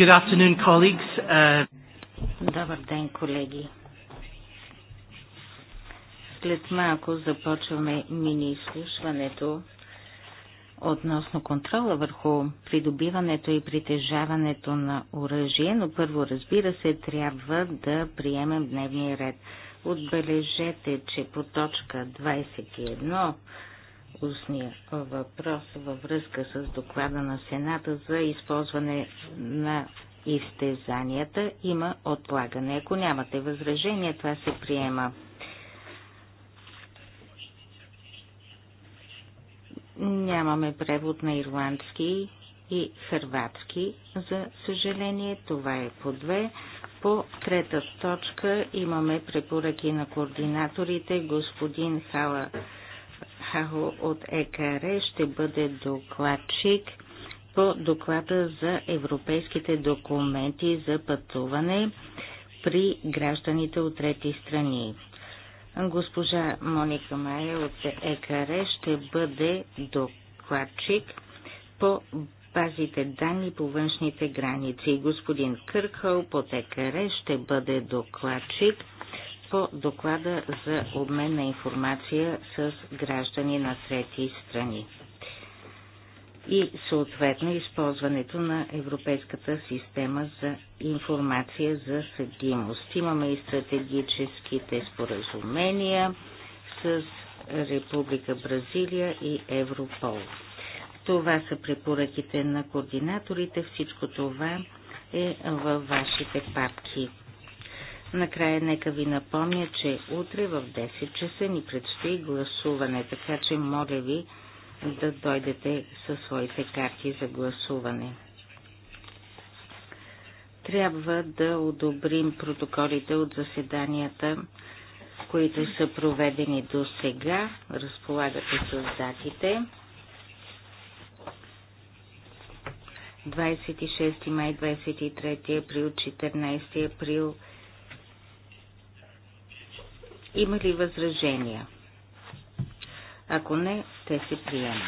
Good afternoon, colleagues. Uh... Добър ден, колеги. След малко започваме мини-изслушването относно контрола върху придобиването и притежаването на оръжие, но първо, разбира се, трябва да приемем дневния ред. Отбележете, че по точка 21 устния въпрос във връзка с доклада на Сената за използване на изтезанията. Има отлагане. Ако нямате възражение, това се приема. Нямаме превод на ирландски и хърватски. За съжаление, това е по две. По трета точка имаме препоръки на координаторите господин Хала Хахо от ЕКР ще бъде докладчик по доклада за европейските документи за пътуване при гражданите от трети страни. Госпожа Моника Майя от ЕКР ще бъде докладчик по базите данни по външните граници. Господин Кърхъл от ЕКР ще бъде докладчик по доклада за обмен на информация с граждани на трети страни и съответно използването на Европейската система за информация за съдимост. Имаме и стратегическите споразумения с Република Бразилия и Европол. Това са препоръките на координаторите. Всичко това е във вашите папки. Накрая нека ви напомня, че утре в 10 часа ни предстои гласуване, така че моля ви да дойдете със своите карти за гласуване. Трябва да одобрим протоколите от заседанията, които са проведени до сега. Разполагате с датите. 26 май, 23 април, 14 април, има ли възражения? Ако не, те се приемат.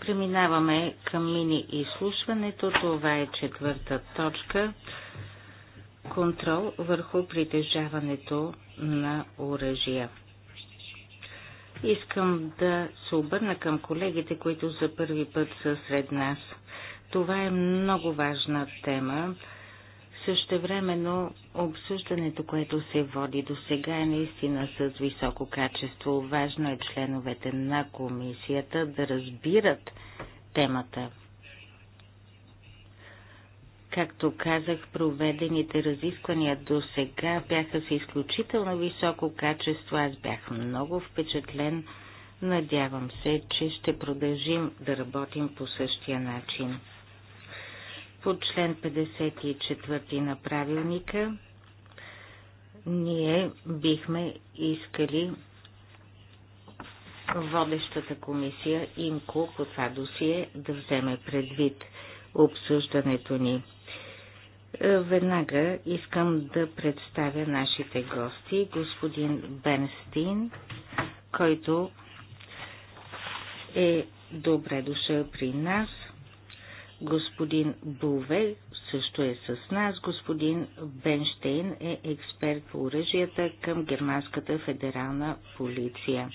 Преминаваме към мини изслушването. Това е четвърта точка. Контрол върху притежаването на оръжия. Искам да се обърна към колегите, които за първи път са сред нас – това е много важна тема. Същевременно обсъждането, което се води до сега е наистина с високо качество. Важно е членовете на комисията да разбират темата. Както казах, проведените разисквания до сега бяха с изключително високо качество. Аз бях много впечатлен. Надявам се, че ще продължим да работим по същия начин по член 54 на правилника ние бихме искали водещата комисия ИМКО по това досие да вземе предвид обсъждането ни. Е, веднага искам да представя нашите гости, господин Бенстин, който е добре дошъл при нас Господин Буве също е с нас. Господин Бенштейн е експерт по оръжията към Германската федерална полиция.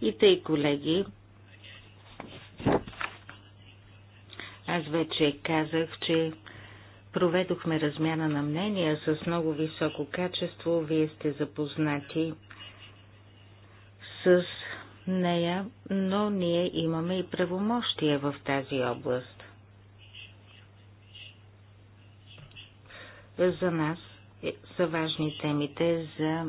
И тъй, колеги, аз вече казах, че проведохме размяна на мнения с много високо качество. Вие сте запознати с нея, но ние имаме и правомощия в тази област. за нас е, са важни темите за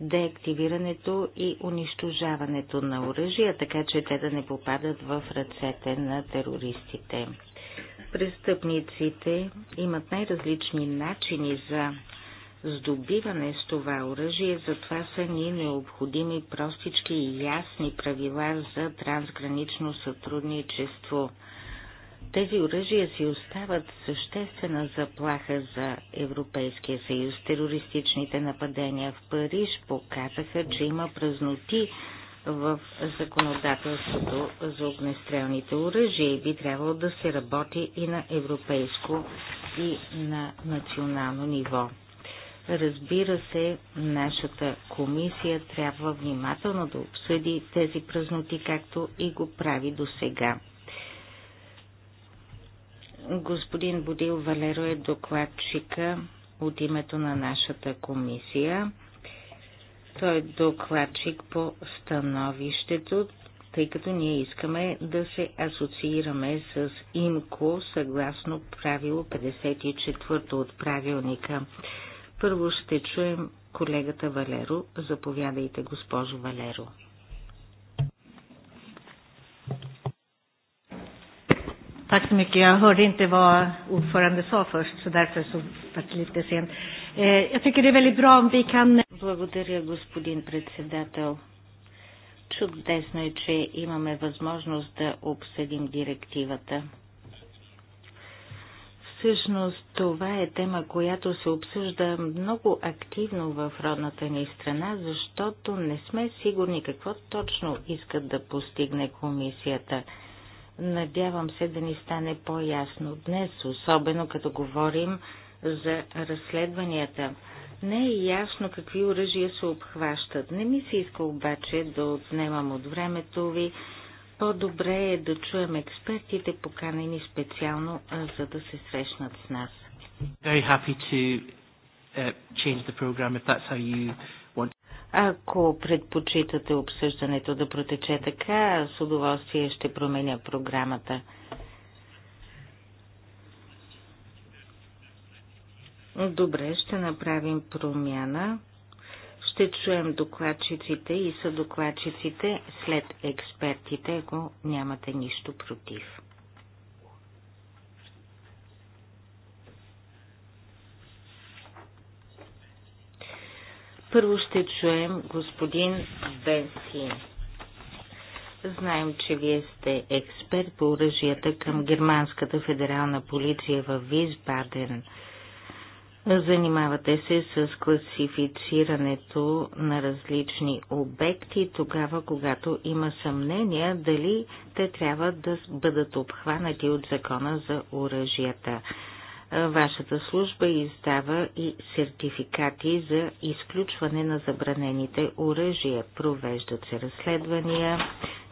деактивирането и унищожаването на оръжия, така че те да не попадат в ръцете на терористите. Престъпниците имат най-различни начини за здобиване с това оръжие, затова са ни необходими простички и ясни правила за трансгранично сътрудничество – тези оръжия си остават съществена заплаха за Европейския съюз. Терористичните нападения в Париж показаха, че има празноти в законодателството за огнестрелните оръжия и би трябвало да се работи и на европейско и на национално ниво. Разбира се, нашата комисия трябва внимателно да обсъди тези празноти, както и го прави до сега. Господин Бодил Валеро е докладчика от името на нашата комисия. Той е докладчик по становището, тъй като ние искаме да се асоциираме с ИМКО съгласно правило 54 от правилника. Първо ще чуем колегата Валеро. Заповядайте, госпожо Валеро. Tack så mycket. Jag hörde inte vad ordförande sa först, så därför så var det lite sent. Eh, jag tycker det är väldigt bra om vi kan... Благодаря, господин председател. Чудесно е, че имаме възможност да обсъдим директивата. Всъщност това е тема, която се обсъжда много активно в родната ни страна, защото не сме сигурни какво точно искат да постигне комисията – Надявам се да ни стане по-ясно днес, особено като говорим за разследванията. Не е ясно какви оръжия се обхващат. Не ми се иска обаче да отнемам от времето ви. По-добре е да чуем експертите, поканени специално, за да се срещнат с нас. Very happy to uh, change the program if that's how you ако предпочитате обсъждането да протече така, с удоволствие ще променя програмата. Добре, ще направим промяна. Ще чуем докладчиците и съдокладчиците след експертите, ако нямате нищо против. Първо ще чуем господин Бенсин. Знаем, че вие сте експерт по оръжията към Германската федерална полиция в Висбаден. Занимавате се с класифицирането на различни обекти тогава, когато има съмнения дали те трябва да бъдат обхванати от закона за оръжията. Вашата служба издава и сертификати за изключване на забранените оръжия. Провеждат се разследвания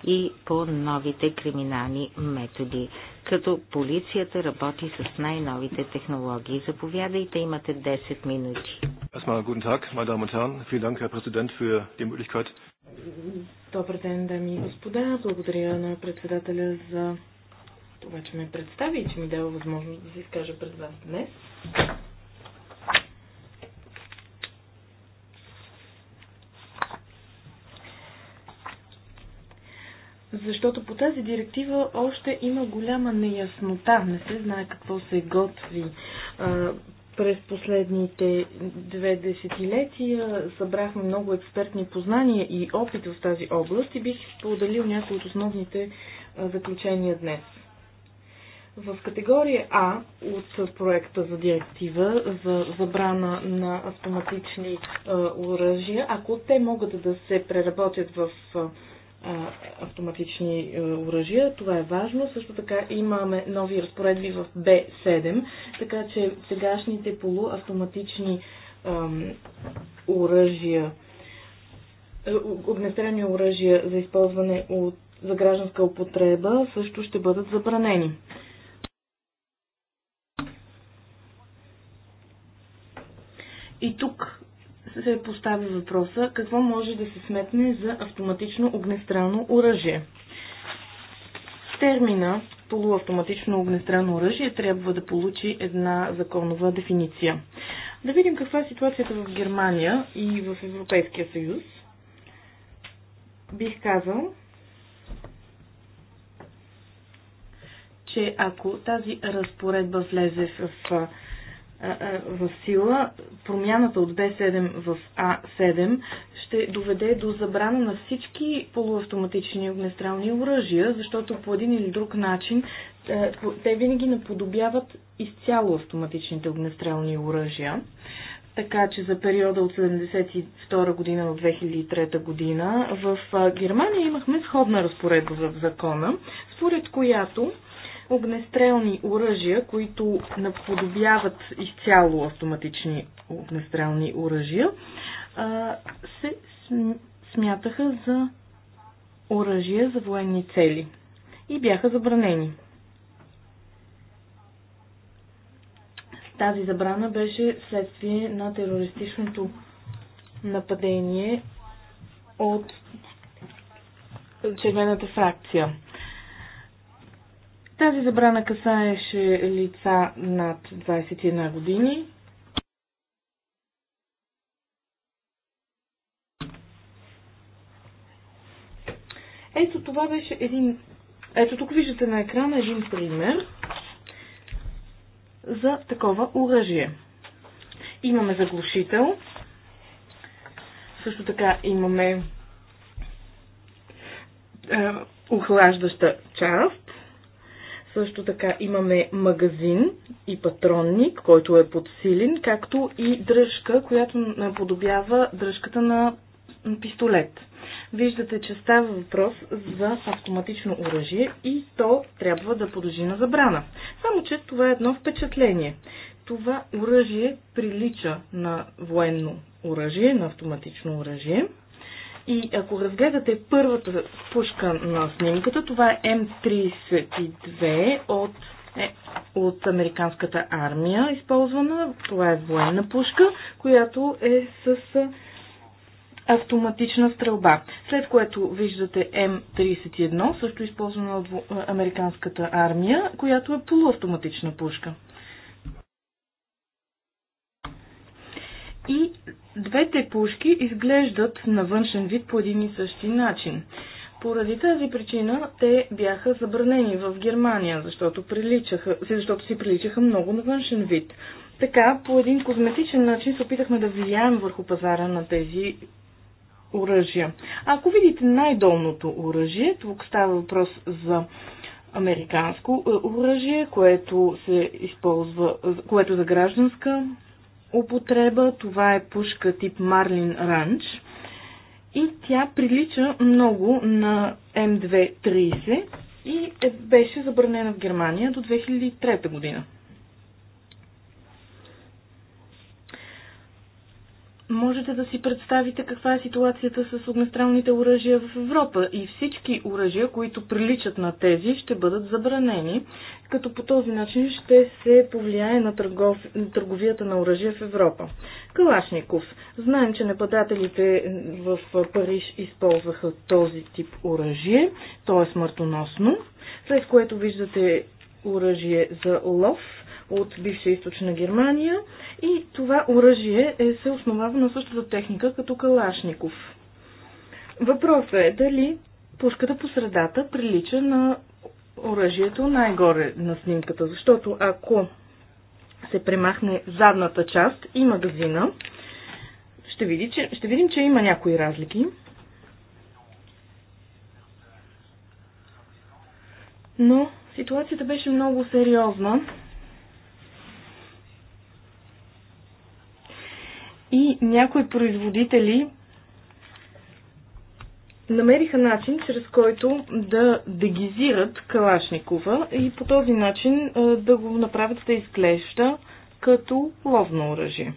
и по новите криминални методи, като полицията работи с най-новите технологии. Заповядайте, имате 10 минути. Добър ден, дами и господа. Благодаря на председателя за това, че ме представи и че ми дава възможност да се изкажа пред вас днес. Защото по тази директива още има голяма неяснота. Не се знае какво се готви през последните две десетилетия събрахме много експертни познания и опит в тази област и бих споделил някои от основните заключения днес. В категория А от проекта за директива за забрана на автоматични е, оръжия, ако те могат да се преработят в е, автоматични е, оръжия. Това е важно. Също така имаме нови разпоредби в б 7 така че сегашните полуавтоматични оръжия, огнестрелни оръжия за използване от, за гражданска употреба също ще бъдат забранени. И тук се поставя въпроса какво може да се сметне за автоматично огнестрелно оръжие. Термина полуавтоматично огнестрелно оръжие трябва да получи една законова дефиниция. Да видим каква е ситуацията в Германия и в Европейския съюз. Бих казал, че ако тази разпоредба влезе в в сила, промяната от B7 в А7 ще доведе до забрана на всички полуавтоматични огнестрални оръжия, защото по един или друг начин те винаги наподобяват изцяло автоматичните огнестрални оръжия. Така че за периода от 1972 година до 2003 година в Германия имахме сходна разпоредба в закона, според която огнестрелни оръжия, които наподобяват изцяло автоматични огнестрелни оръжия, се смятаха за оръжия за военни цели и бяха забранени. Тази забрана беше следствие на терористичното нападение от червената фракция. Тази забрана касаеше лица над 21 години. Ето това беше един... Ето тук виждате на екрана един пример за такова оръжие. Имаме заглушител. Също така имаме е, охлаждаща част също така имаме магазин и патронник, който е подсилен, както и дръжка, която наподобява дръжката на пистолет. Виждате, че става въпрос за автоматично оръжие и то трябва да подлежи на забрана. Само, че това е едно впечатление. Това оръжие прилича на военно оръжие, на автоматично оръжие – и ако разгледате първата пушка на снимката, това е М32 от, е, от американската армия, използвана. Това е военна пушка, която е с автоматична стрелба. След което виждате М31, също използвана от американската армия, която е полуавтоматична пушка. И Двете пушки изглеждат на външен вид по един и същи начин. Поради тази причина те бяха забранени в Германия, защото, приличаха, защото си приличаха много на външен вид. Така, по един козметичен начин се опитахме да влияем върху пазара на тези оръжия. Ако видите най-долното оръжие, тук става въпрос за американско е, оръжие, което се използва, което е за гражданска употреба. Това е пушка тип Марлин Ранч. И тя прилича много на М230 и е, беше забранена в Германия до 2003 година. Можете да си представите каква е ситуацията с огнестрелните оръжия в Европа и всички оръжия, които приличат на тези, ще бъдат забранени, като по този начин ще се повлияе на търгов... търговията на оръжия в Европа. Калашников. Знаем, че нападателите в Париж използваха този тип оръжие, то е смъртоносно, след което виждате оръжие за лов – от бивша източна Германия и това оръжие е, се основава на същата техника като Калашников. Въпросът е дали пушката по средата прилича на оръжието най-горе на снимката, защото ако се премахне задната част и магазина, ще, види, че, ще видим, че има някои разлики. Но ситуацията беше много сериозна и някои производители намериха начин, чрез който да дегизират Калашникова и по този начин да го направят да изглежда като ловно оръжие.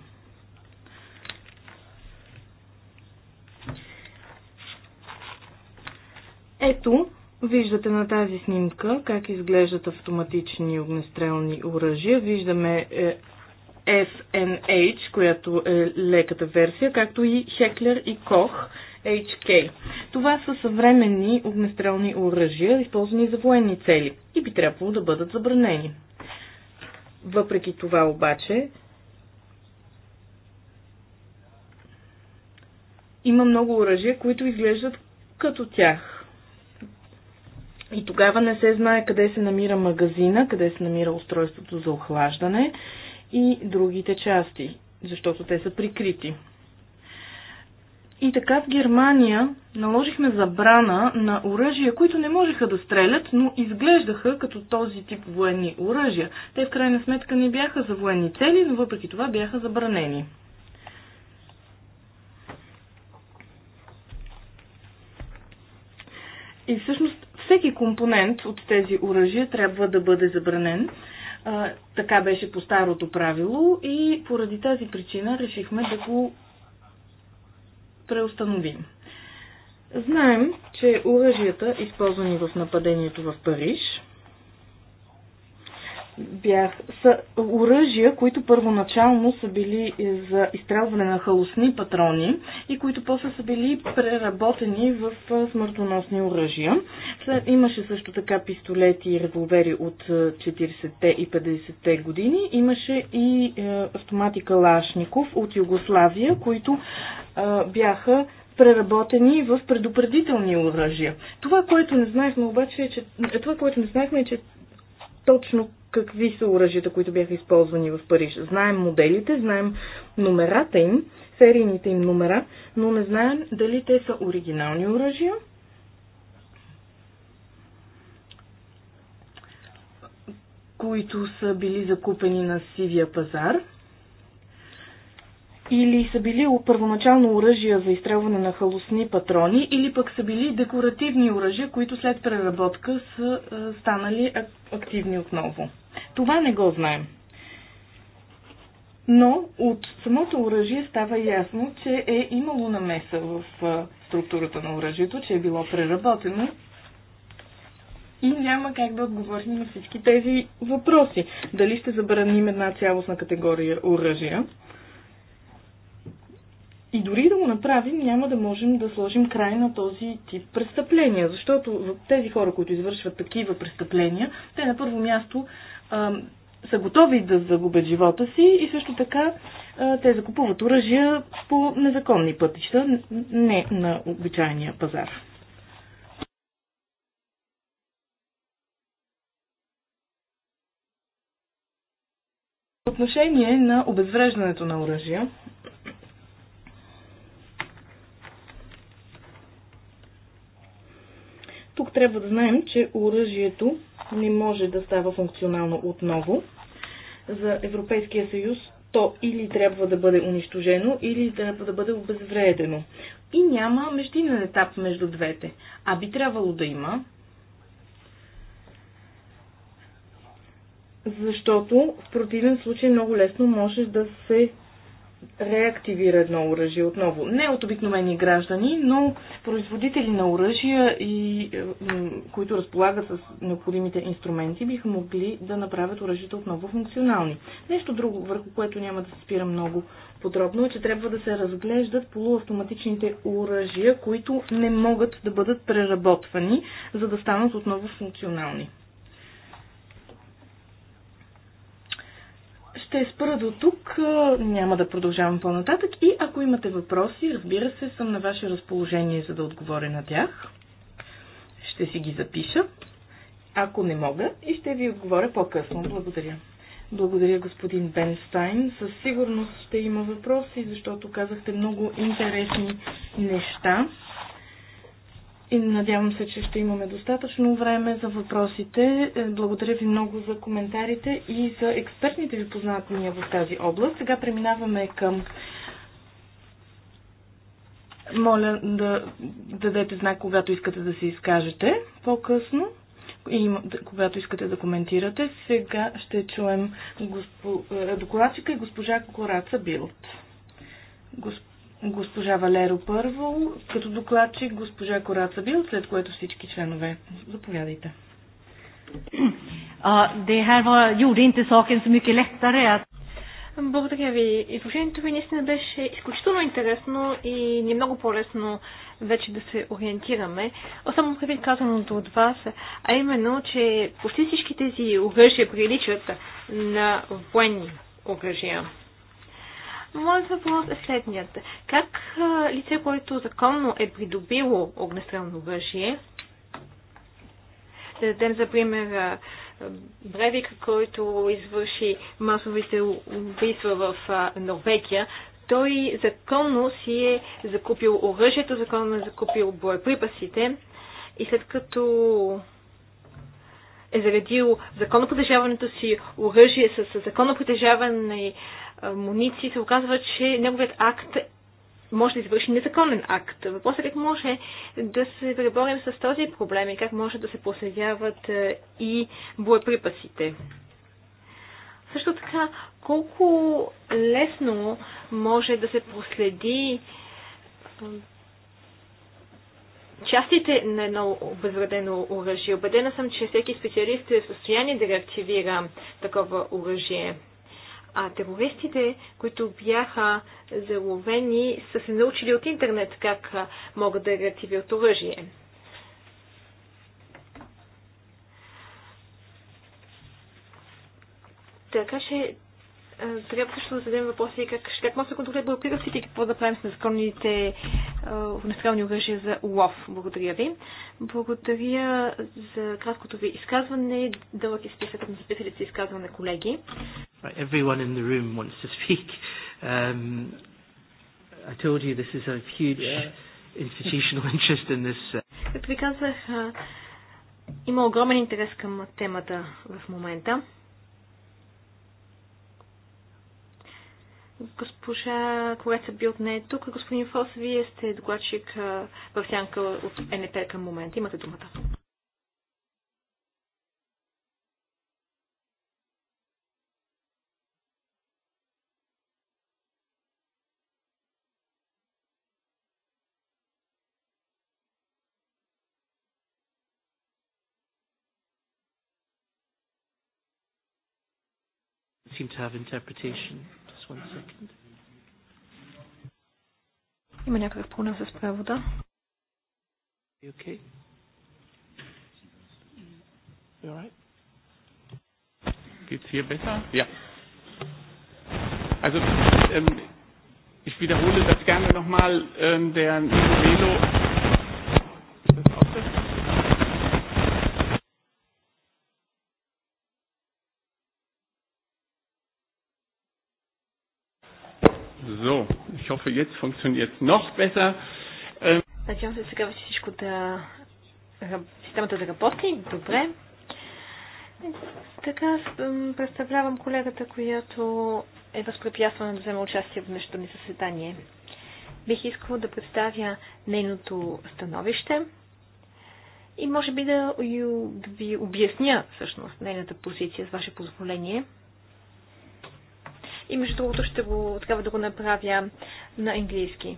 Ето, виждате на тази снимка как изглеждат автоматични огнестрелни оръжия. Виждаме е, SNH, която е леката версия, както и Хеклер и Кох HK. Това са съвременни огнестрелни оръжия, използвани за военни цели и би трябвало да бъдат забранени. Въпреки това обаче, има много оръжия, които изглеждат като тях. И тогава не се знае къде се намира магазина, къде се намира устройството за охлаждане и другите части, защото те са прикрити. И така в Германия наложихме забрана на оръжия, които не можеха да стрелят, но изглеждаха като този тип военни оръжия. Те в крайна сметка не бяха за военни цели, но въпреки това бяха забранени. И всъщност всеки компонент от тези оръжия трябва да бъде забранен така беше по старото правило и поради тази причина решихме да го преустановим. Знаем, че оръжията, използвани в нападението в Париж, бях, са оръжия, които първоначално са били е, за изстрелване на халосни патрони и които после са били преработени в е, смъртоносни оръжия. След, имаше също така пистолети и револвери от 40-те е, и 50-те години. Имаше и е, автомати Калашников от Югославия, които е, бяха преработени в предупредителни оръжия. Това, което не знаехме обаче е, че, това, което не знаехме е, че точно какви са оръжията, които бяха използвани в Париж. Знаем моделите, знаем номерата им, серийните им номера, но не знаем дали те са оригинални оръжия. които са били закупени на сивия пазар или са били първоначално оръжия за изстрелване на халосни патрони, или пък са били декоративни оръжия, които след преработка са станали активни отново. Това не го знаем. Но от самото оръжие става ясно, че е имало намеса в структурата на оръжието, че е било преработено и няма как да отговорим на всички тези въпроси. Дали ще забраним една цялостна категория оръжия? И дори да го направим, няма да можем да сложим край на този тип престъпления, защото тези хора, които извършват такива престъпления, те на първо място са готови да загубят живота си и също така те закупуват оръжия по незаконни пътища, не на обичайния пазар. отношение на обезвреждането на оръжия, тук трябва да знаем, че оръжието не може да става функционално отново. За Европейския съюз то или трябва да бъде унищожено, или трябва да бъде обезвредено. И няма междинен етап между двете. А би трябвало да има, защото в противен случай много лесно може да се реактивира едно оръжие отново. Не от обикновени граждани, но производители на оръжия, и, е, които разполагат с необходимите инструменти, биха могли да направят оръжията отново функционални. Нещо друго, върху което няма да се спира много подробно, е, че трябва да се разглеждат полуавтоматичните оръжия, които не могат да бъдат преработвани, за да станат отново функционални. ще спра до тук, няма да продължавам по-нататък и ако имате въпроси, разбира се, съм на ваше разположение, за да отговоря на тях. Ще си ги запиша, ако не мога, и ще ви отговоря по-късно. Благодаря. Благодаря, господин Бенстайн. Със сигурност ще има въпроси, защото казахте много интересни неща. И надявам се, че ще имаме достатъчно време за въпросите. Е, благодаря ви много за коментарите и за експертните ви познатния в тази област. Сега преминаваме към моля да дадете знак, когато искате да се изкажете по-късно и когато искате да коментирате. Сега ще чуем госпо... Е, докладчика и госпожа Кораца Билт. Госп... Госпожа Валеро първо, като докладчик госпожа Кораца Бил, след което всички членове. Заповядайте. благодаря ви. Изложението ви наистина беше изключително интересно и ни е много по-лесно вече да се ориентираме. Особено предвид казаното от вас, а именно, че почти всички тези оръжия приличат на военни оръжия. Моят въпрос е следният. Как лице, което законно е придобило огнестрелно оръжие, да дадем за пример Бревик, който извърши масовите убийства в Норвегия, той законно си е закупил оръжието, законно е закупил боеприпасите и след като е заредил законно притежаването си оръжие с законно притежаване Моници, се оказва, че неговият акт може да извърши незаконен акт. Въпросът е как може да се преборим с този проблем и как може да се проследяват и боеприпасите. Също така, колко лесно може да се проследи частите на едно обезвредено оръжие. Обедена съм, че всеки специалист е в състояние да реактивира такова оръжие. А терористите, които бяха заловени, са се научили от интернет как могат да реактивират оръжие. Така че е, трябва също да зададем въпроси как, как може да контролира боеприпасите и какво да правим с незаконните огнестрелни е, оръжия за улов. Благодаря ви. Благодаря за краткото ви изказване. Дълъг е списък на записалите изказване, колеги. Everyone in the room wants to speak. Um, I told you this is a huge yeah. Uh, institutional interest in this. Uh, Както ви казах, е, има огромен интерес към темата в момента. Госпожа Колеца Билт не е тук. Господин Фос, вие сте докладчик в сянка от НТ към момента. Имате думата. seem to have interpretation one second. Има някакъв проблем с превода. Okay. You alright? Geht's hier besser? Ja. Also, ähm, ich wiederhole das gerne nochmal. Ähm, der Velo Ich hoffe, jetzt funktioniert es noch besser. Ähm, Надявам се сега всичко да... системата да работи. Добре. Така представлявам колегата, която е възпрепятствана да вземе участие в нещо ни съседание. Бих искала да представя нейното становище и може би да, да ви обясня всъщност нейната позиция, с ваше позволение – и между другото ще го, трябва да го направя на английски.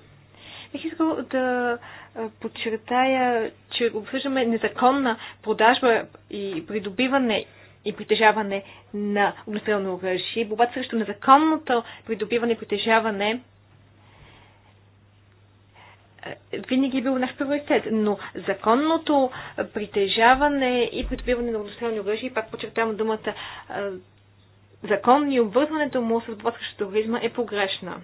Бих искал да подчертая, че обсъждаме незаконна продажба и придобиване и притежаване на огнестрелно оръжие. Борбата срещу незаконното придобиване и притежаване винаги е бил наш приоритет, но законното притежаване и придобиване на огнестрелни оръжия, пак подчертавам думата закон и обвързването му с блъскащото срещу е погрешна.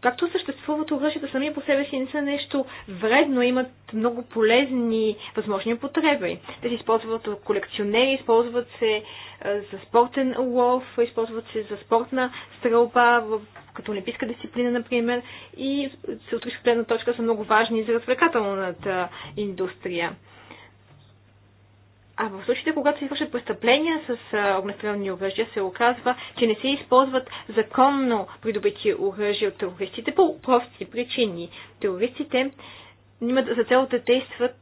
Както съществуват оръжията сами по себе си не са нещо вредно, имат много полезни възможни употреби. Те се използват от колекционери, използват се е, за спортен лов, използват се за спортна стрелба, като олимпийска дисциплина, например, и се от гледна точка са много важни за развлекателната индустрия. А в случаите, когато се извършат престъпления с огнестрелни оръжия, се оказва, че не се използват законно придобити оръжия от терористите по прости причини. Терористите имат за цел да действат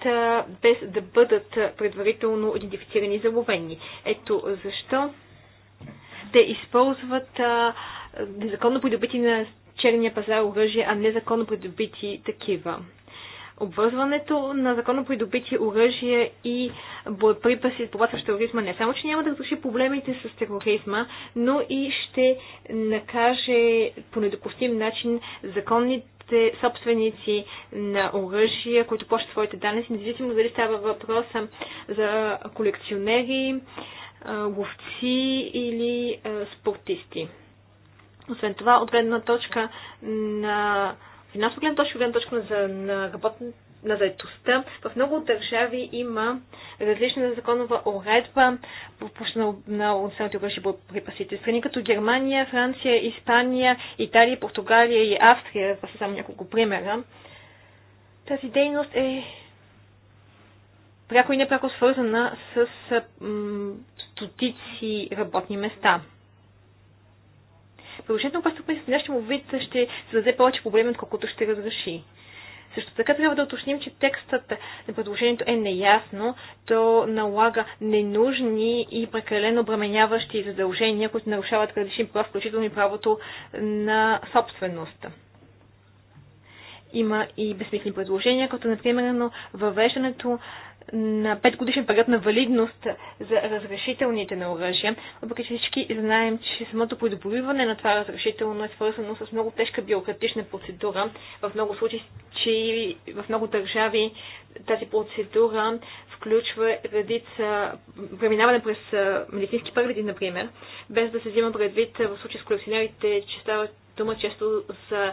без да бъдат предварително идентифицирани и ловени. Ето защо те използват незаконно придобити на черния пазар оръжия, а незаконно придобити такива обвързването на законно придобити оръжия и боеприпаси, борбата с тероризма не само, че няма да разреши проблемите с тероризма, но и ще накаже по недопустим начин законните собственици на оръжия, които плащат своите данъци, независимо дали става въпроса за колекционери, ловци или спортисти. Освен това, от гледна точка на финансово гледна точка, гледна точка на, на, работна, на заедостта, в много държави има различна законова уредба на отстранителните оръжия припасите. Страни като Германия, Франция, Испания, Италия, Португалия и Австрия, това са само няколко примера. Тази дейност е пряко и непряко свързана с стотици работни места. Приложението на с днешния му вид ще създаде повече проблеми, отколкото ще разреши. Също така трябва да уточним, че текстът на предложението е неясно. То налага ненужни и прекалено обременяващи задължения, които нарушават различни права, включително и правото на собственост. Има и безсмислени предложения, като например въвеждането на 5 годишен период на валидност за разрешителните на оръжия, въпреки че всички знаем, че самото придобиване на това разрешително е свързано с много тежка бюрократична процедура. В много случаи, че в много държави тази процедура включва редица преминаване през медицински прегледи, например, без да се взима предвид в случай с колекционерите, че става дума често за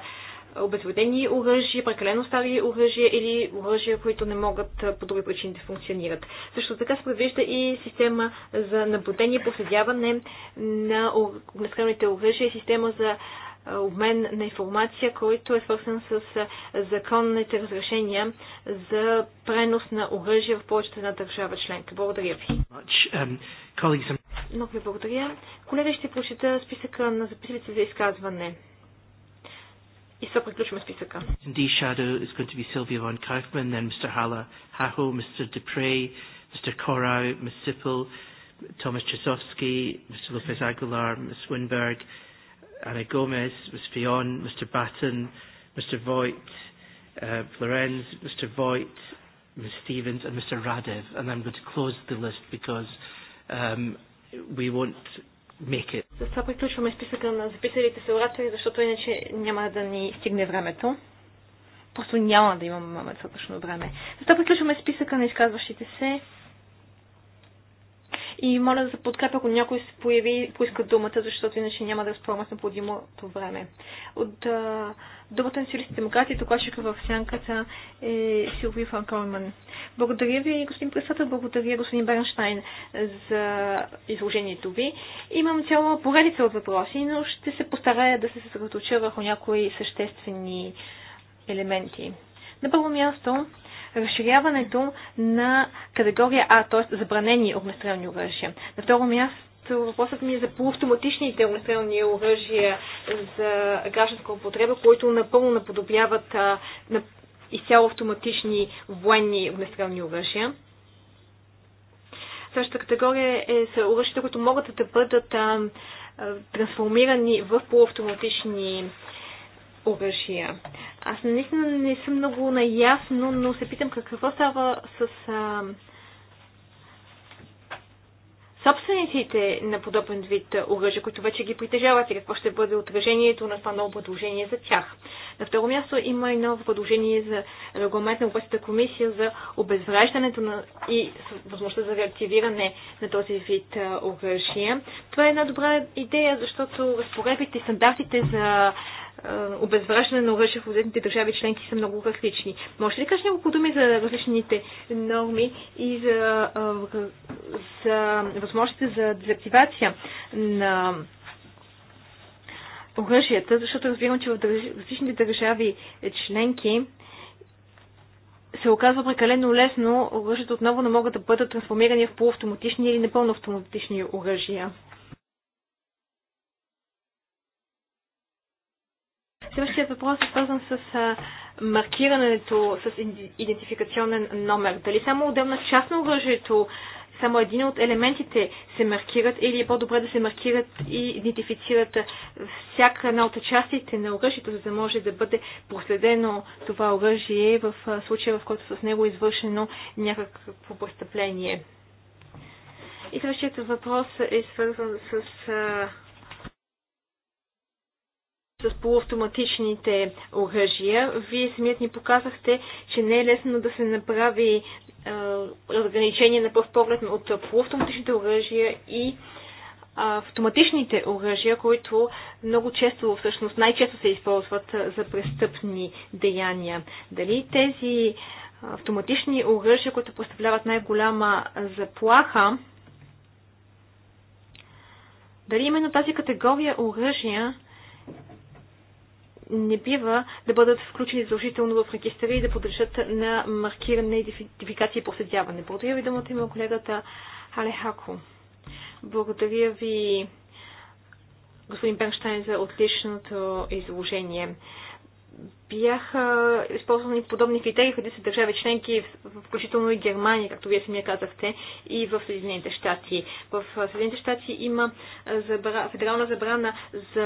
обезвредени оръжия, прекалено стари оръжия или оръжия, които не могат по други причини да функционират. Също така се предвижда и система за наблюдение и проследяване на огнестрелните оръжия и система за обмен на информация, който е свързан с законните разрешения за пренос на оръжие в повечето на държава членка. Благодаря ви. Um, Много ви благодаря. Колега, ще прочета списъка на записалите за изказване. И сега приключваме списъка. D shadow is going to be Sylvia von Kaufman, then Mr. Hala Haho, Mr. Dupre, Mr. Corau, Ms. Sippel, Thomas Chasovsky, Mr. Lopez Aguilar, Ms. Winberg, Anna Gomez, Ms. Fion, Mr. Batten, Mr. Voigt, uh, Florenz, Mr. Voigt, Ms. Stevens, and Mr. Radev. And I'm going to close the list because um, we won't make it. това приключваме списъка на записалите се оратори, защото иначе няма да ни стигне времето. Просто няма да имаме достатъчно време. За това приключваме списъка на изказващите се и моля за подкрепа, ако някой се появи, поиска думата, защото иначе няма да спомня с необходимото време. От а, думата на Сирийски демократи, докладчика в сянката е Силви Франкорман. Благодаря ви, господин председател, благодаря господин Бернштайн за изложението ви. Имам цяла поредица от въпроси, но ще се постарая да се съсредоточа върху някои съществени елементи. На първо място, разширяването на категория А, т.е. забранени огнестрелни оръжия. На второ място, въпросът ми е за полуавтоматичните огнестрелни оръжия за гражданска употреба, които напълно наподобяват а, на изцяло автоматични военни огнестрелни оръжия. Същата категория е са оръжията, които могат да бъдат а, а, трансформирани в полуавтоматични оръжия. Аз наистина не съм много наясно, но се питам какво става с а, собствениците на подобен вид оръжия, които вече ги притежават и какво ще бъде отражението на това ново предложение за тях. На второ място има и ново предложение за регламент на Европейската комисия за обезвреждането на и възможността за реактивиране на този вид оръжия. Това е една добра идея, защото разпоредбите и стандартите за е, обезвръщане на оръжие в отделните държави членки са много различни. Може ли да кажеш няколко думи за различните норми и за, е, за възможностите за дезактивация на оръжията, защото разбирам, че в различните държави членки се оказва прекалено лесно оръжията отново не могат да бъдат трансформирани в полуавтоматични или непълно автоматични оръжия. Следващият въпрос е свързан с маркирането с идентификационен номер. Дали само отделна част на оръжието, само един от елементите се маркират или е по-добре да се маркират и идентифицират всяка една от частите на оръжието, за да може да бъде проследено това оръжие в случая, в който с него е извършено някакво престъпление. И следващият въпрос е свързан с с полуавтоматичните оръжия. Вие самият ни показахте, че не е лесно да се направи е, разграничение на пръв поглед от полуавтоматичните оръжия и е, автоматичните оръжия, които много често, всъщност най-често се използват за престъпни деяния. Дали тези е, автоматични оръжия, които представляват най-голяма заплаха, дали именно тази категория оръжия не бива да бъдат включени задължително в регистъра и да подлежат на маркиране, идентификация и проследяване. Благодаря ви думата има колегата Алехако. Благодаря ви, господин Бенштайн за отличното изложение бяха използвани подобни критерии в са държави членки, включително и Германия, както вие самия казахте, и в Съединените щати. В Съединените щати има забра... федерална забрана за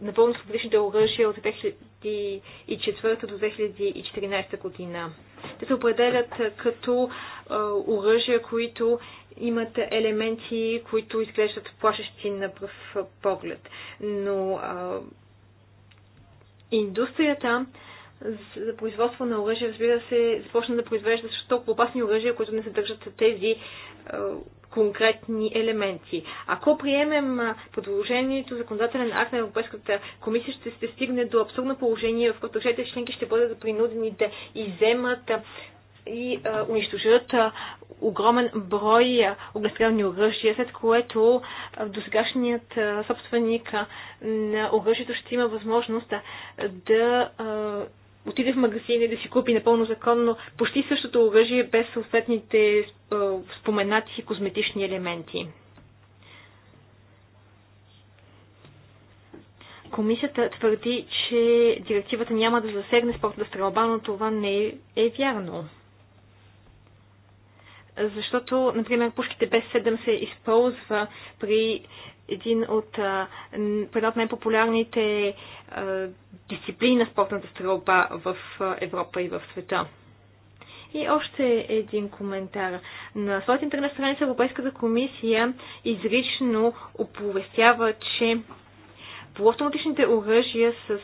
напълно свободичните оръжия от 2004 до 2014 година. Те се определят като оръжия, които имат елементи, които изглеждат плашещи на пръв поглед. Но Индустрията за производство на оръжие, разбира се, започна да произвежда също толкова опасни оръжия, които не съдържат тези е, конкретни елементи. Ако приемем е, предложението законодателен акт на Европейската комисия, ще се стигне до абсурдно положение, в което жените членки ще бъдат принудени да иземат е, и а, унищожат а, огромен брой огнестрелни оръжия, след което досегашният а, собственик а, на оръжието ще има възможност а, да а, отиде в магазин и да си купи напълно законно почти същото оръжие без съответните а, споменати козметични елементи. Комисията твърди, че директивата няма да засегне спортната стрелба, но това не е, е вярно защото, например, пушките без 7 се използва при един от, от най-популярните дисциплини на спортната стрелба в Европа и в света. И още един коментар. На своята интернет страница Европейската комисия изрично оповестява, че полуавтоматичните оръжия с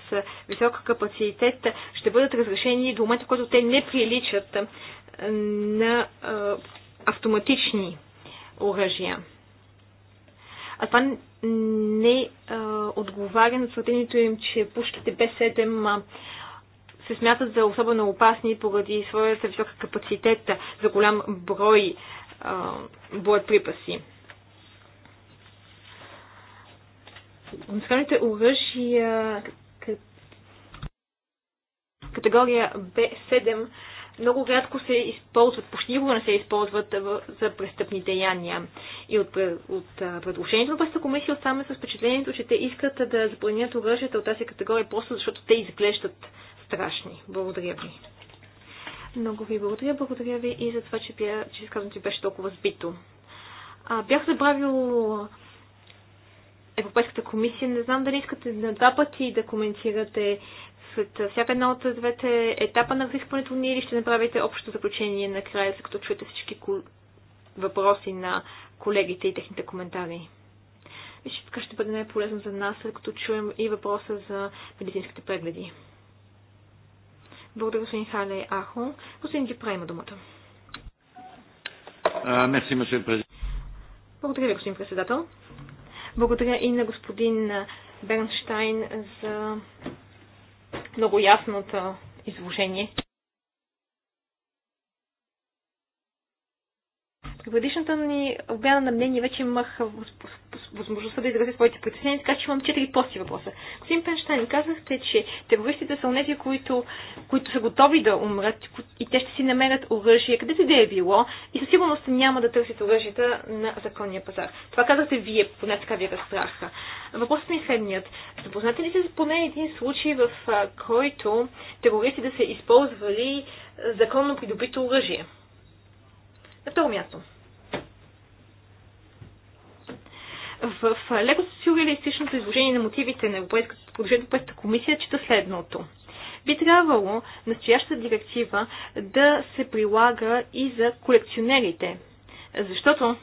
висок капацитет ще бъдат разрешени до момента, в който те не приличат на автоматични оръжия. А това не а, отговаря на твърдението им, че пушките Б7 се смятат за особено опасни поради своята висока капацитет за голям брой а, боеприпаси. Огнестрелните оръжия категория Б7 много рядко се използват, почти никога не се използват за престъпни деяния. И от, от предложението на Бъста комисия оставаме с впечатлението, че те искат да забранят оръжията от тази категория, просто защото те изглеждат страшни. Благодаря ви. Много ви благодаря. Благодаря ви и за това, че, бя, че изказването беше толкова сбито. А, бях забравил Европейската комисия. Не знам дали искате на два пъти да коментирате след всяка една от двете етапа на разискването ни или ще направите общото заключение накрая, за като чуете всички въпроси на колегите и техните коментари? Вижте, така ще бъде най-полезно за нас, след като чуем и въпроса за медицинските прегледи. Благодаря, господин Хале Ахо. Господин Дюпре има думата. Мерси, Благодаря ви, господин председател. Благодаря и на господин Бернштайн за много ясното изложение. При предишната ни обмяна на мнение вече имах възможността да изразя своите притеснения, така че имам четири прости въпроса. Господин Пенштайн, казахте, че терористите са онези, които, които са готови да умрат и те ще си намерят оръжие, където да е било, и със сигурност няма да търсят оръжията на законния пазар. Това казахте вие, поне така ви е разстраха. Въпросът ми е следният. Запознате ли се за поне един случай, в който терористите да са използвали законно придобито оръжие? На второ място. В леко сюрреалистичното изложение на мотивите на Европейската комисия чета следното би трябвало настоящата директива да се прилага и за колекционерите. Защото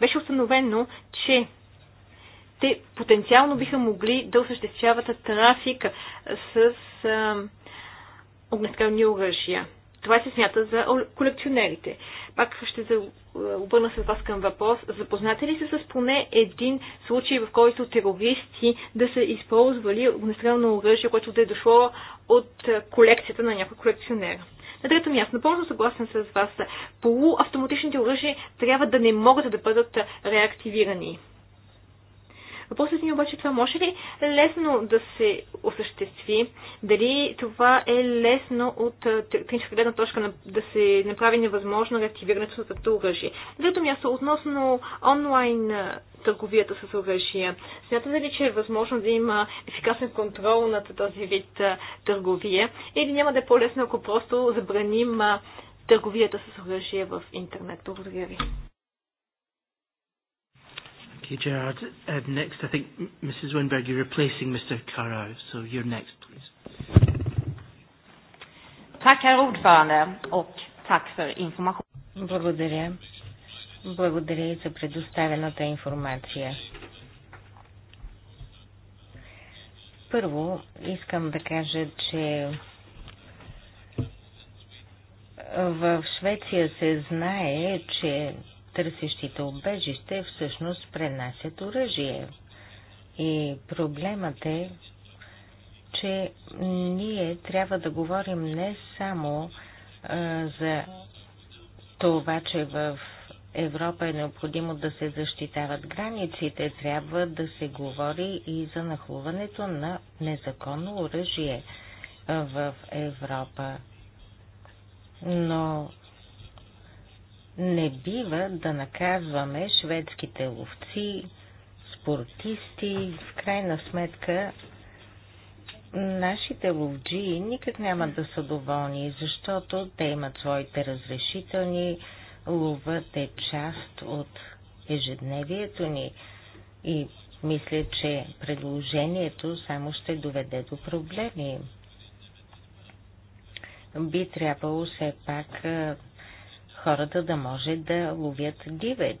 беше установено, че те потенциално биха могли да осъществяват трафик с огнестрелни оръжия. Това се смята за колекционерите. Пак ще е, обърна с вас към въпрос. Запознате ли се с поне един случай, в който терористи да са използвали огнестрелно оръжие, което да е дошло от е, колекцията на някой колекционер? На трето място, напълно съгласен с вас, полуавтоматичните оръжия трябва да не могат да бъдат е, реактивирани. Въпросът ми е обаче това може ли лесно да се осъществи? Дали това е лесно от техническа гледна точка на, да се направи невъзможно реактивирането на като оръжие? Другото място, относно онлайн търговията с оръжия. Смятате ли, че е възможно да има ефикасен контрол над този вид търговия? Или няма да е по-лесно, ако просто забраним търговията с оръжие в интернет? Благодаря ви. Thank you, Gerard. Uh, next, I think, Mrs. Winberg, you're replacing Mr. Carrow, so you're next, please. Tack, herr ordförande, och tack för information. Благодаря. Благодаря и за предоставената информация. Първо, искам да кажа, че в Швеция се знае, че търсещите обежище всъщност пренасят оръжие. И проблемът е, че ние трябва да говорим не само а, за това, че в Европа е необходимо да се защитават границите, трябва да се говори и за нахлуването на незаконно оръжие в Европа. Но не бива да наказваме шведските ловци, спортисти. В крайна сметка, нашите ловджии никак няма да са доволни, защото те имат своите разрешителни, ловът е част от ежедневието ни и мисля, че предложението само ще доведе до проблеми. Би трябвало все пак хората да може да ловят дивеч.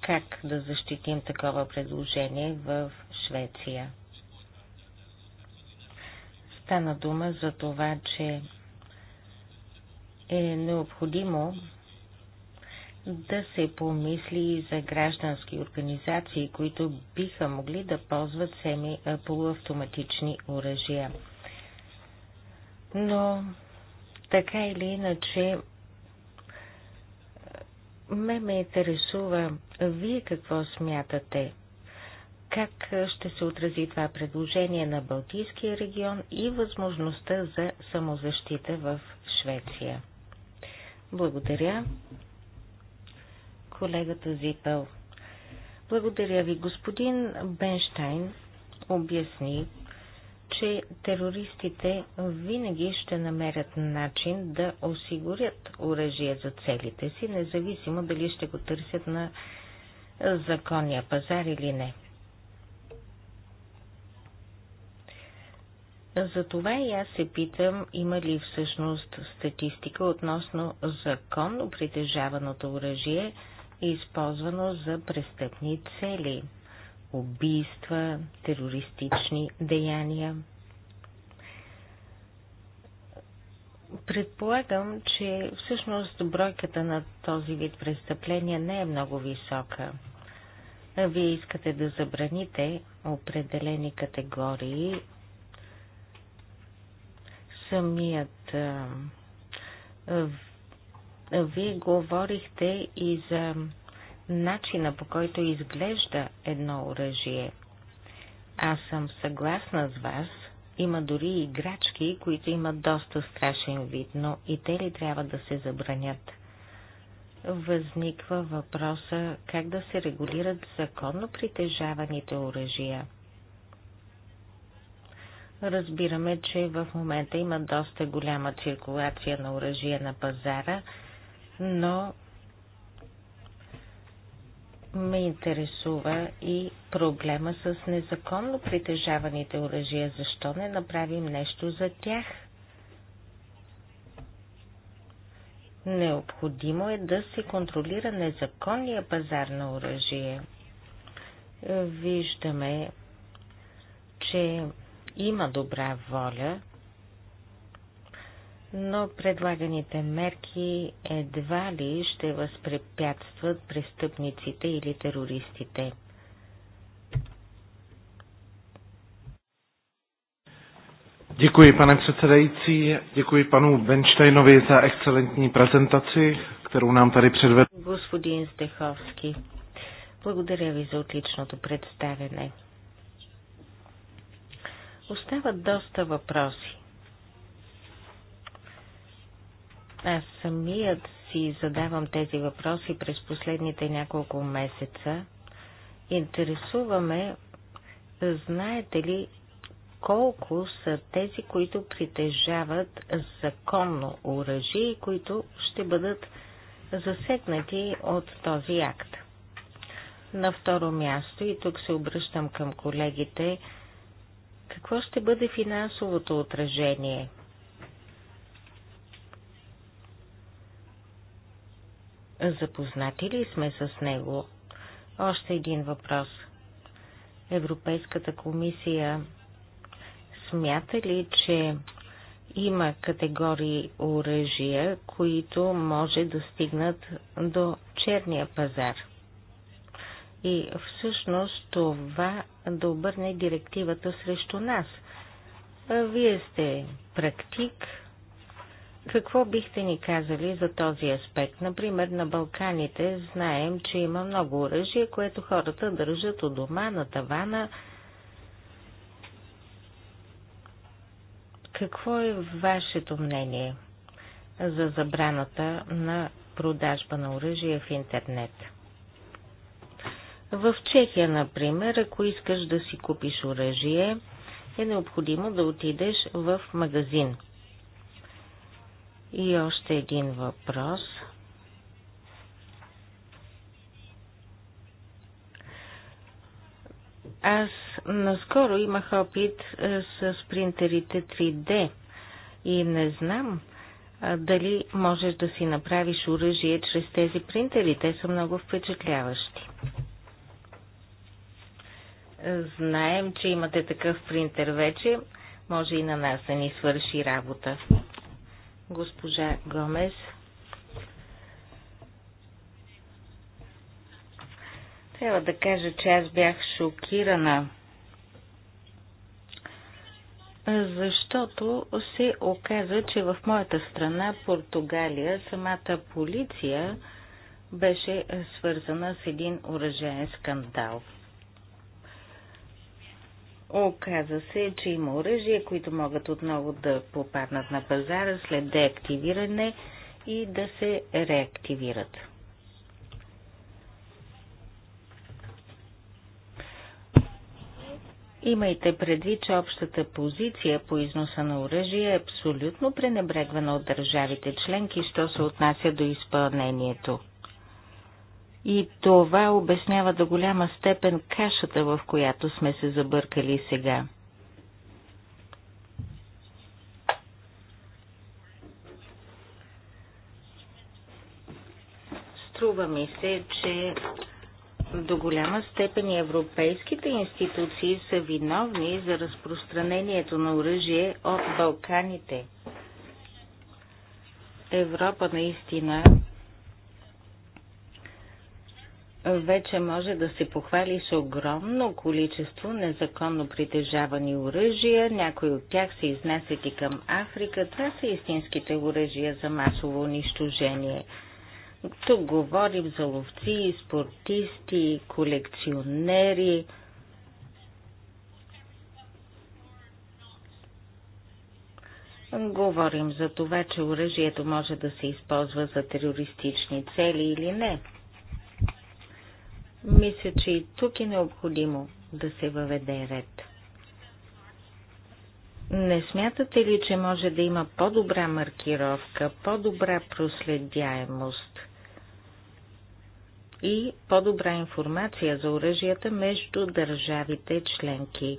Как да защитим такова предложение в Швеция? Стана дума за това, че е необходимо да се помисли и за граждански организации, които биха могли да ползват семи полуавтоматични оръжия. Но така или иначе ме ме интересува, вие какво смятате? Как ще се отрази това предложение на Балтийския регион и възможността за самозащита в Швеция? Благодаря. Колегата Зипел. Благодаря ви. Господин Бенштайн обясни че терористите винаги ще намерят начин да осигурят оръжие за целите си, независимо дали ще го търсят на законния пазар или не. Затова и аз се питам, има ли всъщност статистика относно законно притежаваното оръжие, използвано за престъпни цели – убийства, терористични деяния. Предполагам, че всъщност бройката на този вид престъпления не е много висока. Вие искате да забраните определени категории. Самият вие говорихте и за начина по който изглежда едно оръжие. Аз съм съгласна с вас, има дори играчки, които имат доста страшен вид, но и те ли трябва да се забранят? Възниква въпроса как да се регулират законно притежаваните оръжия. Разбираме, че в момента има доста голяма циркулация на оръжие на пазара, но ме интересува и проблема с незаконно притежаваните оръжия. Защо не направим нещо за тях? Необходимо е да се контролира незаконния пазар на оръжие. Виждаме, че има добра воля но предлаганите мерки едва ли ще възпрепятстват престъпниците или терористите. Děkuji, pane předsedající, děkuji panu Benštejnovi za excelentní prezentaci, kterou nám tady předvedl. Господин Стеховски, благодаря ви за отличното представяне. Остават доста въпроси. Аз самият си задавам тези въпроси през последните няколко месеца. Интересуваме, знаете ли колко са тези, които притежават законно оръжие и които ще бъдат засегнати от този акт. На второ място, и тук се обръщам към колегите, какво ще бъде финансовото отражение – Запознати ли сме с него? Още един въпрос. Европейската комисия смята ли, че има категории оръжия, които може да стигнат до черния пазар? И всъщност това да обърне директивата срещу нас. Вие сте практик, какво бихте ни казали за този аспект? Например, на Балканите знаем, че има много оръжие, което хората държат от дома, на тавана. Какво е вашето мнение за забраната на продажба на оръжие в интернет? В Чехия, например, ако искаш да си купиш оръжие, е необходимо да отидеш в магазин – и още един въпрос. Аз наскоро имах опит е, с принтерите 3D и не знам дали можеш да си направиш оръжие чрез тези принтери. Те са много впечатляващи. Е, знаем, че имате такъв принтер вече. Може и на нас да ни свърши работа госпожа Гомес. Трябва да кажа, че аз бях шокирана, защото се оказа, че в моята страна, Португалия, самата полиция беше свързана с един оръжен скандал – Оказа се, че има оръжия, които могат отново да попаднат на пазара след деактивиране и да се реактивират. Имайте предвид, че общата позиция по износа на оръжие е абсолютно пренебрегвана от държавите членки, що се отнася до изпълнението. И това обяснява до голяма степен кашата, в която сме се забъркали сега. Струва ми се, че до голяма степен европейските институции са виновни за разпространението на оръжие от Балканите. Европа наистина вече може да се похвали с огромно количество незаконно притежавани оръжия. Някои от тях се изнасят и към Африка. Това са истинските оръжия за масово унищожение. Тук говорим за ловци, спортисти, колекционери. Говорим за това, че оръжието може да се използва за терористични цели или не. Мисля, че и тук е необходимо да се въведе ред. Не смятате ли, че може да има по-добра маркировка, по-добра проследяемост и по-добра информация за оръжията между държавите членки?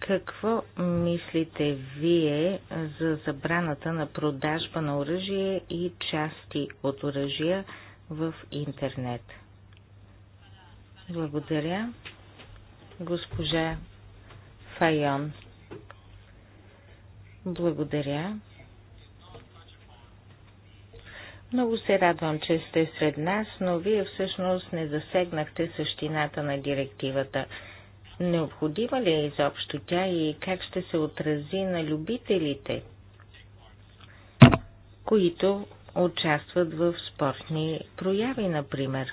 Какво мислите вие за забраната на продажба на оръжие и части от оръжия в интернет? Благодаря. Госпожа Файон. Благодаря. Много се радвам, че сте сред нас, но вие всъщност не засегнахте същината на директивата. Необходима ли е изобщо тя и как ще се отрази на любителите, които участват в спортни прояви, например?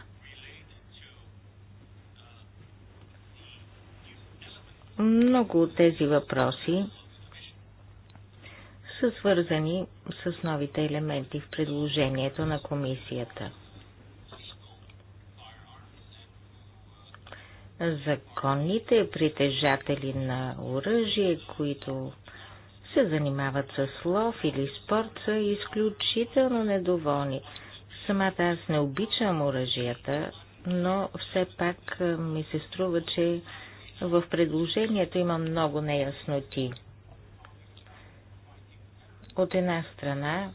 Много от тези въпроси са свързани с новите елементи в предложението на комисията. Законните притежатели на оръжие, които се занимават с лов или спорт, са изключително недоволни. Самата аз не обичам оръжията, но все пак ми се струва, че в предложението има много неясноти. От една страна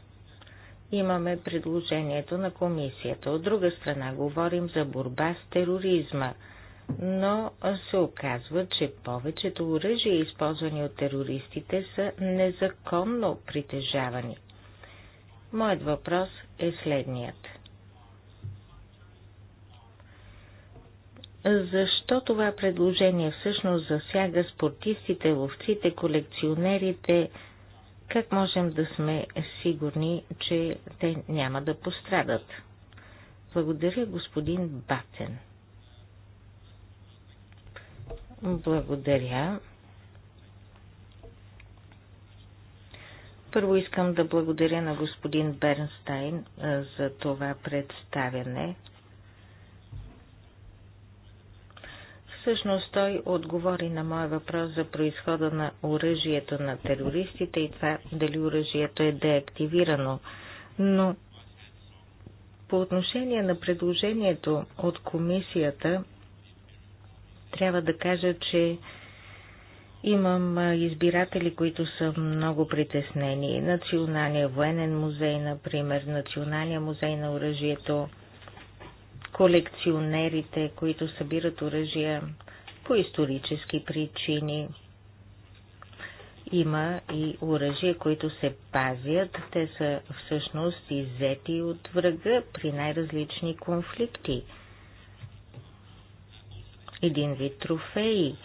имаме предложението на комисията, от друга страна говорим за борба с тероризма, но се оказва, че повечето оръжия, използвани от терористите, са незаконно притежавани. Моят въпрос е следният – Защо това предложение всъщност засяга спортистите, ловците, колекционерите? Как можем да сме сигурни, че те няма да пострадат? Благодаря, господин Батен. Благодаря. Първо искам да благодаря на господин Бернстайн за това представяне. Всъщност той отговори на моя въпрос за происхода на оръжието на терористите и това дали оръжието е деактивирано. Но по отношение на предложението от комисията, трябва да кажа, че имам избиратели, които са много притеснени. Националния военен музей, например, Националния музей на оръжието колекционерите, които събират оръжия по исторически причини. Има и оръжия, които се пазят. Те са всъщност иззети от врага при най-различни конфликти. Един вид трофеи.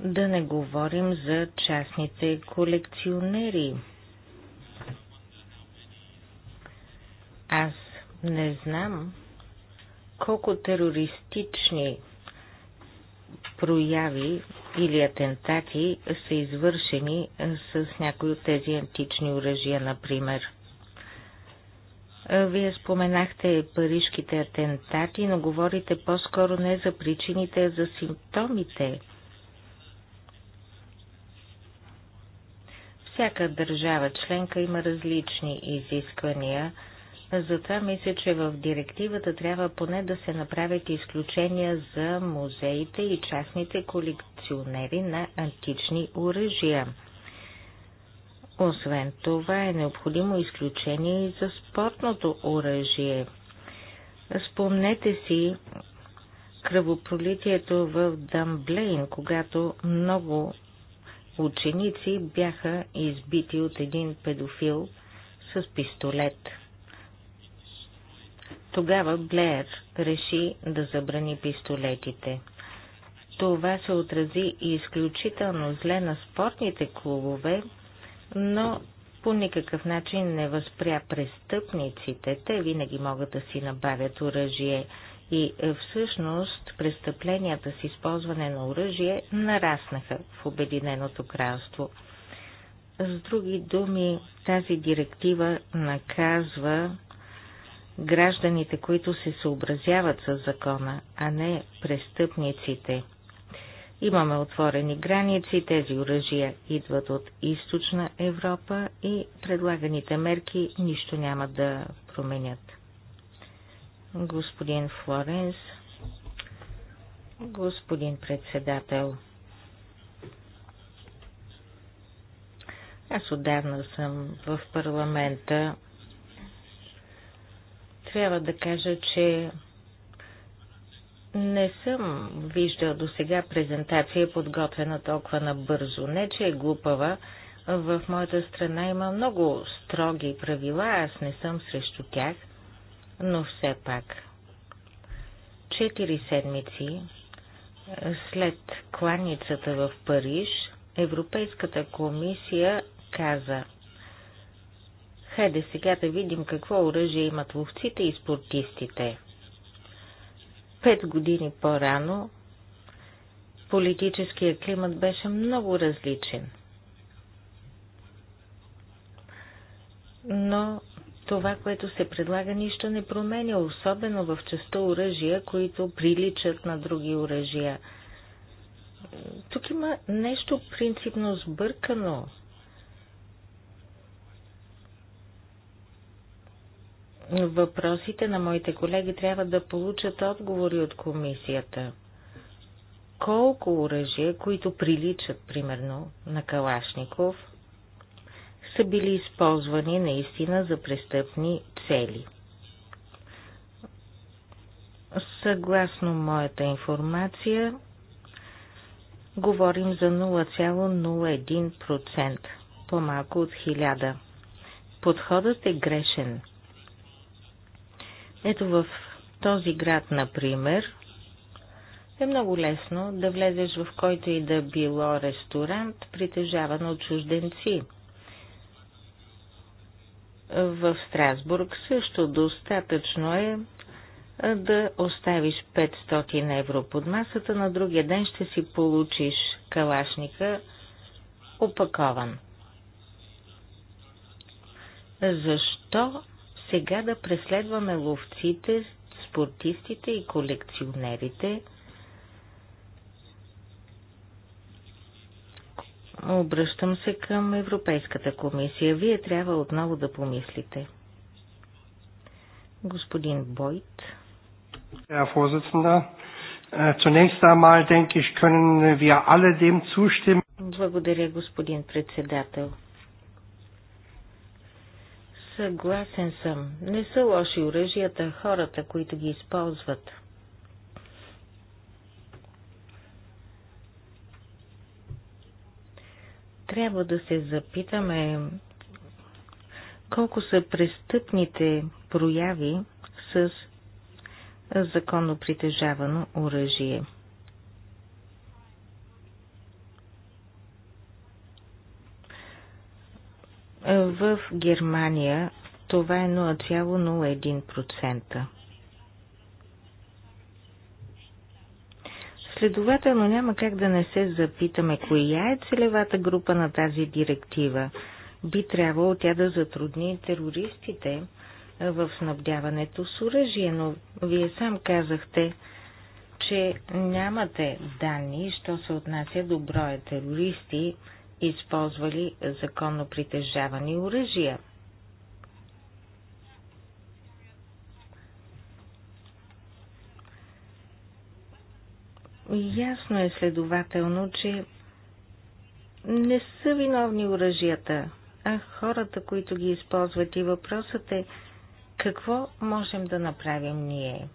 Да не говорим за частните колекционери. Аз не знам колко терористични прояви или атентати са извършени с някои от тези антични оръжия, например. Вие споменахте парижките атентати, но говорите по-скоро не за причините, а за симптомите. Всяка държава членка има различни изисквания – затова мисля, че в директивата трябва поне да се направят изключения за музеите и частните колекционери на антични оръжия. Освен това е необходимо изключение и за спортното оръжие. Спомнете си кръвопролитието в Дамблейн, когато много ученици бяха избити от един педофил с пистолет – тогава Блеер реши да забрани пистолетите. Това се отрази изключително зле на спортните клубове, но по никакъв начин не възпря престъпниците. Те винаги могат да си набавят оръжие и е, всъщност престъпленията с използване на оръжие нараснаха в Обединеното кралство. С други думи, тази директива наказва гражданите, които се съобразяват с закона, а не престъпниците. Имаме отворени граници, тези оръжия идват от източна Европа и предлаганите мерки нищо няма да променят. Господин Флоренс, господин председател, аз отдавна съм в парламента трябва да кажа, че не съм виждал до сега презентация, подготвена толкова набързо. Не, че е глупава. В моята страна има много строги правила, аз не съм срещу тях, но все пак. Четири седмици след кланицата в Париж, Европейската комисия каза, Хайде сега да видим какво оръжие имат ловците и спортистите. Пет години по-рано политическия климат беше много различен. Но това, което се предлага, нищо не променя, особено в частта оръжия, които приличат на други оръжия. Тук има нещо принципно сбъркано. Въпросите на моите колеги трябва да получат отговори от комисията. Колко оръжия, които приличат, примерно, на Калашников, са били използвани наистина за престъпни цели? Съгласно моята информация, говорим за 0,01%, по-малко от 1000. Подходът е грешен – ето в този град, например, е много лесно да влезеш в който и да било ресторант, притежаван от чужденци. В Страсбург също достатъчно е да оставиш 500 евро под масата, на другия ден ще си получиш калашника опакован. Защо сега да преследваме ловците, спортистите и колекционерите, Обръщам се към Европейската комисия. Вие трябва отново да помислите. Господин Бойт. Herr Vorsitzender, äh, zunächst einmal denke ich, können wir alle dem zustimmen. Благодаря, господин председател. Съгласен съм. Не са лоши оръжията хората, които ги използват. Трябва да се запитаме колко са престъпните прояви с законно притежавано оръжие. В Германия това е 0,01%. Следователно няма как да не се запитаме коя е целевата група на тази директива. Би трябвало тя да затрудни терористите в снабдяването с оръжие, но вие сам казахте, че нямате данни, що се отнася до броя терористи, използвали законно притежавани оръжия. Ясно е следователно, че не са виновни оръжията, а хората, които ги използват и въпросът е какво можем да направим ние.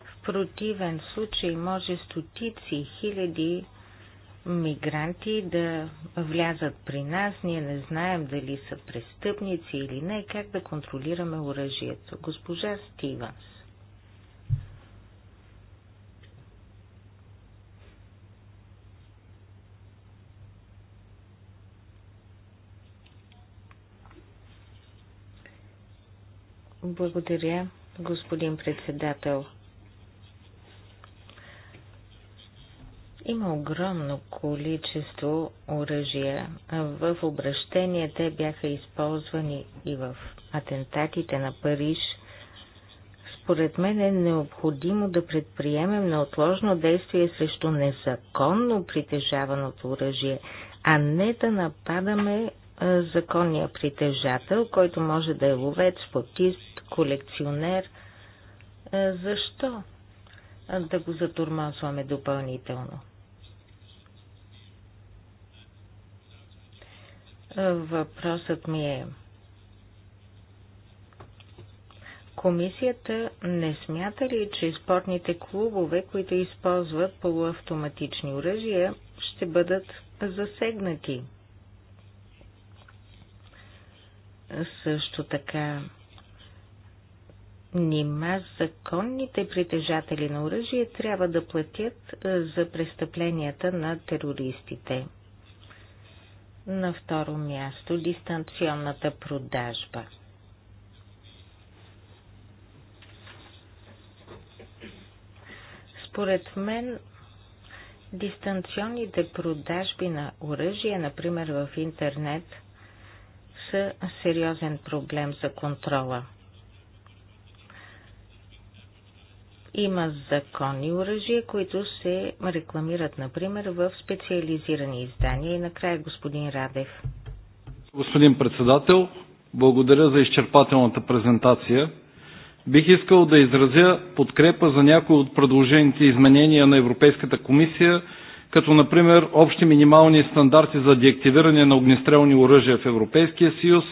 В противен случай може стотици хиляди мигранти да влязат при нас. Ние не знаем дали са престъпници или не, как да контролираме оръжието. Госпожа Стиванс. Благодаря, господин председател. огромно количество оръжия. В обращение те бяха използвани и в атентатите на Париж. Според мен е необходимо да предприемем неотложно действие срещу незаконно притежаваното оръжие, а не да нападаме законния притежател, който може да е ловец, спортист, колекционер. Защо да го затурмазваме допълнително? Въпросът ми е Комисията не смята ли, че спортните клубове, които използват полуавтоматични оръжия, ще бъдат засегнати? Също така, нима законните притежатели на оръжие трябва да платят за престъпленията на терористите. На второ място дистанционната продажба. Според мен дистанционните продажби на оръжие, например в интернет, са сериозен проблем за контрола – Има законни оръжия, които се рекламират, например, в специализирани издания. И накрая господин Радев. Господин председател, благодаря за изчерпателната презентация. Бих искал да изразя подкрепа за някои от предложените изменения на Европейската комисия, като например общи минимални стандарти за деактивиране на огнестрелни оръжия в Европейския съюз,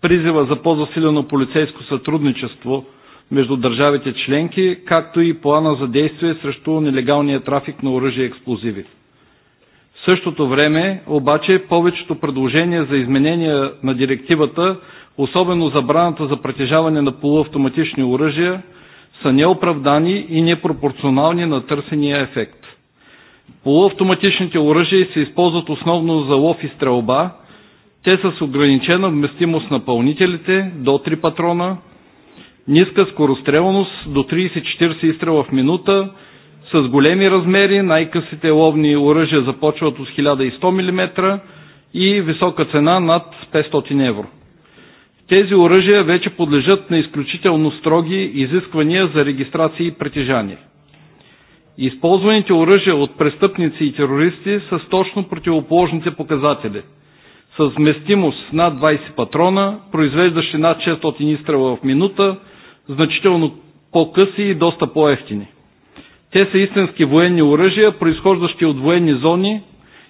призива за по-засилено полицейско сътрудничество – между държавите членки, както и плана за действие срещу нелегалния трафик на оръжие и експлозиви. В същото време, обаче, повечето предложения за изменения на директивата, особено забраната за притежаване на полуавтоматични оръжия, са неоправдани и непропорционални на търсения ефект. Полуавтоматичните оръжия се използват основно за лов и стрелба. Те са с ограничена вместимост на пълнителите до 3 патрона, ниска скорострелност до 30-40 изстрела в минута, с големи размери, най-късите ловни оръжия започват от 1100 мм и висока цена над 500 евро. Тези оръжия вече подлежат на изключително строги изисквания за регистрация и притежание. Използваните оръжия от престъпници и терористи са с точно противоположните показатели. с вместимост над 20 патрона, произвеждащи над 600 изстрела в минута, значително по-къси и доста по-ефтини. Те са истински военни оръжия, произхождащи от военни зони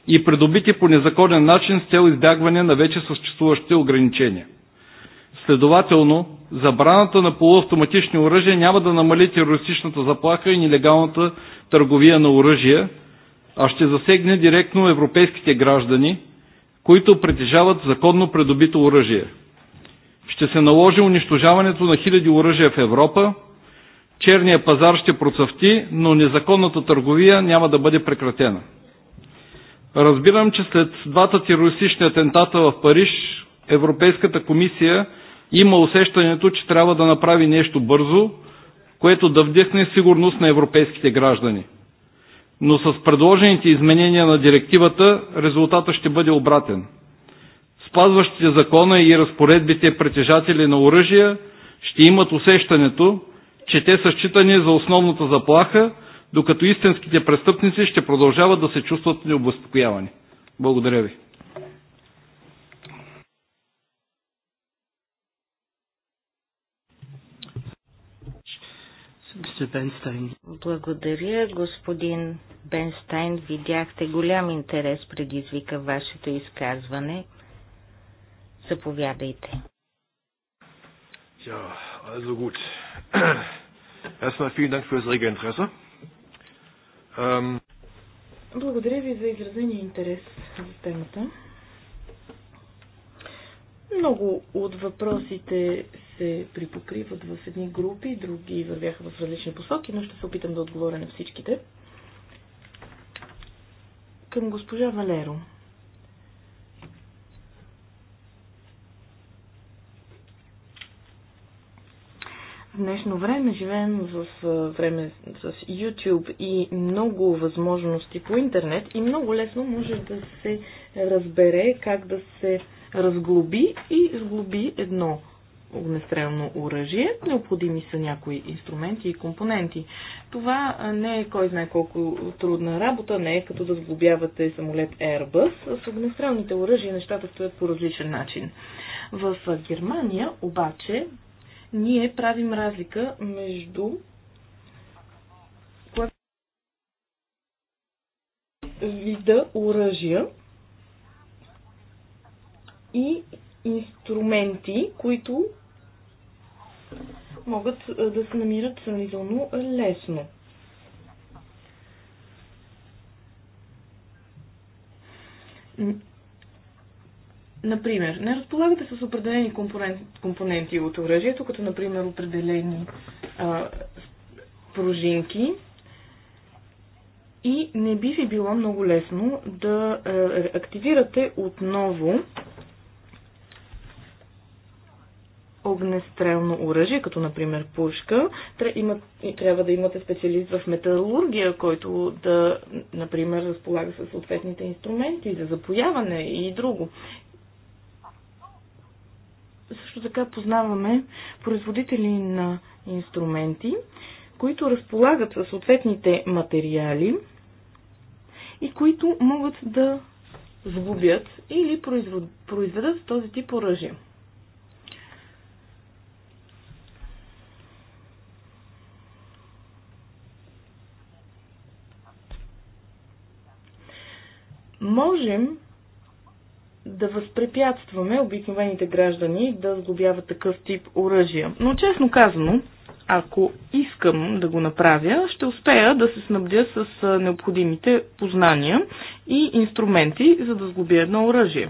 и придобити по незаконен начин с цел избягване на вече съществуващите ограничения. Следователно, забраната на полуавтоматични оръжия няма да намали терористичната заплаха и нелегалната търговия на оръжия, а ще засегне директно европейските граждани, които притежават законно придобито оръжие ще се наложи унищожаването на хиляди оръжия в Европа, черния пазар ще процъфти, но незаконната търговия няма да бъде прекратена. Разбирам, че след двата терористични атентата в Париж, Европейската комисия има усещането, че трябва да направи нещо бързо, което да вдъхне сигурност на европейските граждани. Но с предложените изменения на директивата резултата ще бъде обратен – спазващите закона и разпоредбите притежатели на оръжия ще имат усещането, че те са считани за основната заплаха, докато истинските престъпници ще продължават да се чувстват необезпокоявани. Благодаря ви. Благодаря, господин Бенстайн. Видяхте голям интерес предизвика вашето изказване. Заповядайте. Ja, also gut. Erstmal vielen Dank für das rege Interesse. Ähm... Благодаря ви за изразения интерес за темата. Много от въпросите се припокриват в едни групи, други вървяха в различни посоки, но ще се опитам да отговоря на всичките. Към госпожа Валеро. днешно време живеем в време с YouTube и много възможности по интернет и много лесно може да се разбере как да се разглоби и сглоби едно огнестрелно оръжие. Необходими са някои инструменти и компоненти. Това не е кой знае колко трудна работа, не е като да сглобявате самолет Airbus. С огнестрелните оръжия нещата стоят по различен начин. В Германия обаче ние правим разлика между вида оръжия и инструменти, които могат да се намират сравнително лесно. Например, не разполагате с определени компонент, компоненти от оръжието, като например определени а, пружинки и не би ви било много лесно да а, активирате отново огнестрелно оръжие, като например пушка, трябва да имате специалист в металургия, който да, например, разполага с съответните инструменти за запояване и друго. Също така познаваме производители на инструменти, които разполагат със съответните материали и които могат да сгубят или произведат този тип оръжие. Можем да възпрепятстваме обикновените граждани да сглобяват такъв тип оръжия. Но честно казано, ако искам да го направя, ще успея да се снабдя с необходимите познания и инструменти, за да сглобя едно оръжие.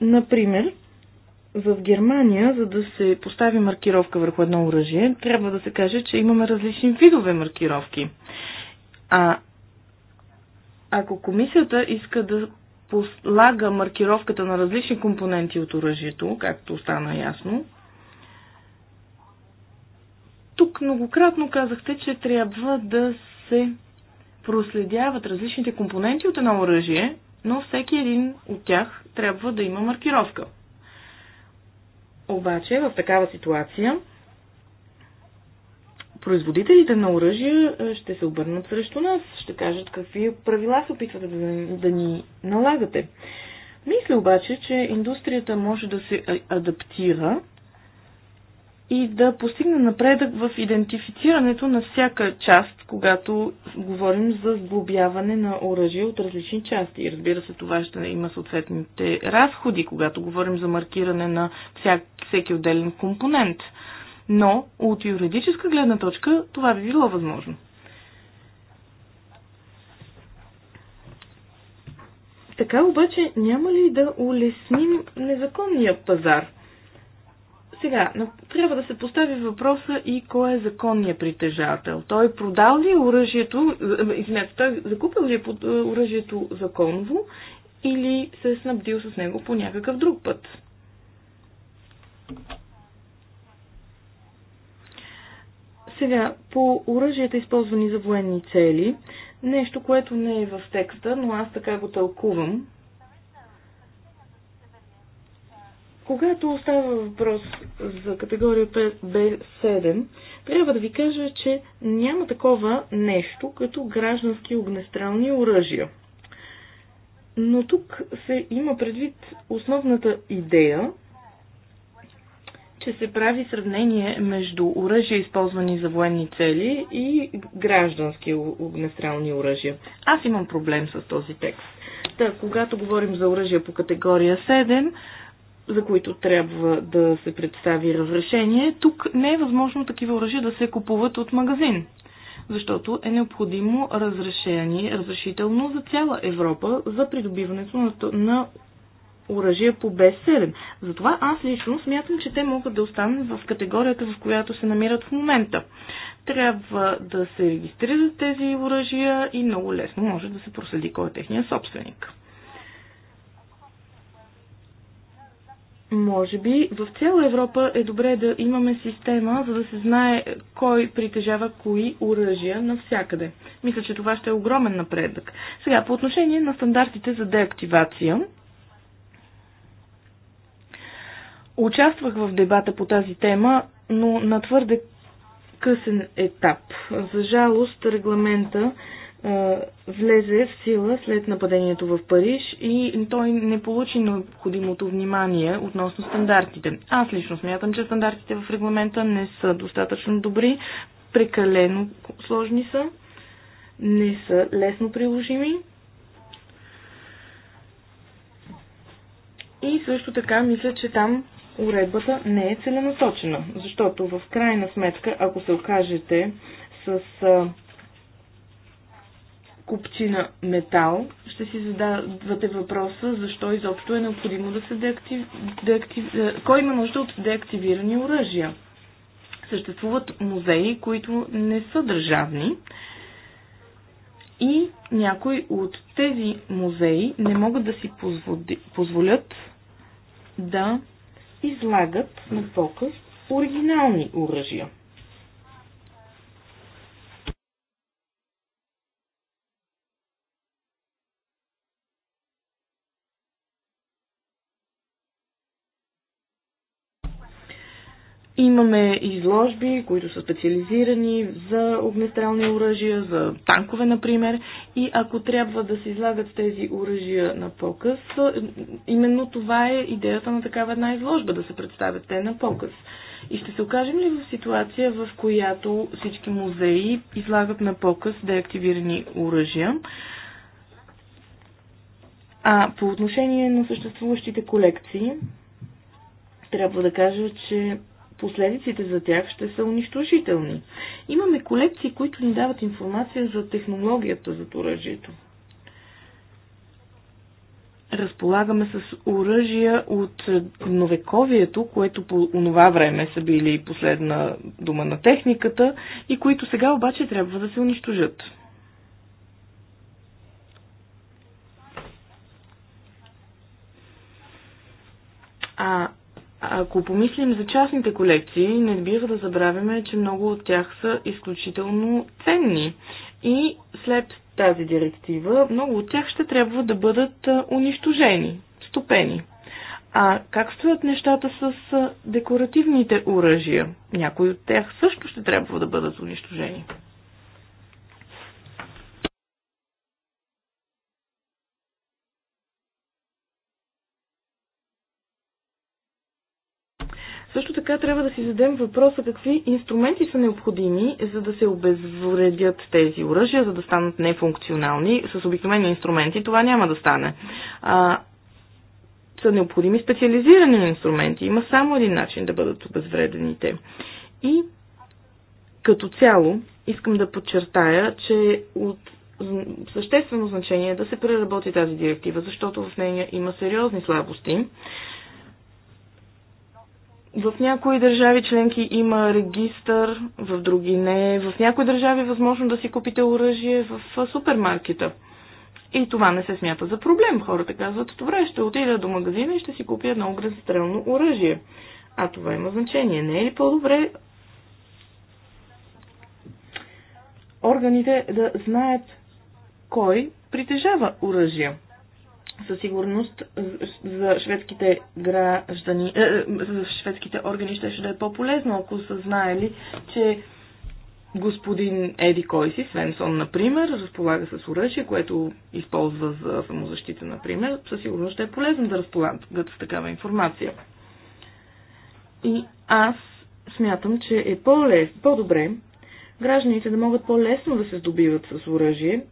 Например, в Германия, за да се постави маркировка върху едно оръжие, трябва да се каже, че имаме различни видове маркировки. А ако комисията иска да послага маркировката на различни компоненти от оръжието, както стана ясно, тук многократно казахте, че трябва да се проследяват различните компоненти от едно оръжие, но всеки един от тях трябва да има маркировка. Обаче в такава ситуация производителите на оръжие ще се обърнат срещу нас, ще кажат какви правила се опитвате да, да ни налагате. Мисля обаче, че индустрията може да се адаптира и да постигне напредък в идентифицирането на всяка част, когато говорим за сглобяване на оръжие от различни части. И разбира се, това ще има съответните разходи, когато говорим за маркиране на всяк, всеки отделен компонент. Но от юридическа гледна точка това би било възможно. Така обаче няма ли да улесним незаконния пазар? Сега, трябва да се постави въпроса и кой е законният притежател. Той продал ли оръжието, е, извинете, той закупил ли е е, оръжието законово или се е снабдил с него по някакъв друг път? Сега, по оръжията, използвани за военни цели, нещо, което не е в текста, но аз така го тълкувам, Когато остава въпрос за категория B7, трябва да ви кажа, че няма такова нещо като граждански огнестрални оръжия. Но тук се има предвид основната идея, че се прави сравнение между оръжия, използвани за военни цели и граждански огнестрални оръжия. Аз имам проблем с този текст. Та, когато говорим за оръжия по категория 7, за които трябва да се представи разрешение. Тук не е възможно такива оръжия да се купуват от магазин, защото е необходимо разрешение, разрешително за цяла Европа за придобиването на, на оръжия по Б7. Затова аз лично смятам, че те могат да останат в категорията, в която се намират в момента. Трябва да се регистрират тези оръжия и много лесно може да се проследи кой е техния собственик. Може би в цяла Европа е добре да имаме система, за да се знае кой притежава кои оръжия навсякъде. Мисля, че това ще е огромен напредък. Сега, по отношение на стандартите за деактивация, участвах в дебата по тази тема, но на твърде късен етап. За жалост, регламента влезе в сила след нападението в Париж и той не получи необходимото внимание относно стандартите. Аз лично смятам, че стандартите в регламента не са достатъчно добри, прекалено сложни са, не са лесно приложими. И също така мисля, че там уредбата не е целенасочена, защото в крайна сметка, ако се окажете с Купчина метал, ще си задавате въпроса защо изобщо е необходимо да се деактив... деактив... Е, кой има нужда от деактивирани оръжия? Съществуват музеи, които не са държавни и някои от тези музеи не могат да си позволят да излагат на показ оригинални оръжия. Имаме изложби, които са специализирани за огнестрелни оръжия, за танкове, например. И ако трябва да се излагат тези оръжия на показ, именно това е идеята на такава една изложба, да се представят те на показ. И ще се окажем ли в ситуация, в която всички музеи излагат на показ деактивирани оръжия? А по отношение на съществуващите колекции, трябва да кажа, че последиците за тях ще са унищожителни. Имаме колекции, които ни дават информация за технологията за оръжието. Разполагаме с оръжия от новековието, което по онова време са били последна дума на техниката и които сега обаче трябва да се унищожат. А ако помислим за частните колекции, не бива да забравяме, че много от тях са изключително ценни. И след тази директива, много от тях ще трябва да бъдат унищожени, стопени. А как стоят нещата с декоративните оръжия? Някои от тях също ще трябва да бъдат унищожени. Също така трябва да си зададем въпроса какви инструменти са необходими, за да се обезвредят тези оръжия, за да станат нефункционални. С обикновени инструменти това няма да стане. А, са необходими специализирани инструменти. Има само един начин да бъдат обезвредените. И като цяло искам да подчертая, че от съществено значение е да се преработи тази директива, защото в нея има сериозни слабости в някои държави членки има регистър, в други не. В някои държави е възможно да си купите оръжие в супермаркета. И това не се смята за проблем. Хората казват, добре, ще отида до магазина и ще си купя едно огнестрелно оръжие. А това има значение. Не е ли по-добре органите да знаят кой притежава оръжие? със сигурност за шведските граждани, е, е за шведските органи ще, ще да е по-полезно, ако са знаели, че господин Еди Койси, Свенсон, например, разполага с оръжие, което използва за самозащита, например, със сигурност ще е полезно да разполагат с такава информация. И аз смятам, че е по-лесно, по-добре гражданите да могат по-лесно да се здобиват с оръжие,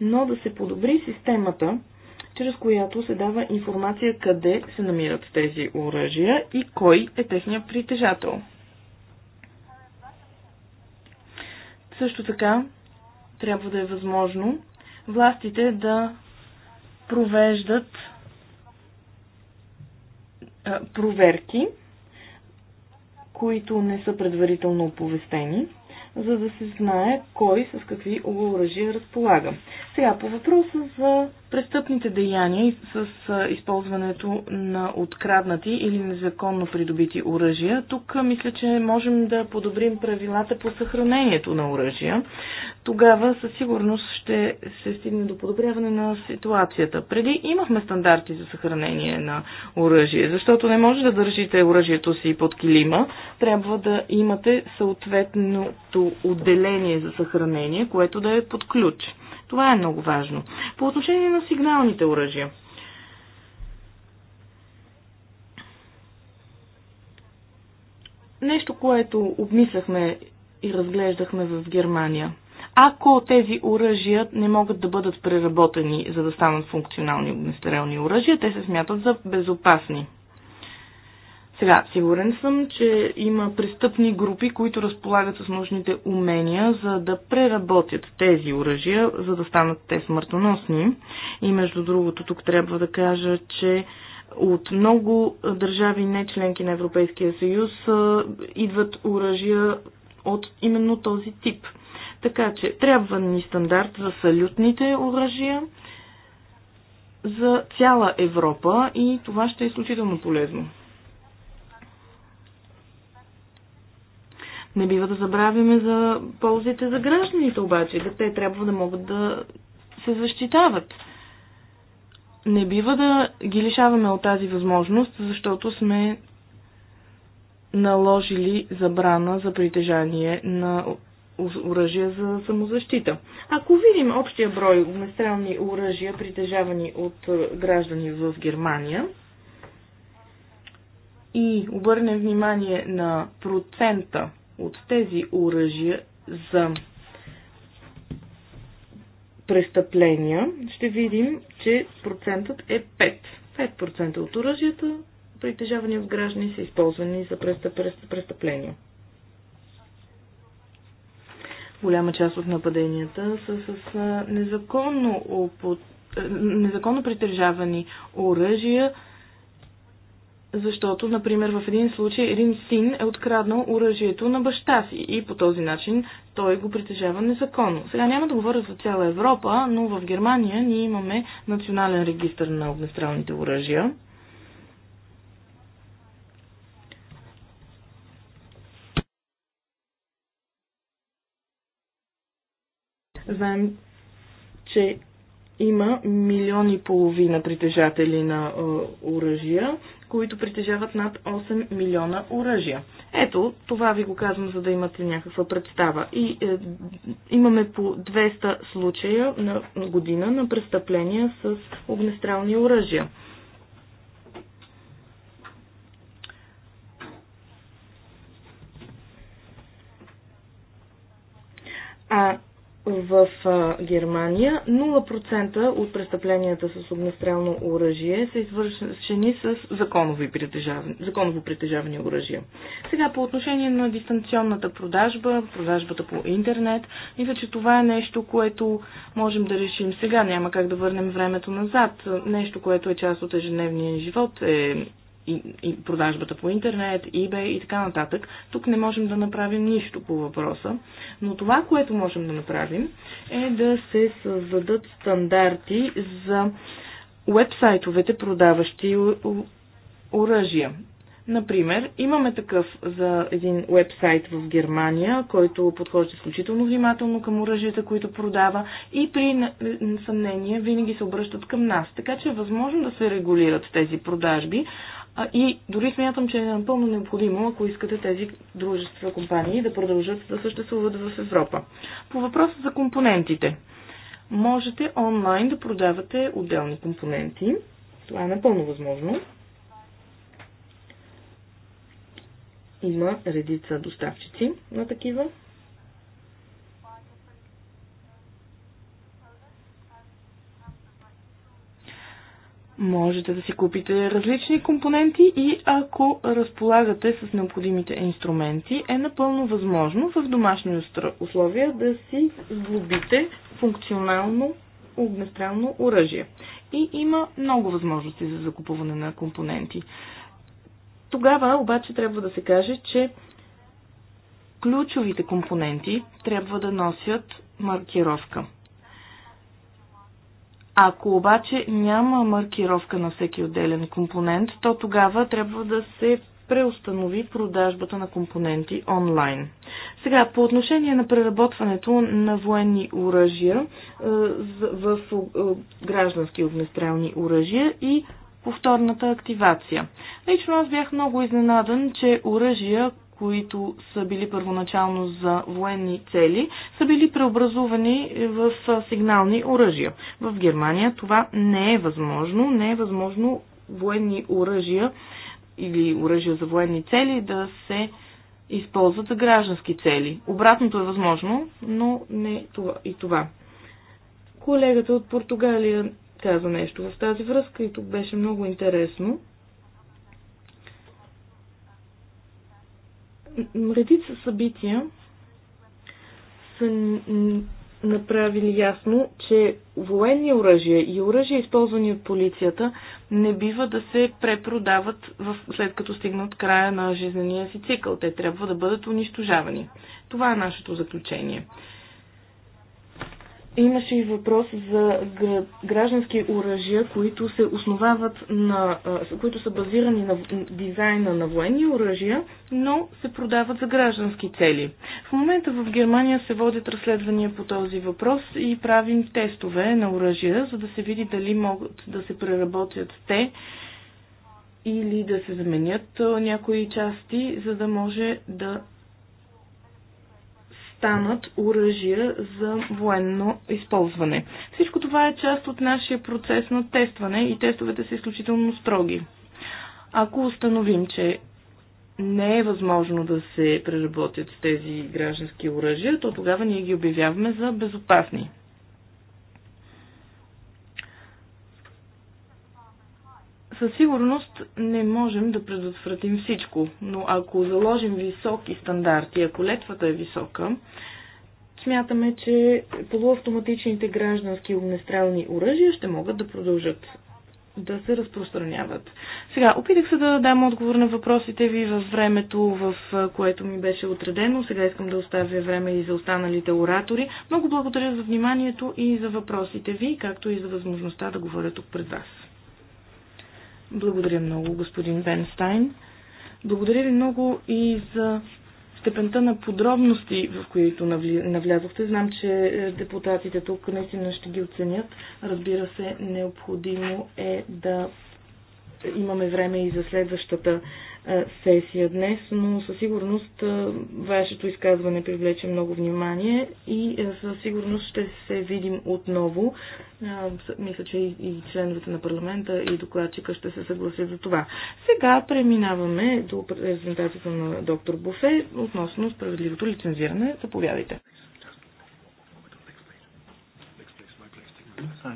но да се подобри системата, чрез която се дава информация къде се намират тези оръжия и кой е техният притежател. Също така трябва да е възможно властите да провеждат проверки, които не са предварително оповестени, за да се знае кой с какви оръжия разполага. Сега по въпроса за престъпните деяния с използването на откраднати или незаконно придобити оръжия. Тук мисля, че можем да подобрим правилата по съхранението на оръжия. Тогава със сигурност ще се стигне до подобряване на ситуацията. Преди имахме стандарти за съхранение на оръжие, защото не може да държите оръжието си под килима. Трябва да имате съответното отделение за съхранение, което да е под ключ. Това е много важно. По отношение на сигналните оръжия. Нещо, което обмисляхме и разглеждахме в Германия. Ако тези оръжия не могат да бъдат преработени, за да станат функционални огнестрелни оръжия, те се смятат за безопасни. Сега, сигурен съм, че има престъпни групи, които разполагат с нужните умения, за да преработят тези оръжия, за да станат те смъртоносни. И между другото, тук трябва да кажа, че от много държави, не членки на Европейския съюз, идват оръжия от именно този тип. Така че трябва ни стандарт за салютните оръжия за цяла Европа и това ще е изключително полезно. Не бива да забравяме за ползите за гражданите обаче. Да те трябва да могат да се защитават. Не бива да ги лишаваме от тази възможност, защото сме наложили забрана за притежание на оръжия за самозащита. Ако видим общия брой огнестрелни оръжия, притежавани от е, граждани в Германия, и обърнем внимание на процента от тези оръжия за престъпления, ще видим, че процентът е 5. 5% от оръжията, притежавани от граждани, са използвани за престъпления. Голяма част от нападенията са с незаконно, незаконно притежавани оръжия защото, например, в един случай един син е откраднал оръжието на баща си и по този начин той го притежава незаконно. Сега няма да говоря за цяла Европа, но в Германия ние имаме национален регистр на огнестрелните оръжия. Знаем, че има милиони и половина притежатели на е, оръжия които притежават над 8 милиона оръжия. Ето, това ви го казвам, за да имате някаква представа. И е, имаме по 200 случая на година на престъпления с огнестрални оръжия. А в Германия 0% от престъпленията с огнестрелно оръжие са извършени с законови притежавани, законово притежавани оръжия. Сега по отношение на дистанционната продажба, продажбата по интернет, и вече това е нещо, което можем да решим сега. Няма как да върнем времето назад. Нещо, което е част от ежедневния живот е и, и продажбата по интернет, eBay и така нататък. Тук не можем да направим нищо по въпроса, но това, което можем да направим е да се създадат стандарти за вебсайтовете, продаващи оръжия. Например, имаме такъв за един вебсайт в Германия, който подхожда изключително внимателно към оръжията, които продава и при съмнение винаги се обръщат към нас. Така че е възможно да се регулират тези продажби, а, и дори смятам, че е напълно необходимо, ако искате тези дружества, компании да продължат да съществуват в Европа. По въпроса за компонентите. Можете онлайн да продавате отделни компоненти. Това е напълно възможно. Има редица доставчици на такива можете да си купите различни компоненти и ако разполагате с необходимите инструменти, е напълно възможно в домашни условия да си сглобите функционално огнестрелно оръжие. И има много възможности за закупуване на компоненти. Тогава обаче трябва да се каже, че ключовите компоненти трябва да носят маркировка – ако обаче няма маркировка на всеки отделен компонент, то тогава трябва да се преустанови продажбата на компоненти онлайн. Сега, по отношение на преработването на военни оръжия е, в е, граждански огнестрелни оръжия и повторната активация. Лично аз бях много изненадан, че оръжия, които са били първоначално за военни цели, са били преобразувани в сигнални оръжия. В Германия това не е възможно. Не е възможно военни оръжия или оръжия за военни цели да се използват за граждански цели. Обратното е възможно, но не това и това. Колегата от Португалия каза нещо в тази връзка и тук беше много интересно. редица събития са направили ясно, че военни оръжия и оръжия, използвани от полицията, не бива да се препродават в, след като стигнат края на жизнения си цикъл. Те трябва да бъдат унищожавани. Това е нашето заключение. Имаше и въпрос за граждански оръжия, които се основават на, които са базирани на дизайна на военни оръжия, но се продават за граждански цели. В момента в Германия се водят разследвания по този въпрос и правим тестове на оръжия, за да се види дали могат да се преработят те или да се заменят някои части, за да може да станат оръжия за военно използване. Всичко това е част от нашия процес на тестване и тестовете са изключително строги. Ако установим, че не е възможно да се преработят тези граждански оръжия, то тогава ние ги обявяваме за безопасни. Със сигурност не можем да предотвратим всичко, но ако заложим високи стандарти, ако летвата е висока, смятаме, че полуавтоматичните граждански огнестрелни оръжия ще могат да продължат да се разпространяват. Сега, опитах се да дам отговор на въпросите ви във времето, в което ми беше отредено. Сега искам да оставя време и за останалите оратори. Много благодаря за вниманието и за въпросите ви, както и за възможността да говоря тук пред вас. Благодаря много, господин Венстайн. Благодаря ви много и за степента на подробности, в които навлязохте. Знам, че е, депутатите тук наистина ще ги оценят. Разбира се, необходимо е да имаме време и за следващата сесия днес, но със сигурност вашето изказване привлече много внимание и със сигурност ще се видим отново. Мисля, че и членовете на парламента и докладчика ще се съгласят за това. Сега преминаваме до презентацията на доктор Буфе относно справедливото лицензиране. Заповядайте. Hi.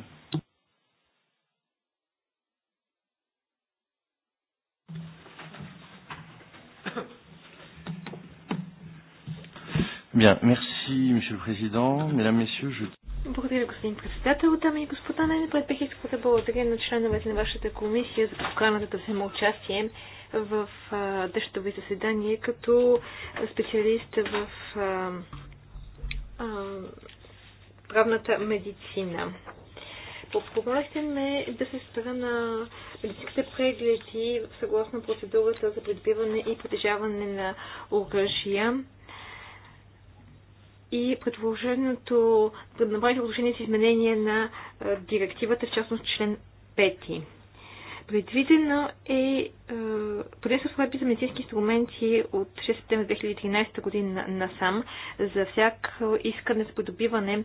Bien, merci, monsieur le président. Mesdames, messieurs, je... Благодаря, господин председател. Дами и господа, най-напред бих искал да благодаря на членовете на вашата комисия за поканата да взема участие в дъщото ви заседание като специалист в а, а, правната медицина. Помолихте ме да се спра на медицинските прегледи съгласно процедурата за придобиване и притежаване на оръжия и предложеното, направих предложение с изменение на е, директивата, в частност член 5. Предвидено е, е разпоредби за медицински инструменти от 6 септември 2013 година насам за всяко искане за придобиване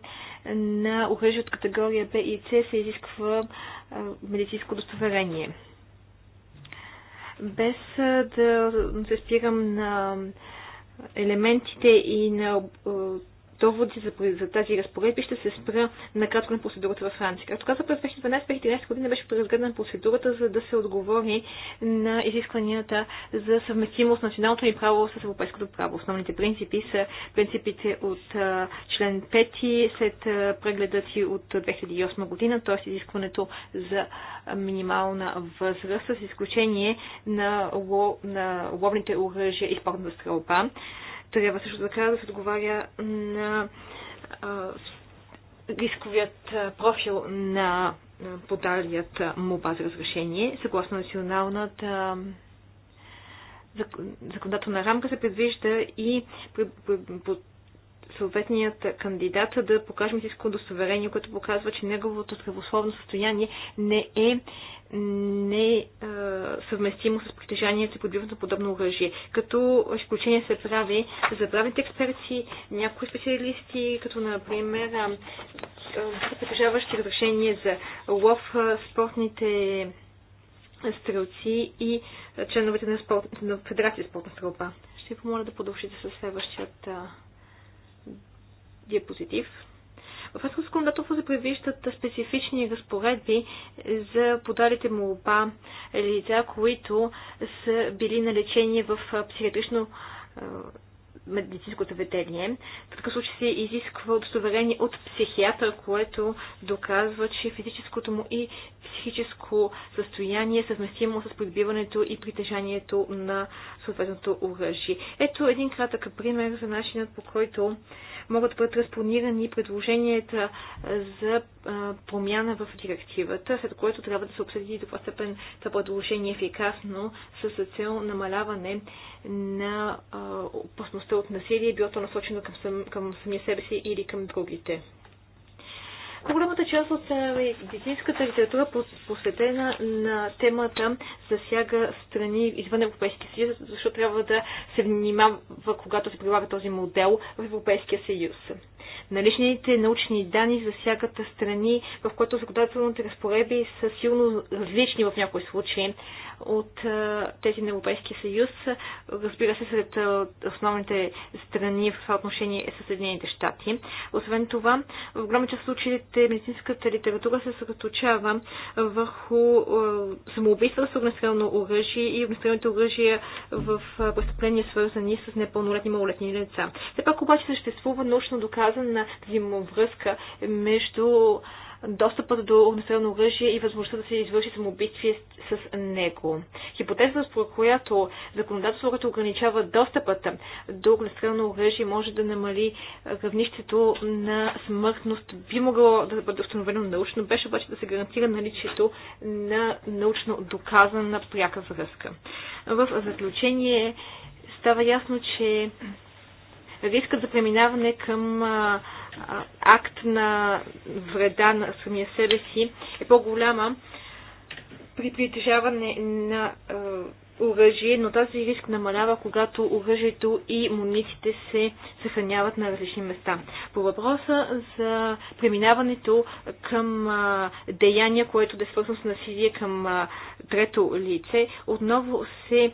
на оръжие от категория Б и С се изисква е, медицинско удостоверение. Без е, да се спирам на елементите и на доводи за, за тази разпоредби ще се спра накратко на процедурата във Франция. Както каза, през 2012-2013 година беше преразгледана процедурата, за да се отговори на изискванията за съвместимост на националното ни право с европейското право. Основните принципи са принципите от а, член 5 след прегледа си от 2008 година, т.е. изискването за минимална възраст, с изключение на, ло, на ловните оръжия и спортната стрелба. Трябва също така да се отговаря на рисковият профил на подалият му база разрешение. Съгласно националната законодателна рамка се предвижда и съответният кандидат да покаже медицинско удостоверение, което показва, че неговото здравословно състояние не е не е, съвместимо с притежанието и подбиването на подобно оръжие. Като изключение се прави за правните експерти, някои специалисти, като например притежаващи разрешение за лов, спортните стрелци и членовете на, спорт, на Федерация спортна стрелба. Ще ви помоля да продължите със следващият диапозитив. В Френското законодателство се предвиждат специфични разпоредби за подалите молба лица, които са били на лечение в психиатрично медицинско заведение. В такъв случай се изисква удостоверение от психиатър, което доказва, че физическото му и психическо състояние е съвместимо с придобиването и притежанието на съответното оръжие. Ето един кратък пример за начинът по който могат да бъдат транспонирани предложенията за промяна в директивата, след което трябва да се обсъди до каква степен това предложение е ефикасно с цел намаляване на опасността от насилие, било то насочено към, сам, към самия себе си или към другите. Голямата част от медицинската литература, посветена на темата, засяга страни извън Европейския съюз, защото трябва да се внимава, когато се прилага този модел в Европейския съюз. Наличните научни данни за всяката страни, в което законодателните разпореби са силно различни в някои случаи от тези на Европейския съюз. Разбира се, сред основните страни в това отношение е Съединените щати. Освен това, в голяма част от случаите медицинската литература се съсредоточава върху самоубийства с огнестрелно оръжие и огнестрелните оръжия в престъпления, свързани с непълнолетни малолетни лица. Все пак обаче съществува научно доказано на взаимовръзка между достъпът до огнестрелно оръжие и възможността да се извърши самоубийствие с него. Хипотеза, според която законодателството, което ограничава достъпът до огнестрелно оръжие, може да намали равнището на смъртност, би могло да бъде установено научно, беше обаче да се гарантира наличието на научно доказана пряка връзка. В заключение става ясно, че рискът за преминаване към акт на вреда на самия себе си е по-голяма при притежаване на оръжие, но този риск намалява, когато оръжието и мунициите се съхраняват на различни места. По въпроса за преминаването към деяния, което да е свързано с насилие към трето лице, отново се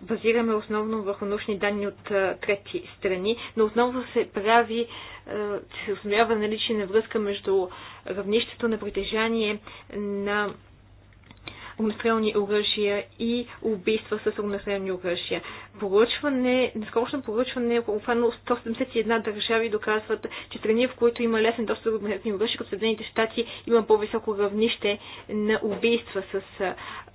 базираме основно върху научни данни от трети страни, но отново се прави се установява наличие на връзка между равнището на притежание на огнестрелни оръжия и убийства с огнестрелни оръжия. Поръчване, нескорочно поръчване, обхванало 171 държави доказват, че страни, в които има лесен достъп до огнестрелни оръжия, като Съединените щати, има по-високо равнище на убийства с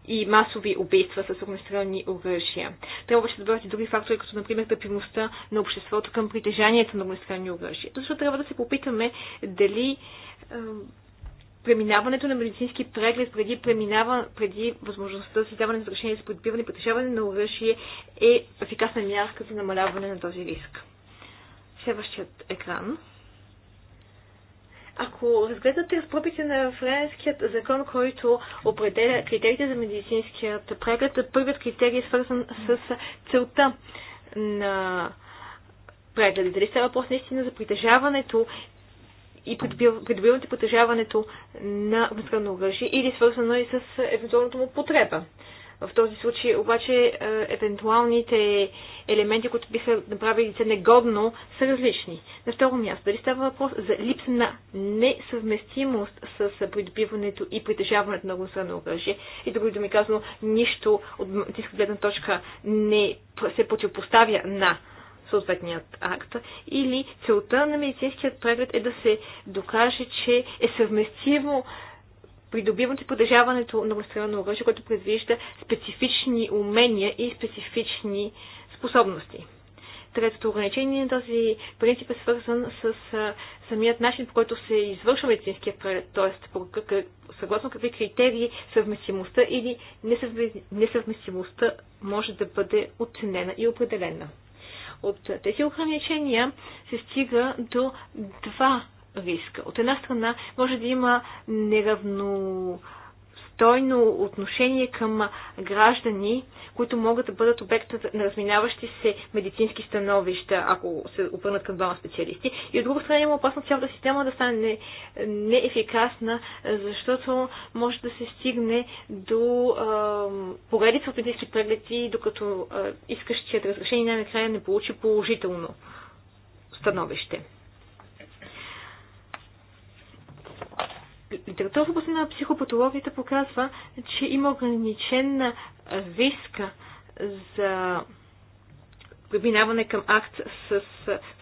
и масови убийства с огнестрелни оръжия. Трябва да се и други фактори, като например търпимостта на обществото към притежанието на огнестрелни оръжия. Защото трябва да се попитаме дали преминаването на медицински преглед преди, преминава, преди възможността за издаване на разрешение за подбиване и притежаване на оръжие е ефикасна мярка за намаляване на този риск. Следващият екран. Ако разгледате разпробите на френският закон, който определя критериите за медицинският преглед, първият критерий е свързан с целта на прегледа. Дали става въпрос наистина за притежаването и придобиването и притежаването на огнестрелно оръжие или свързано и с евентуалното му потреба. В този случай обаче е, евентуалните елементи, които биха направили лице негодно, са различни. На второ място, дали става въпрос за липса на несъвместимост с придобиването и притежаването на огнестрелно оръжие и други думи казано, нищо от тиска гледна точка не се противопоставя на съответният акт или целта на медицинският преглед е да се докаже, че е съвместимо придобиването и поддържаването на огнестрелно оръжие, което предвижда специфични умения и специфични способности. Третото ограничение на този принцип е свързан с а, самият начин, по който се извършва медицинския преглед, т.е. съгласно какви критерии съвместимостта или несъвместимостта може да бъде оценена и определена. От тези ограничения се стига до два риска. От една страна може да има неравно достойно отношение към граждани, които могат да бъдат обект на разминаващи се медицински становища, ако се обърнат към двама специалисти. И от друга страна има опасност цялата система да стане неефикасна, защото може да се стигне до а, поредица от медицински прегледи, докато а, искащият разрешение най-накрая не получи положително становище. Литература в областта на психопатологията показва, че има ограничен риск за преминаване към акт с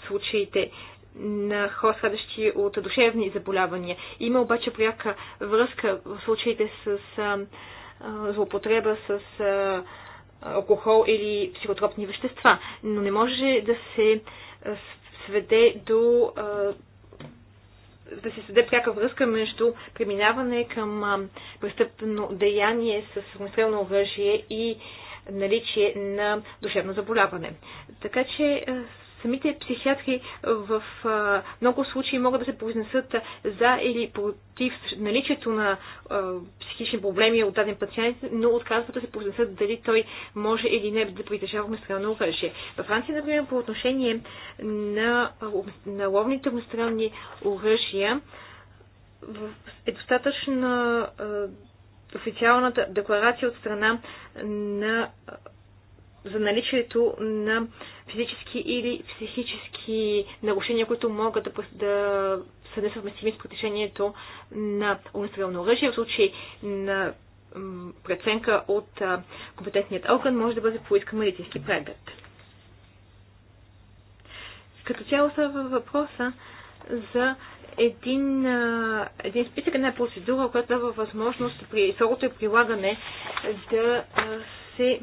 случаите на хора, страдащи от душевни заболявания. Има обаче пряка връзка в случаите с а, а, злоупотреба с а, алкохол или психотропни вещества, но не може да се сведе до а, да се съде пряка връзка между преминаване към престъпно деяние с огнестрелно оръжие и наличие на душевно заболяване. Така че Самите психиатри в много случаи могат да се произнесат за или против наличието на психични проблеми от даден пациент, но отказват да се произнесат дали той може или не да притежава огнестрелно оръжие. Във Франция, например, по отношение на, на ловните огнестрелни оръжия, е достатъчно официалната декларация от страна на за наличието на физически или психически нарушения, които могат да, да са несъвместими с протечението на огнестрелно оръжие. В случай на преценка от компетентният орган може да бъде поискан медицински преглед. Като цяло става въпроса за един, един списък, една процедура, която дава възможност при срокото и прилагане да се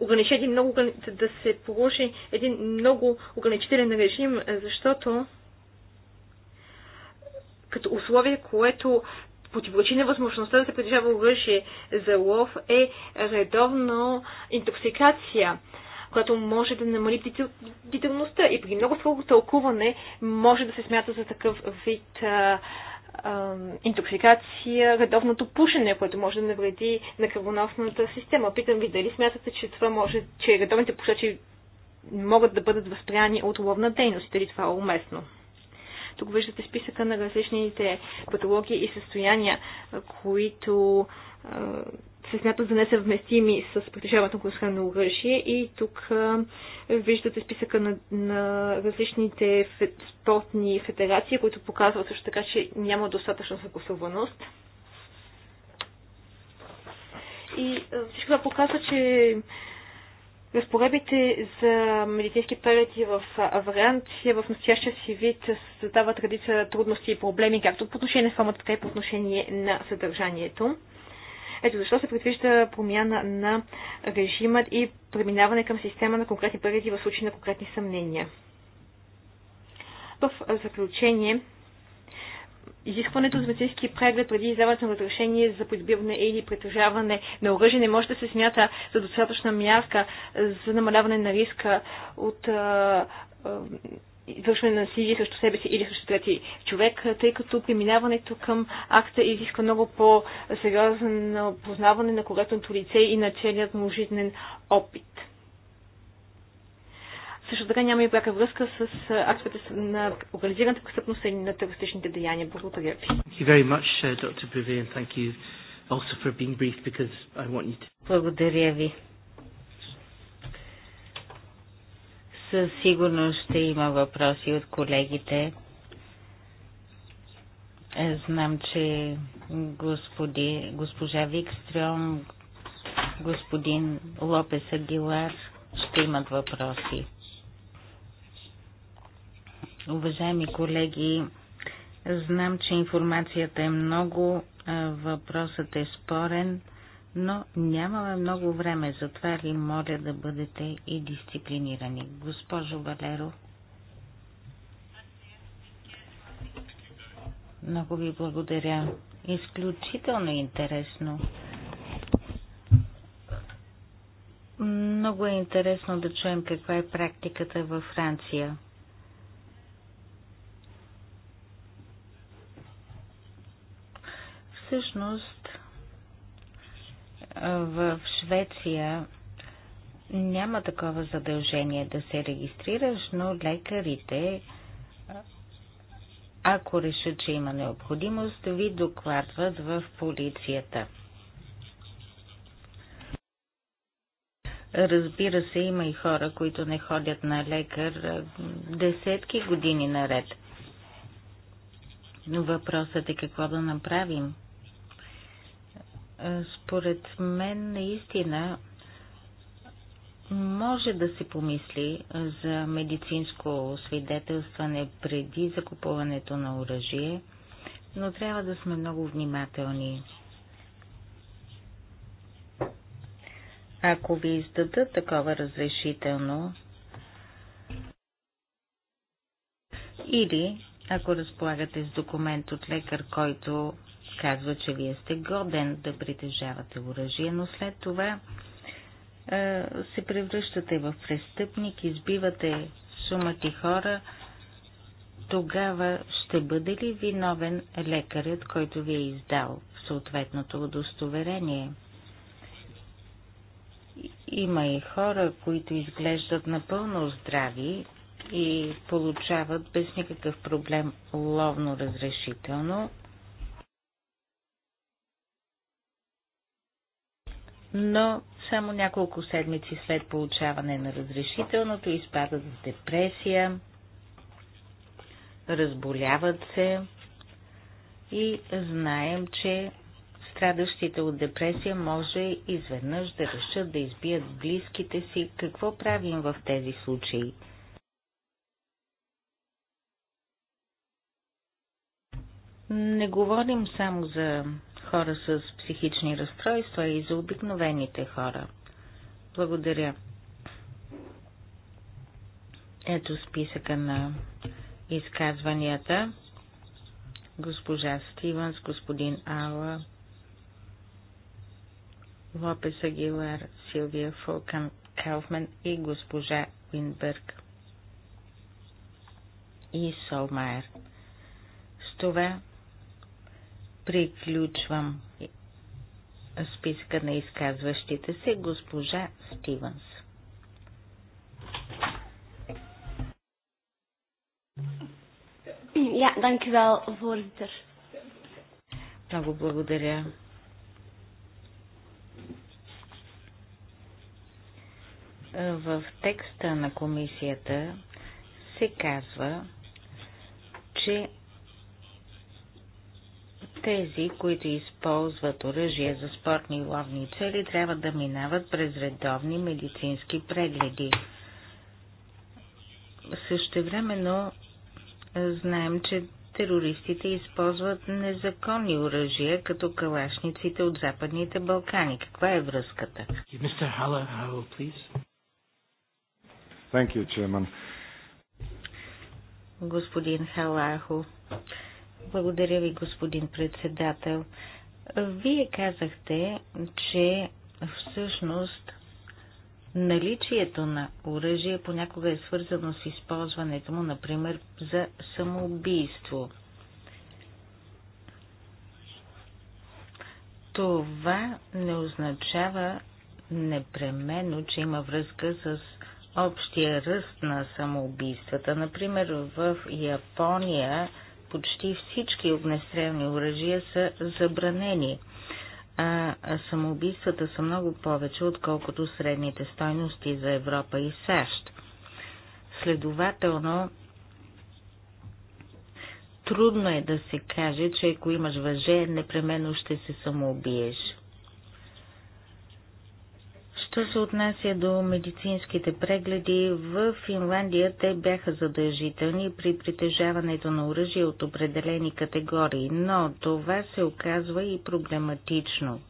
ограничи един много, да се положи един много ограничителен режим, защото като условие, което противоречи на възможността да се притежава оръжие за лов е редовно интоксикация, която може да намали бдителността и при много строго тълкуване може да се смята за такъв вид а, интоксикация, редовното пушене, което може да навреди на кръвоносната система. Питам ви дали смятате, че това може, че редовните пушачи могат да бъдат възприяни от ловна дейност, дали това е уместно. Тук виждате списъка на различните патологии и състояния, които се смятат за несъвместими с притежаването на констрано оръжие и тук а, виждате списъка на, на различните фед, спортни федерации, които показват също така, че няма достатъчно съгласуваност. И а, всичко това показва, че Разпоредбите за медицински прегледи в Авранция е в настоящия си вид създават редица трудности и проблеми, както по отношение на формата, така и по отношение на съдържанието. Ето защо се предвижда промяна на режимът и преминаване към система на конкретни прегледи в случай на конкретни съмнения. В заключение, изискването за медицински преглед преди издаването на разрешение за придобиване или притежаване на оръжие не може да се смята за достатъчна мярка за намаляване на риска от извършване на насилие срещу себе си или срещу трети човек, тъй като преминаването към акта изисква много по-сериозно познаване на коректното лице и на целият му жизнен опит. Също така няма и пряка връзка с актовете на организираната престъпност и на терористичните деяния. Благодаря ви. Благодаря ви. Със сигурност ще има въпроси от колегите. Знам, че господи, госпожа Викстрем, господин Лопес Агилар ще имат въпроси. Уважаеми колеги, знам, че информацията е много, въпросът е спорен но нямаме много време, затова ви моля да бъдете и дисциплинирани. Госпожо Валеро, много ви благодаря. Изключително интересно. Много е интересно да чуем каква е практиката във Франция. Всъщност, в Швеция няма такова задължение да се регистрираш, но лекарите, ако решат, че има необходимост, ви докладват в полицията. Разбира се, има и хора, които не ходят на лекар десетки години наред. Въпросът е какво да направим – е, според мен наистина може да се помисли за медицинско свидетелстване преди закупуването на оръжие, но трябва да сме много внимателни. Ако ви издадат такова разрешително или ако разполагате с документ от лекар, който казва, че вие сте годен да притежавате оръжие, но след това е, се превръщате в престъпник, избивате сумати хора, тогава ще бъде ли виновен лекарят, който ви е издал съответното удостоверение? Има и хора, които изглеждат напълно здрави и получават без никакъв проблем ловно разрешително, но само няколко седмици след получаване на разрешителното изпадат в депресия, разболяват се и знаем, че страдащите от депресия може изведнъж да решат да избият близките си. Какво правим в тези случаи? Не говорим само за хора с психични разстройства и за обикновените хора. Благодаря. Ето списъка на изказванията. Госпожа Стивенс, господин Ала, Лопес Агилар, Силвия Фулкан Кауфман и госпожа Уинберг и Солмайер. С това Приключвам списка на изказващите се госпожа Стивенс. Ja, dankjewel, voorzitter. Много благодаря. В текста на комисията се казва, че тези, които използват оръжие за спортни и ловни цели, трябва да минават през редовни медицински прегледи. Същевременно знаем, че терористите използват незаконни оръжия, като калашниците от Западните Балкани. Каква е връзката? Господин Халахо, благодаря ви, господин председател. Вие казахте, че всъщност наличието на оръжие понякога е свързано с използването му, например, за самоубийство. Това не означава непременно, че има връзка с общия ръст на самоубийствата. Например, в Япония почти всички огнестрелни оръжия са забранени, а самоубийствата са много повече, отколкото средните стойности за Европа и САЩ. Следователно, трудно е да се каже, че ако имаш въже, непременно ще се самоубиеш. Що се отнася до медицинските прегледи, в Финландия те бяха задължителни при притежаването на оръжие от определени категории, но това се оказва и проблематично.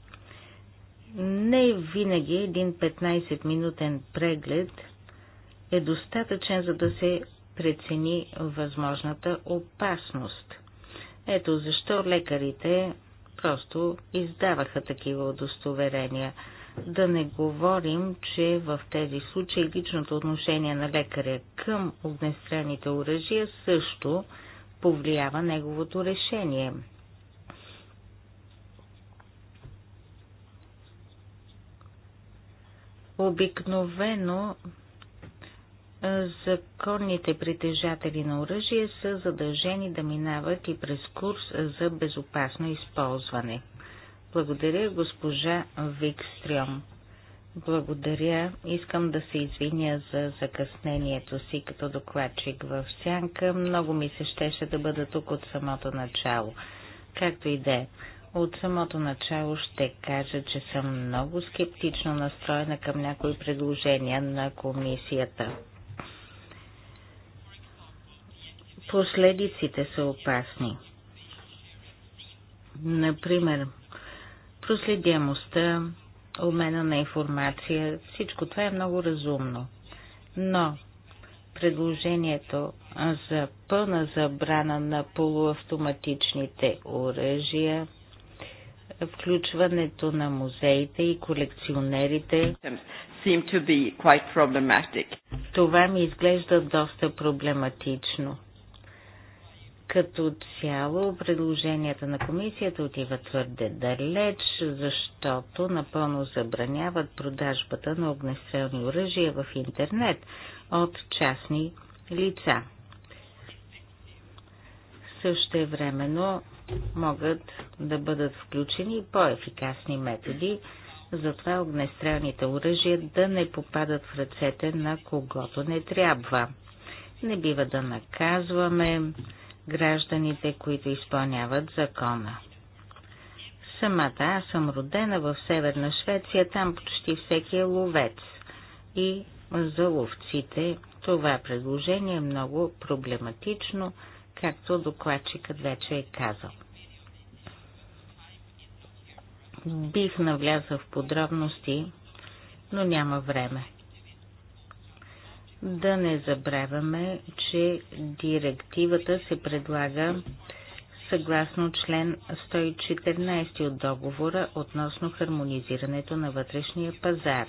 Не винаги един 15-минутен преглед е достатъчен, за да се прецени възможната опасност. Ето защо лекарите просто издаваха такива удостоверения – да не говорим, че в тези случаи личното отношение на лекаря към огнестрелните оръжия също повлиява неговото решение. Обикновено законните притежатели на оръжие са задължени да минават и през курс за безопасно използване – благодаря, госпожа Викстрион. Благодаря. Искам да се извиня за закъснението си като докладчик в сянка. Много ми се щеше да бъда тук от самото начало. Както и да е. От самото начало ще кажа, че съм много скептично настроена към някои предложения на комисията. Последиците са опасни. Например, проследяемостта, обмена на информация, всичко това е много разумно. Но предложението за пълна забрана на полуавтоматичните оръжия, включването на музеите и колекционерите, това ми изглежда доста проблематично. Като цяло, предложенията на комисията отиват твърде далеч, защото напълно забраняват продажбата на огнестрелни оръжия в интернет от частни лица. Също времено могат да бъдат включени по-ефикасни методи, затова огнестрелните оръжия да не попадат в ръцете на когото не трябва. Не бива да наказваме, гражданите, които изпълняват закона. Самата аз съм родена в Северна Швеция, там почти всеки е ловец. И за ловците това предложение е много проблематично, както докладчикът вече е казал. Бих навлязал в подробности, но няма време. Да не забравяме, че директивата се предлага съгласно член 114 от договора относно хармонизирането на вътрешния пазар.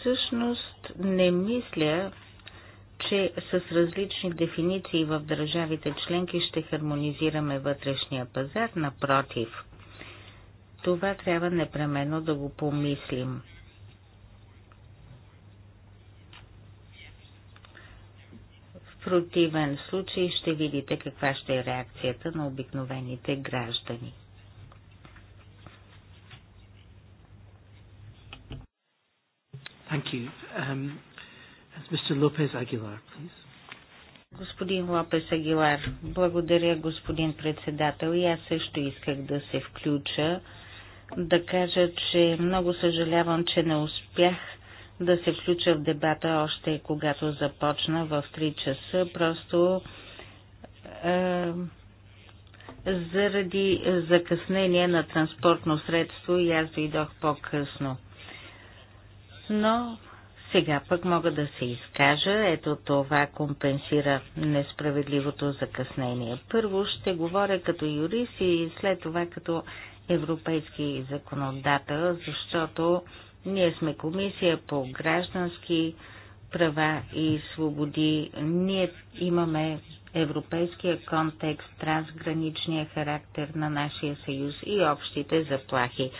Всъщност не мисля, че с различни дефиниции в държавите членки ще хармонизираме вътрешния пазар. Напротив – това трябва непременно да го помислим. В противен случай ще видите каква ще е реакцията на обикновените граждани. Thank you. Um, Mr. Lopez Aguilar, please. Господин Лопес Агилар, благодаря господин председател и аз също исках да се включа да кажа, че много съжалявам, че не успях да се включа в дебата още когато започна в 3 часа. Просто е, заради закъснение на транспортно средство и аз дойдох по-късно. Но сега пък мога да се изкажа. Ето това компенсира несправедливото закъснение. Първо ще говоря като юрист и след това като европейски законодател, защото ние сме комисия по граждански права и свободи. Ние имаме европейския контекст, трансграничния характер на нашия съюз и общите заплахи.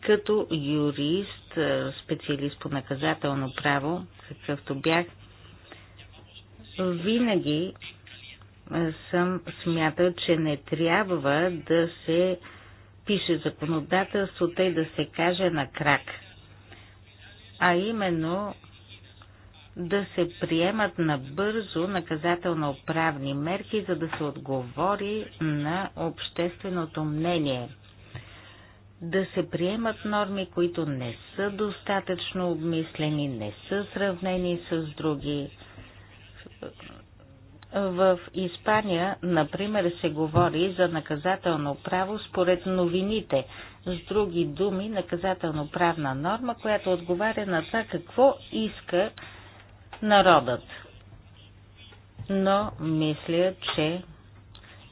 Като юрист, е, специалист по наказателно право, какъвто бях, винаги е, съм смятал, че не трябва да се пише законодателство, тъй да се каже на крак. А именно да се приемат набързо наказателно-правни мерки, за да се отговори на общественото мнение. Да се приемат норми, които не са достатъчно обмислени, не са сравнени с други. В Испания, например, се говори за наказателно право според новините. С други думи, наказателно-правна норма, която отговаря на това какво иска народът. Но мисля, че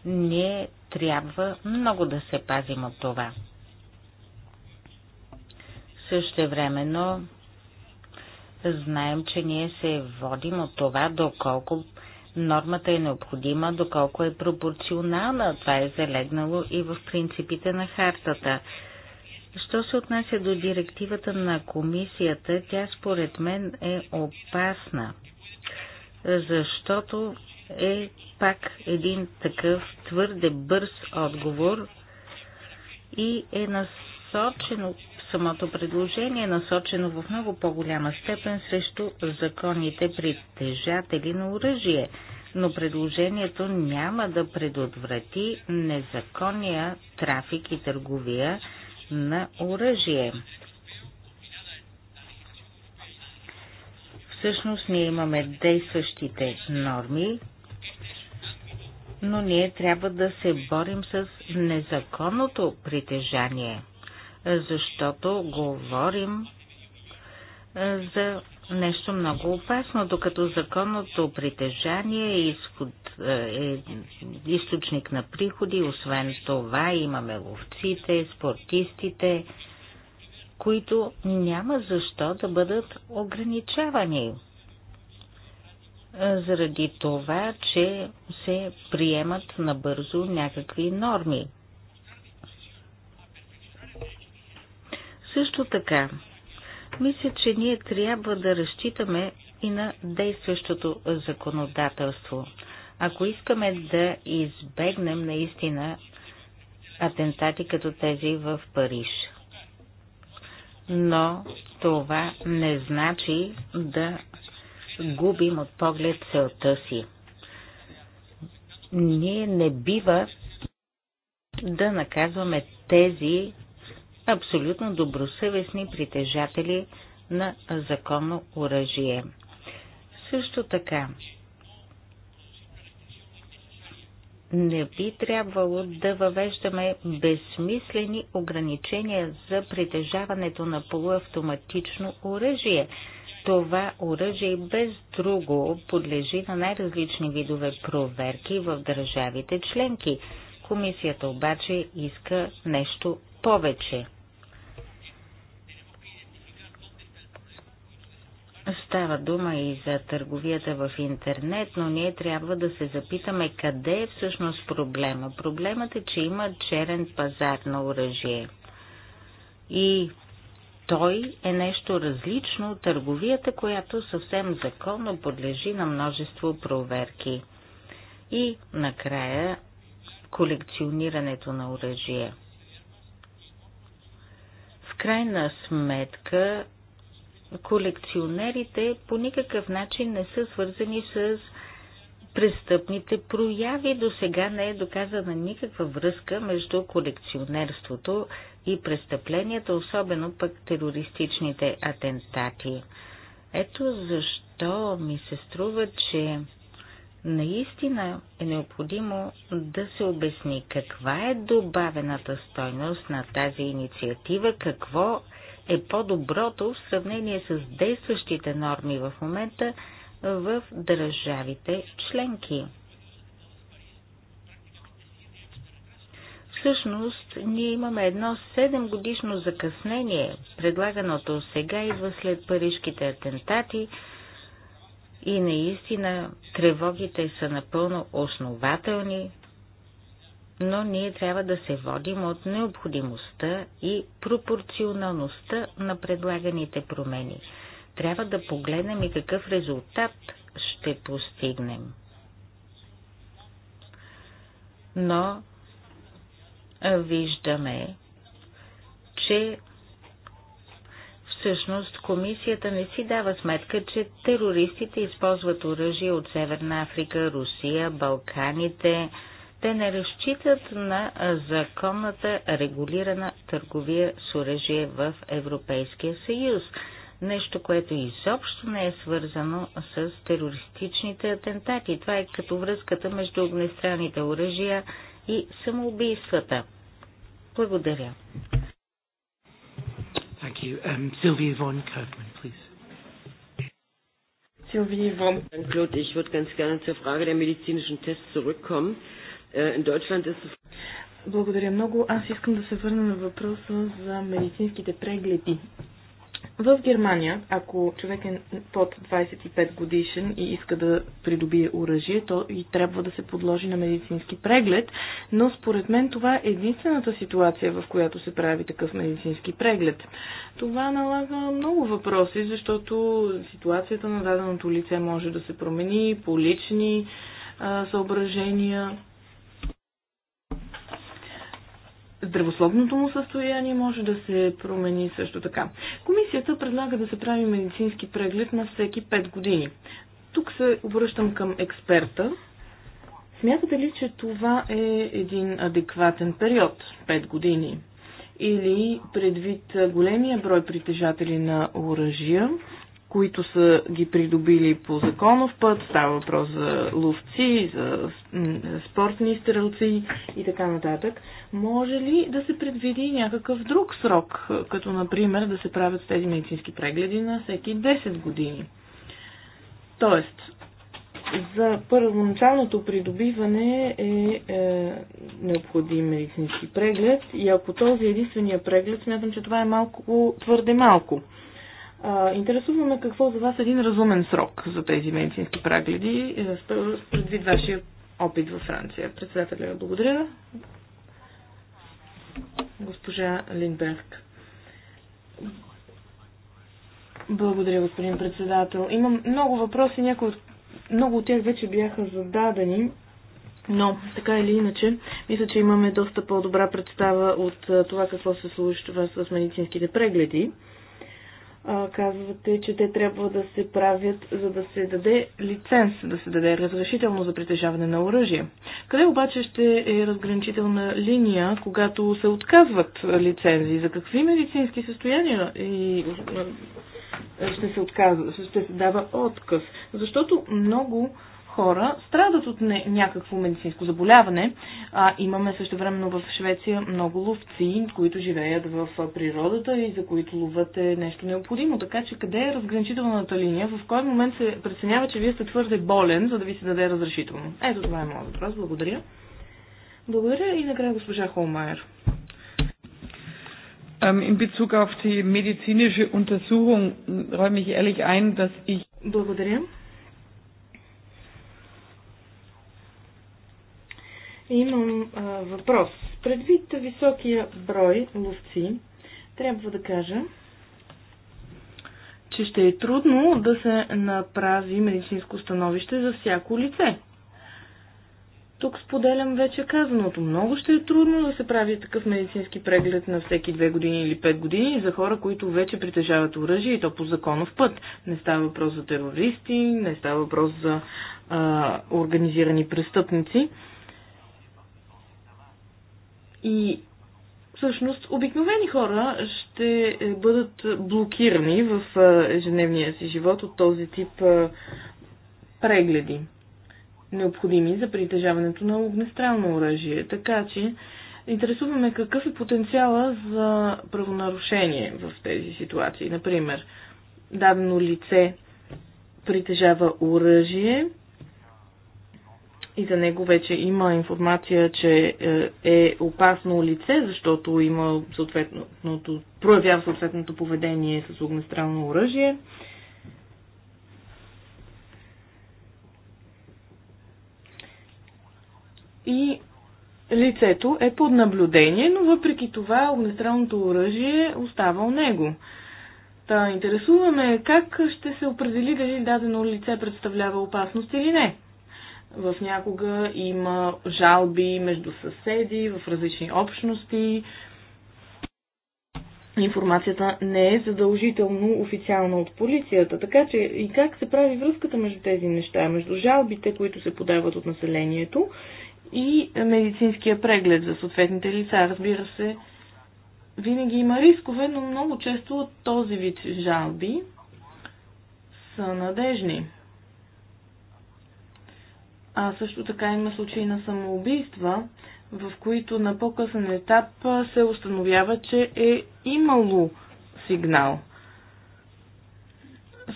ние трябва много да се пазим от това. Същевременно знаем, че ние се водим от това, доколко Нормата е необходима, доколко е пропорционална. Това е залегнало и в принципите на хартата. Що се отнася до директивата на комисията, тя според мен е опасна, защото е пак един такъв твърде бърз отговор и е насочено Самото предложение е насочено в много по-голяма степен срещу законните притежатели на оръжие, но предложението няма да предотврати незаконния трафик и търговия на оръжие. Всъщност ние имаме действащите норми, но ние трябва да се борим с незаконното притежание – защото говорим е, за нещо много опасно, докато законното притежание е, изход, е, е източник на приходи, освен това имаме ловците, спортистите, които няма защо да бъдат ограничавани заради това, че се приемат набързо някакви норми. Също така, мисля, че ние трябва да разчитаме и на действащото законодателство. Ако искаме да избегнем наистина атентати като тези в Париж. Но това не значи да губим от поглед целта си. Ние не бива да наказваме тези, абсолютно добросъвестни притежатели на законно оръжие. Също така, не би трябвало да въвеждаме безсмислени ограничения за притежаването на полуавтоматично оръжие. Това оръжие без друго подлежи на най-различни видове проверки в държавите членки. Комисията обаче иска нещо повече. Става дума и за търговията в интернет, но ние трябва да се запитаме къде е всъщност проблема. Проблемът е, че има черен пазар на оръжие. И той е нещо различно от търговията, която съвсем законно подлежи на множество проверки. И накрая колекционирането на оръжие. В крайна сметка колекционерите по никакъв начин не са свързани с престъпните прояви. До сега не е доказана никаква връзка между колекционерството и престъпленията, особено пък терористичните атентати. Ето защо ми се струва, че наистина е необходимо да се обясни каква е добавената стойност на тази инициатива, какво е е по-доброто в сравнение с действащите норми в момента в държавите членки. Всъщност, ние имаме едно 7 годишно закъснение. Предлаганото сега идва след парижките атентати и наистина тревогите са напълно основателни но ние трябва да се водим от необходимостта и пропорционалността на предлаганите промени. Трябва да погледнем и какъв резултат ще постигнем. Но виждаме, че всъщност комисията не си дава сметка, че терористите използват оръжие от Северна Африка, Русия, Балканите, те не разчитат на законната регулирана търговия с оръжие в Европейския съюз. Нещо, което изобщо не е свързано с терористичните атентати. Това е като връзката между огнестрелните оръжия и самоубийствата. Благодаря. Thank you. Um, Sylvia von Kirkman, please. Sylvie Claude, ich würde ganz gerne zur Frage der medizinischen Tests zurückkommen. In е, Deutschland ist е es благодаря много. Аз искам да се върна на въпроса за медицинските прегледи. В Германия, ако човек е под 25 годишен и иска да придобие оръжие, то и трябва да се подложи на медицински преглед, но според мен това е единствената ситуация, в която се прави такъв медицински преглед. Това налага много въпроси, защото ситуацията на даденото лице може да се промени по лични съображения здравословното му състояние може да се промени също така. Комисията предлага да се прави медицински преглед на всеки 5 години. Тук се обръщам към експерта. Смятате ли, че това е един адекватен период, 5 години? Или предвид големия брой притежатели на оръжия, които са ги придобили по законов път. Става въпрос за ловци, за спортни стрелци и така нататък. Може ли да се предвиди някакъв друг срок, като например да се правят тези медицински прегледи на всеки 10 години? Тоест, за първоначалното придобиване е, е необходим медицински преглед и ако този е единствения преглед, смятам, че това е малко, твърде малко. А, интересуваме какво за вас е един разумен срок за тези медицински прегледи, е, предвид вашия опит във Франция. Председателя, благодаря. Госпожа Линдберг. Благодаря, господин председател. Имам много въпроси, някои от, много от тях вече бяха зададени, но така или иначе, мисля, че имаме доста по-добра представа от това какво се случва с медицинските прегледи казвате, че те трябва да се правят, за да се даде лиценз, да се даде разрешително за притежаване на оръжие. Къде обаче ще е разграничителна линия, когато се отказват лицензии? За какви медицински състояния и ще се отказва, ще се дава отказ? Защото много хора страдат от не, някакво медицинско заболяване. А, имаме също времено в Швеция много ловци, които живеят в природата и за които ловът е нещо необходимо. Така че къде е разграничителната линия? В кой момент се преценява, че вие сте твърде болен, за да ви се даде разрешително? Ето това е моят въпрос. Благодаря. Благодаря и накрая госпожа Холмайер. Ähm, in Bezug auf die medizinische Untersuchung räume ich ehrlich ein, dass ich. Благодаря. Имам а, въпрос. Предвид високия брой ловци, трябва да кажа, че ще е трудно да се направи медицинско становище за всяко лице. Тук споделям вече казаното. Много ще е трудно да се прави такъв медицински преглед на всеки две години или пет години за хора, които вече притежават оръжие и то по законов път. Не става въпрос за терористи, не става въпрос за а, организирани престъпници. И всъщност обикновени хора ще е, бъдат блокирани в е, ежедневния си живот от този тип е, прегледи, необходими за притежаването на огнестрелно оръжие. Така че интересуваме какъв е потенциала за правонарушение в тези ситуации. Например, дадено лице притежава оръжие, и за него вече има информация, че е, е опасно лице, защото има съответното, проявява съответното поведение с огнестрелно оръжие. И лицето е под наблюдение, но въпреки това огнестрелното оръжие остава у него. Та интересуваме как ще се определи дали дадено лице представлява опасност или не в някога има жалби между съседи, в различни общности. Информацията не е задължително официална от полицията, така че и как се прави връзката между тези неща, между жалбите, които се подават от населението и медицинския преглед за съответните лица. Разбира се, винаги има рискове, но много често от този вид жалби са надежни. А също така има случаи на самоубийства, в които на по-късен етап се установява, че е имало сигнал.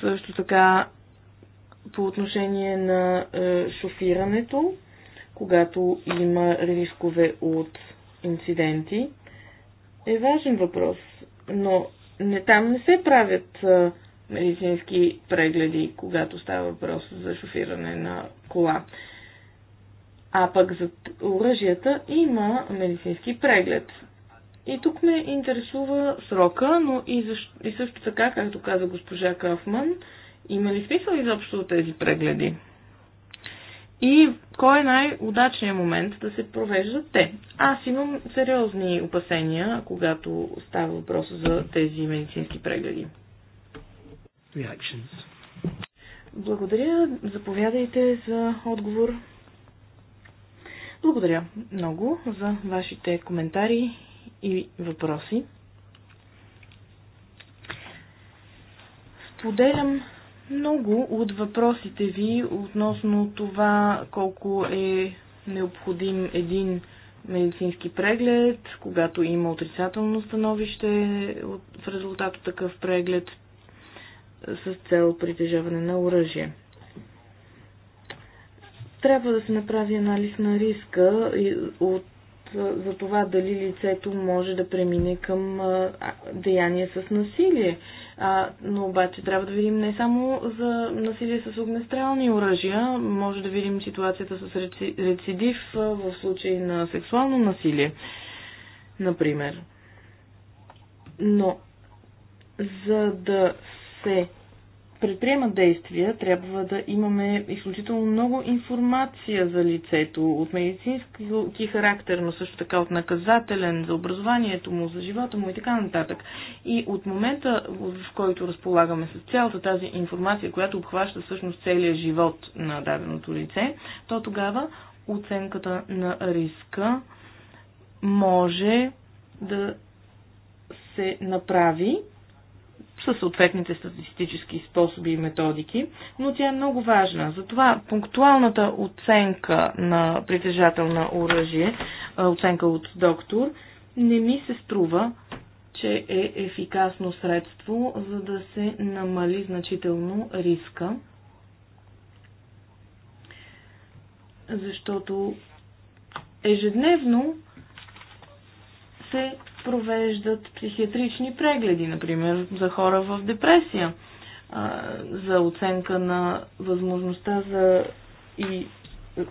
Също така по отношение на е, шофирането, когато има рискове от инциденти, е важен въпрос. Но не, там не се правят е, медицински прегледи, когато става въпрос за шофиране на кола. А пък за оръжията има медицински преглед. И тук ме интересува срока, но и, защ... и също така, както каза госпожа Кафман, има ли смисъл изобщо от тези прегледи? И кой е най-удачният момент да се провеждат те? Аз имам сериозни опасения, когато става въпрос за тези медицински прегледи. Reactions. Благодаря. Заповядайте за отговор. Благодаря много за вашите коментари и въпроси. Споделям много от въпросите ви относно това колко е необходим един медицински преглед, когато има отрицателно становище в резултат от такъв преглед с цел притежаване на оръжие. Трябва да се направи анализ на риска от, за това дали лицето може да премине към деяние с насилие. А, но обаче трябва да видим не само за насилие с огнестрелни оръжия, може да видим ситуацията с рецидив в случай на сексуално насилие, например. Но за да се предприема действия, трябва да имаме изключително много информация за лицето, от медицински характер, но също така от наказателен, за образованието му, за живота му и така нататък. И от момента, в който разполагаме с цялата тази информация, която обхваща всъщност целия живот на даденото лице, то тогава оценката на риска може да се направи със съответните статистически способи и методики, но тя е много важна. Затова пунктуалната оценка на притежател на оръжие, оценка от доктор, не ми се струва, че е ефикасно средство, за да се намали значително риска. Защото ежедневно се провеждат психиатрични прегледи, например, за хора в депресия, за оценка на възможността за, и,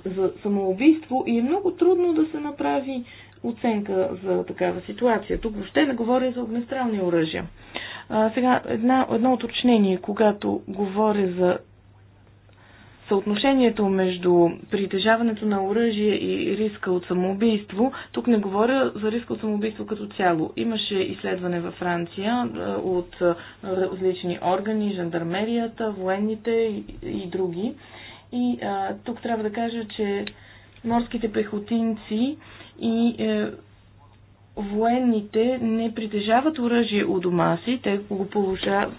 за самоубийство и е много трудно да се направи оценка за такава ситуация. Тук въобще не говоря за огнестрелни оръжия. А, сега, една, едно уточнение, когато говоря за съотношението между притежаването на оръжие и риска от самоубийство, тук не говоря за риска от самоубийство като цяло. Имаше изследване във Франция от различни органи, жандармерията, военните и други. И а, тук трябва да кажа, че морските пехотинци и е, военните не притежават оръжие у дома си, те го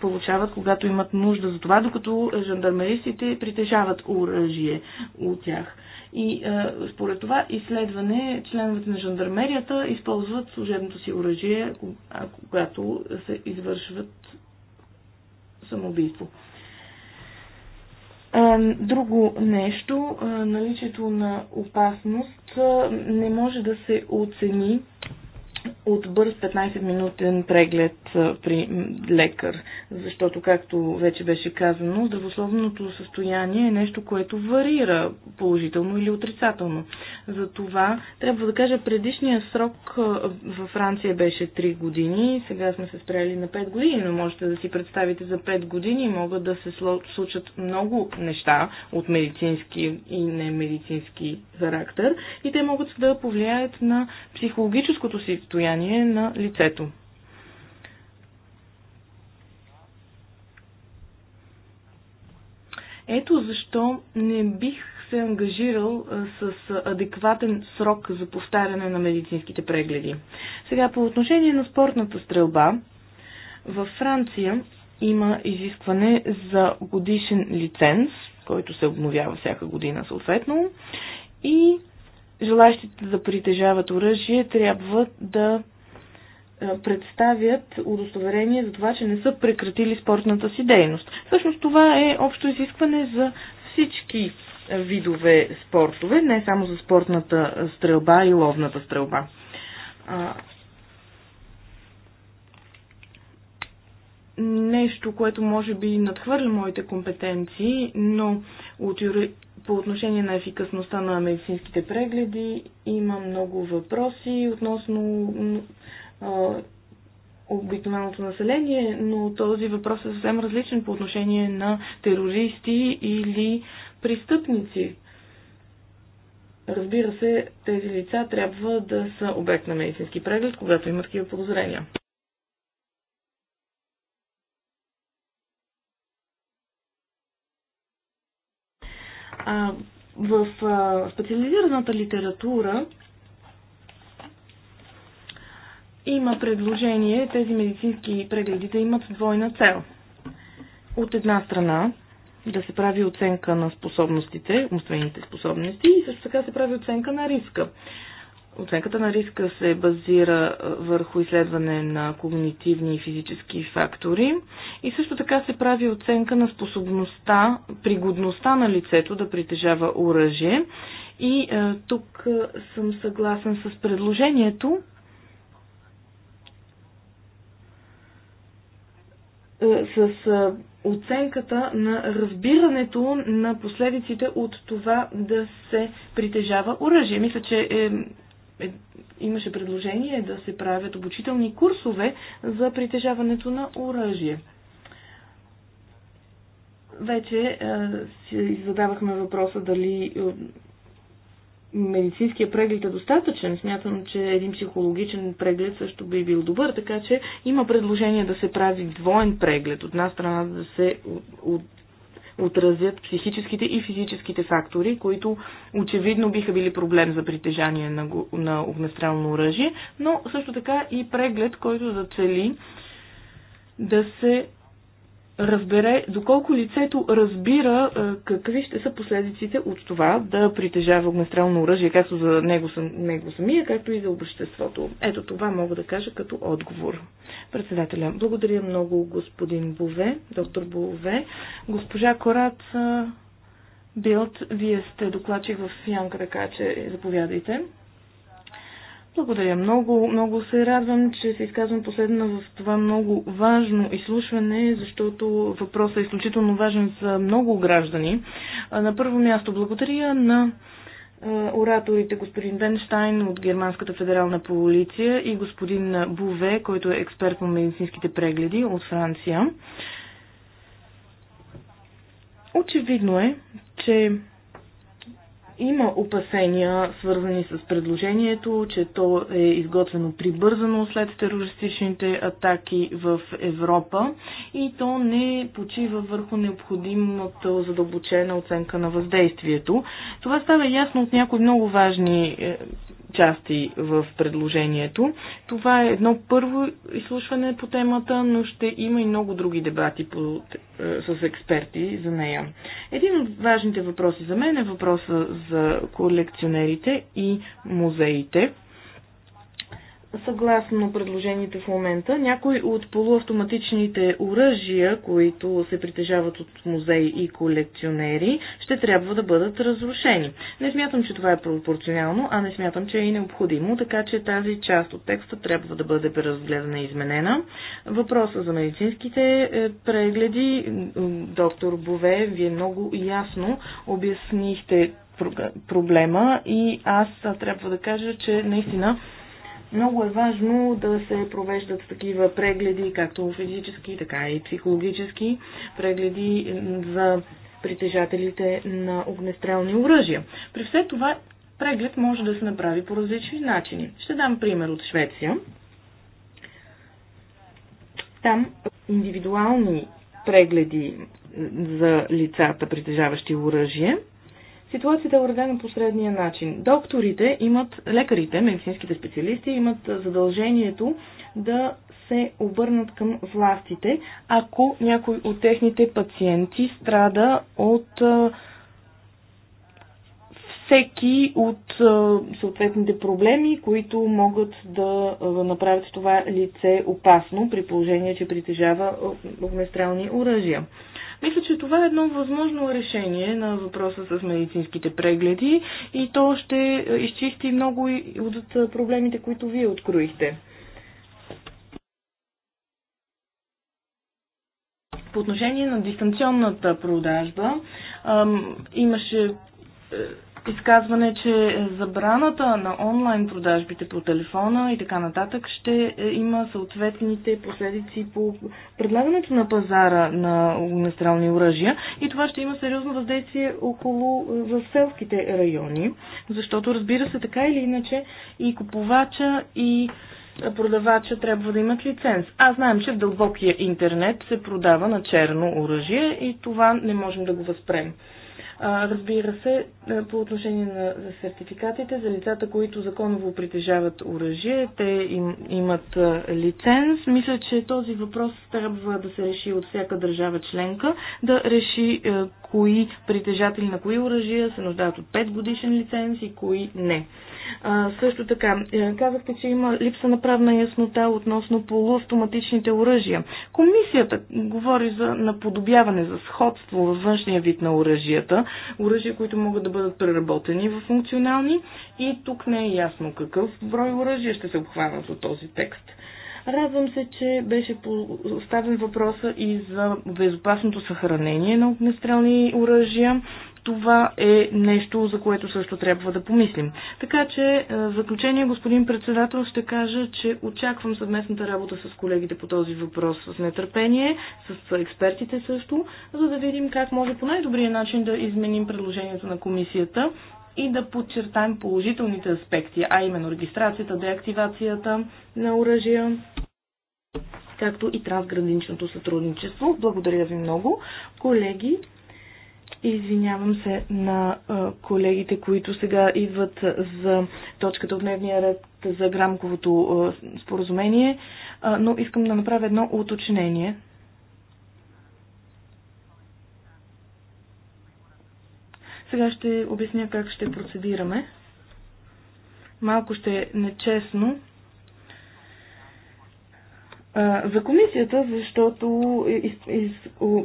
получават, когато имат нужда за това, докато жандармеристите притежават оръжие от тях. И а, е, според това изследване, членовете на жандармерията използват служебното си оръжие, когато се извършват самоубийство. Е, друго нещо, е, наличието на опасност не може да се оцени от бърз 15-минутен преглед при лекар. Защото, както вече беше казано, здравословното състояние е нещо, което варира положително или отрицателно. Затова трябва да кажа, предишния срок във Франция беше 3 години, сега сме се спряли на 5 години, но можете да си представите за 5 години могат да се случат много неща от медицински и немедицински характер и те могат да повлияят на психологическото си състояние на лицето. Ето защо не бих се ангажирал с адекватен срок за повтаряне на медицинските прегледи. Сега по отношение на спортната стрелба, във Франция има изискване за годишен лиценз, който се обновява всяка година съответно, и желащите да притежават оръжие трябва да е, представят удостоверение за това, че не са прекратили спортната си дейност. Всъщност това е общо изискване за всички видове спортове, не само за спортната стрелба и ловната стрелба. нещо, което може би надхвърля моите компетенции, но от по отношение на ефикасността на медицинските прегледи има много въпроси относно обикновеното население, но този въпрос е съвсем различен по отношение на терористи или престъпници. Разбира се, тези лица трябва да са обект на медицински преглед, когато имат такива подозрения. А, в а, специализираната литература има предложение тези медицински прегледи да имат двойна цел. От една страна да се прави оценка на способностите, умствените способности и също така се прави оценка на риска. Оценката на риска се базира върху изследване на когнитивни и физически фактори и също така се прави оценка на способността, пригодността на лицето да притежава оръжие. И е, тук съм съгласен с предложението. Е, с е, оценката на разбирането на последиците от това да се притежава оръжие. Мисля, че е е, имаше предложение да се правят обучителни курсове за притежаването на оръжие. Вече е, си задавахме въпроса дали е, медицинския преглед е достатъчен. Смятам, че един психологичен преглед също би бил добър, така че има предложение да се прави двоен преглед. От една страна да се отразят психическите и физическите фактори, които очевидно биха били проблем за притежание на, на огнестрелно оръжие, но също така и преглед, който да цели да се разбере доколко лицето разбира е, какви ще са последиците от това да притежава огнестрелно оръжие, както за него, сам, него самия, както и за обществото. Ето това мога да кажа като отговор. Председателя, благодаря много господин Бове, доктор Бове. Госпожа Корат е, Билт, вие сте докладчик в Янка, така че заповядайте. Благодаря много. Много се радвам, че се изказвам последна в това много важно изслушване, защото въпросът е изключително важен за много граждани. На първо място благодаря на ораторите господин Бенштайн от Германската федерална полиция и господин Буве, който е експерт по медицинските прегледи от Франция. Очевидно е, че има опасения, свързани с предложението, че то е изготвено прибързано след терористичните атаки в Европа и то не почива върху необходимата задълбочена оценка на въздействието. Това става ясно от някои много важни е, части в предложението. Това е едно първо изслушване по темата, но ще има и много други дебати по, е, с експерти за нея. Един от важните въпроси за мен е въпроса за колекционерите и музеите съгласно предложението в момента, някои от полуавтоматичните оръжия, които се притежават от музеи и колекционери, ще трябва да бъдат разрушени. Не смятам, че това е пропорционално, а не смятам, че е и необходимо, така че тази част от текста трябва да бъде преразгледана и изменена. Въпроса за медицинските е, прегледи, доктор Бове, вие много ясно обяснихте проблема и аз трябва да кажа, че наистина много е важно да се провеждат такива прегледи, както физически, така и психологически прегледи за притежателите на огнестрелни оръжия. При все това преглед може да се направи по различни начини. Ще дам пример от Швеция. Там индивидуални прегледи за лицата, притежаващи оръжие – Ситуацията е уредена по средния начин. Докторите имат, лекарите, медицинските специалисти имат задължението да се обърнат към властите, ако някой от техните пациенти страда от всеки от съответните проблеми, които могат да направят това лице опасно, при положение, че притежава огнестрелни оръжия. Мисля, че това е едно възможно решение на въпроса с медицинските прегледи и то ще изчисти много от проблемите, които вие откроихте. По отношение на дистанционната продажба, имаше е, изказване, че забраната на онлайн продажбите по телефона и така нататък ще е, има съответните последици по предлагането на пазара на огнестрални оръжия и това ще има сериозно въздействие около е, в селските райони, защото разбира се така или иначе и купувача и продавача трябва да имат лиценз. Аз знаем, че в дълбокия интернет се продава на черно оръжие и това не можем да го възпрем. Разбира се, по отношение на сертификатите, за лицата, които законово притежават оръжие, те им, имат лиценз. Мисля, че този въпрос трябва да се реши от всяка държава членка, да реши кои притежатели на кои оръжия се нуждаят от 5 годишен лиценз и кои не. А, също така, е, казахте, че има липса на правна яснота относно полуавтоматичните оръжия. Комисията говори за наподобяване, за сходство във външния вид на оръжията, оръжия, които могат да бъдат преработени в функционални и тук не е ясно какъв брой оръжия ще се обхванат от този текст. Радвам се, че беше поставен въпроса и за безопасното съхранение на огнестрелни оръжия. Това е нещо, за което също трябва да помислим. Така че, е, в заключение, господин председател, ще кажа, че очаквам съвместната работа с колегите по този въпрос с нетърпение, с експертите също, за да видим как може по най-добрия начин да изменим предложението на комисията и да подчертаем положителните аспекти, а именно регистрацията, деактивацията на оръжия, както и трансграничното сътрудничество. Благодаря ви много, колеги. Извинявам се на колегите, които сега идват за точката от дневния ред за грамковото споразумение, но искам да направя едно уточнение. Сега ще обясня как ще процедираме. Малко ще е нечестно, за комисията, защото из, из, у,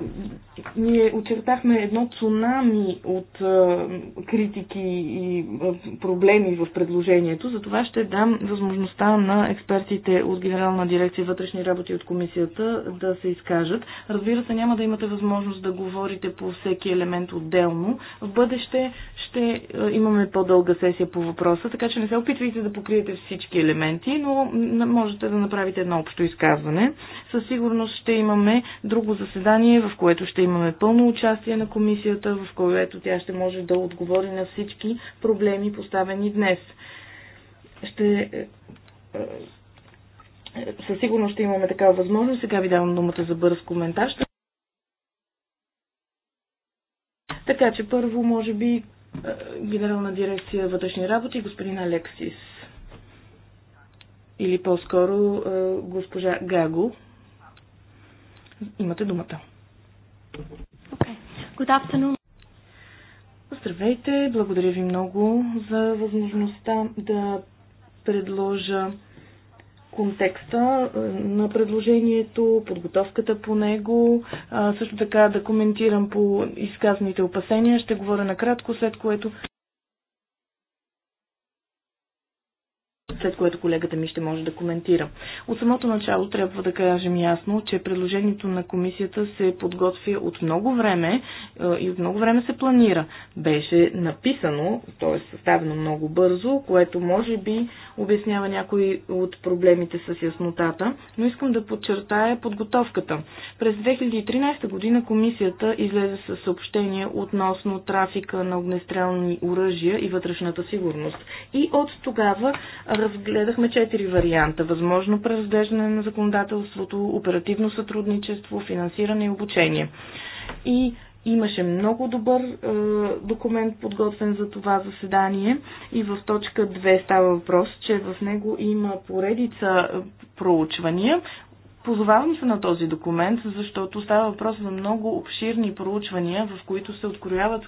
ние очертахме едно цунами от а, критики и а, проблеми в предложението. За това ще дам възможността на експертите от Генерална дирекция вътрешни работи от комисията да се изкажат. Разбира се, няма да имате възможност да говорите по всеки елемент отделно. В бъдеще ще е, имаме по-дълга сесия по въпроса, така че не се опитвайте да покриете всички елементи, но можете да направите едно общо изказване. Със сигурност ще имаме друго заседание, в което ще имаме пълно участие на комисията, в което тя ще може да отговори на всички проблеми поставени днес. Ще е, е, със сигурност ще имаме такава възможност. Сега ви давам думата за бърз коментар. Така че първо, може би, е, Генерална дирекция вътрешни работи, господин Алексис. Или по-скоро е, госпожа Гаго. Имате думата. Okay. Здравейте, благодаря ви много за възможността да предложа контекста е, на предложението, подготовката по него, също така да коментирам по изказаните опасения. Ще говоря накратко, след което след което колегата ми ще може да коментира. От самото начало трябва да кажем ясно, че предложението на комисията се подготвя от много време е, и от много време се планира. Беше написано, т.е. съставено много бързо, което може би обяснява някои от проблемите с яснотата, но искам да подчертая подготовката. През 2013 година комисията излезе със съобщение относно трафика на огнестрелни оръжия и вътрешната сигурност. И от тогава разгледахме четири варианта. Възможно преразглеждане на законодателството, оперативно сътрудничество, финансиране и обучение. И имаше много добър е, документ подготвен за това заседание и в точка 2 става въпрос, че в него има поредица е, проучвания, Позовавам се на този документ, защото става въпрос за много обширни проучвания, в които се открояват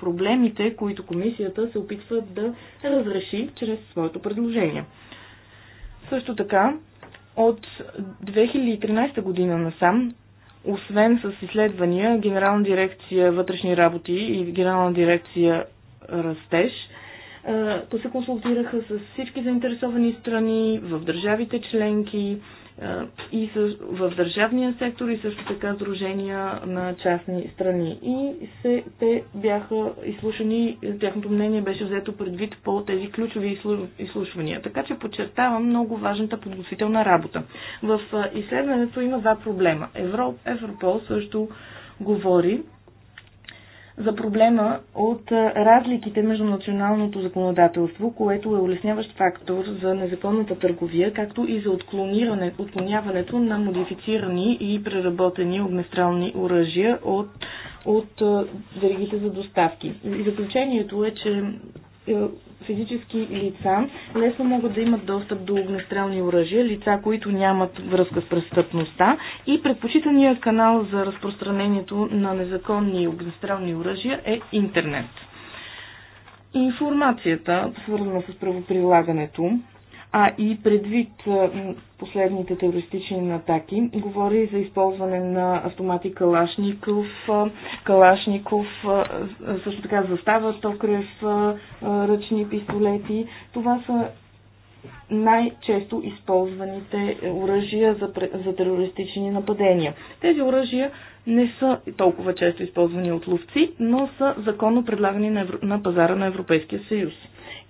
проблемите, които комисията се опитва да разреши чрез своето предложение. Също така, от 2013 година насам, освен с изследвания, Генерална дирекция вътрешни работи и Генерална дирекция растеж, се консултираха с всички заинтересовани страни в държавите членки, и в държавния сектор и също така сдружения на частни страни. И се, те бяха изслушани, тяхното мнение беше взето предвид по тези ключови изслушвания. Така че подчертавам много важната подготвителна работа. В изследването има два проблема. Европол също говори за проблема от разликите между националното законодателство, което е улесняващ фактор за незаконната търговия, както и за отклоняването на модифицирани и преработени огнестрални оръжия от, от веригите за доставки. И заключението е, че е, физически лица лесно могат да имат достъп до огнестрелни оръжия, лица, които нямат връзка с престъпността и предпочитаният канал за разпространението на незаконни огнестрелни оръжия е интернет. Информацията, свързана с правоприлагането, а и предвид последните терористични атаки, говори за използване на автомати Калашников, Калашников също така застава Токрев, ръчни пистолети. Това са най-често използваните оръжия за, за терористични нападения. Тези оръжия не са толкова често използвани от ловци, но са законно предлагани на, евро, на пазара на Европейския съюз.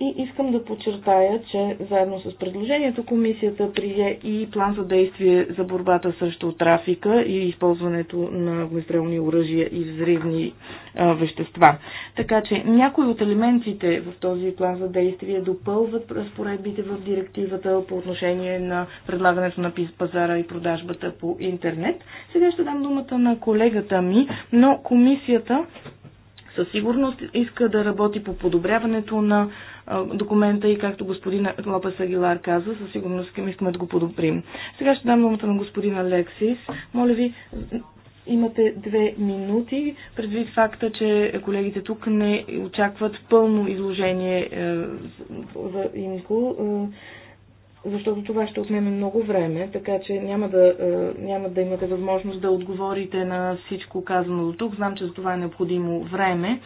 И искам да подчертая, че заедно с предложението комисията прие и план за действие за борбата срещу трафика и използването на огнестрелни оръжия и взривни а, вещества. Така че някои от елементите в този план за действие допълват разпоредбите в директивата по отношение на предлагането на пазара и продажбата по интернет. Сега ще дам думата на колегата ми, но комисията със сигурност иска да работи по подобряването на документа и както господин Лопес Агилар каза, със сигурност към искаме да го подобрим. Сега ще дам думата на господин Алексис. Моля ви, имате две минути, предвид факта, че колегите тук не очакват пълно изложение е, за Инко, е, защото това ще отнеме много време, така че няма да, е, няма да имате възможност да отговорите на всичко казано до тук. Знам, че за това е необходимо време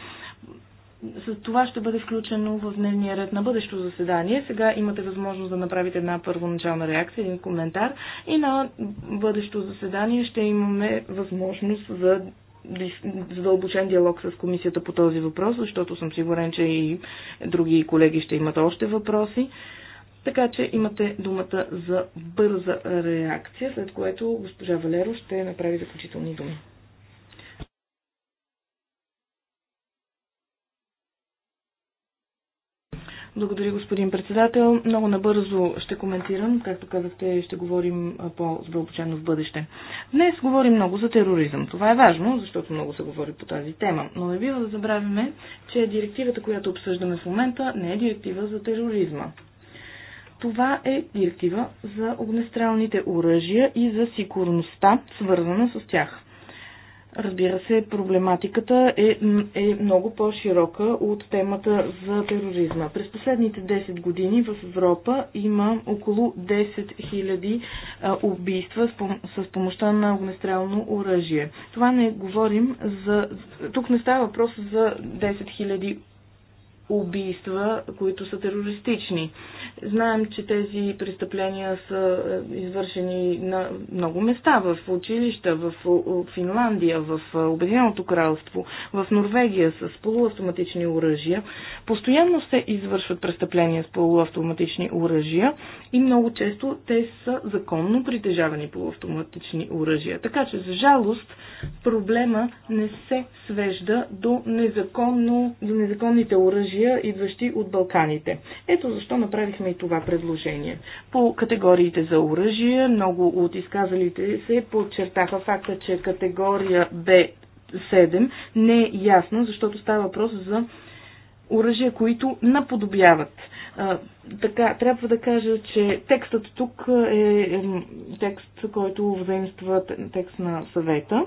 с това ще бъде включено в дневния ред на бъдещо заседание. Сега имате възможност да направите една първоначална реакция, един коментар и на бъдещо заседание ще имаме възможност за задълбочен диалог с комисията по този въпрос, защото съм сигурен, че и други колеги ще имат още въпроси. Така че имате думата за бърза реакция, след което госпожа Валеро ще направи заключителни думи. Благодаря, господин председател. Много набързо ще коментирам. Както казахте, ще говорим по-задълбочено в бъдеще. Днес говорим много за тероризъм. Това е важно, защото много се говори по тази тема. Но не бива да забравяме, че директивата, която обсъждаме в момента, не е директива за тероризма. Това е директива за огнестрелните оръжия и за сигурността, свързана с тях. Разбира се, проблематиката е, е много по-широка от темата за тероризма. През последните 10 години в Европа има около 10 000 убийства с помощта на огнестрелно оръжие. Това не говорим за... Тук не става въпрос за 10 000 убийства, които са терористични. Знаем, че тези престъпления са е, извършени на много места, в училища, в Финландия, в е, Обединеното кралство, в Норвегия с полуавтоматични оръжия. Постоянно се извършват престъпления с полуавтоматични оръжия и много често те са законно притежавани полуавтоматични оръжия. Така че, за жалост, проблема не се свежда до, незаконно, до незаконните оръжия оръжия, идващи от Балканите. Ето защо направихме и това предложение. По категориите за оръжие, много от изказалите се подчертаха факта, че категория Б7 не е ясна, защото става въпрос за оръжия, които наподобяват така, трябва да кажа, че текстът тук е, е текст, който взаимства текст на съвета.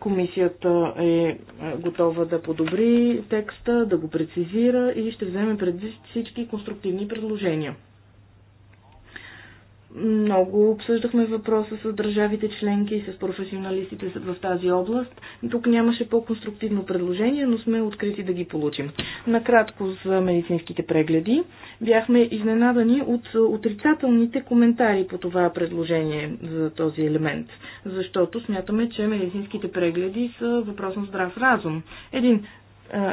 Комисията е, е готова да подобри текста, да го прецизира и ще вземе предвид всички конструктивни предложения. Много обсъждахме въпроса с държавите членки и с професионалистите в тази област. Тук нямаше по-конструктивно предложение, но сме открити да ги получим. Накратко за медицинските прегледи. Бяхме изненадани от отрицателните коментари по това предложение за този елемент, защото смятаме, че медицинските прегледи са въпрос на здрав разум. Един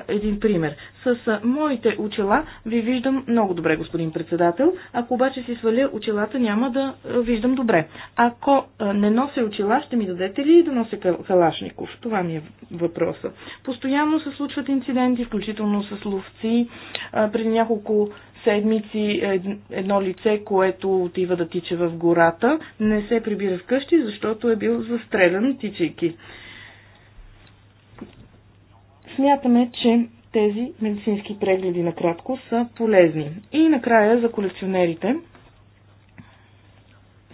един пример. С моите очила ви виждам много добре, господин председател. Ако обаче си сваля очилата, няма да виждам добре. Ако не нося очила, ще ми дадете ли да нося калашников? Това ми е въпроса. Постоянно се случват инциденти, включително с ловци. Преди няколко седмици едно лице, което отива да тича в гората, не се прибира вкъщи, защото е бил застрелян тичайки. Смятаме, че тези медицински прегледи накратко са полезни. И накрая за колекционерите.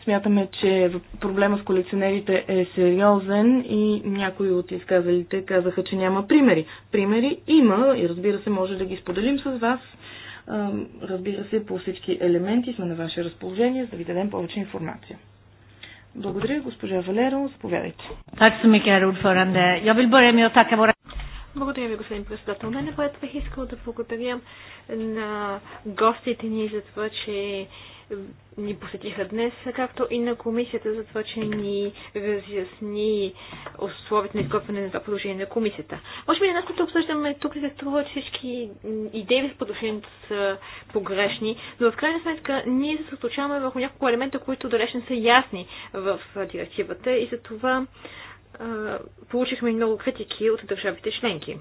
Смятаме, че проблема с колекционерите е сериозен и някои от изказалите казаха, че няма примери. Примери има и разбира се, може да ги споделим с вас. Разбира се, по всички елементи сме на ваше разположение, за да ви дадем повече информация. Благодаря, госпожа Валеро. Заповядайте. Tack så mycket, herr благодаря ви, господин председател. На което бих искал да благодаря на гостите ни за това, че ни посетиха днес, както и на комисията за това, че ни разясни условията на изготвяне на това положение на комисията. Може би нас, като обсъждаме тук, се струва, че всички идеи с подложението са погрешни, но в крайна сметка ние се състочаваме върху няколко елемента, които далеч не са ясни в директивата и за това получихме много критики от държавите членки.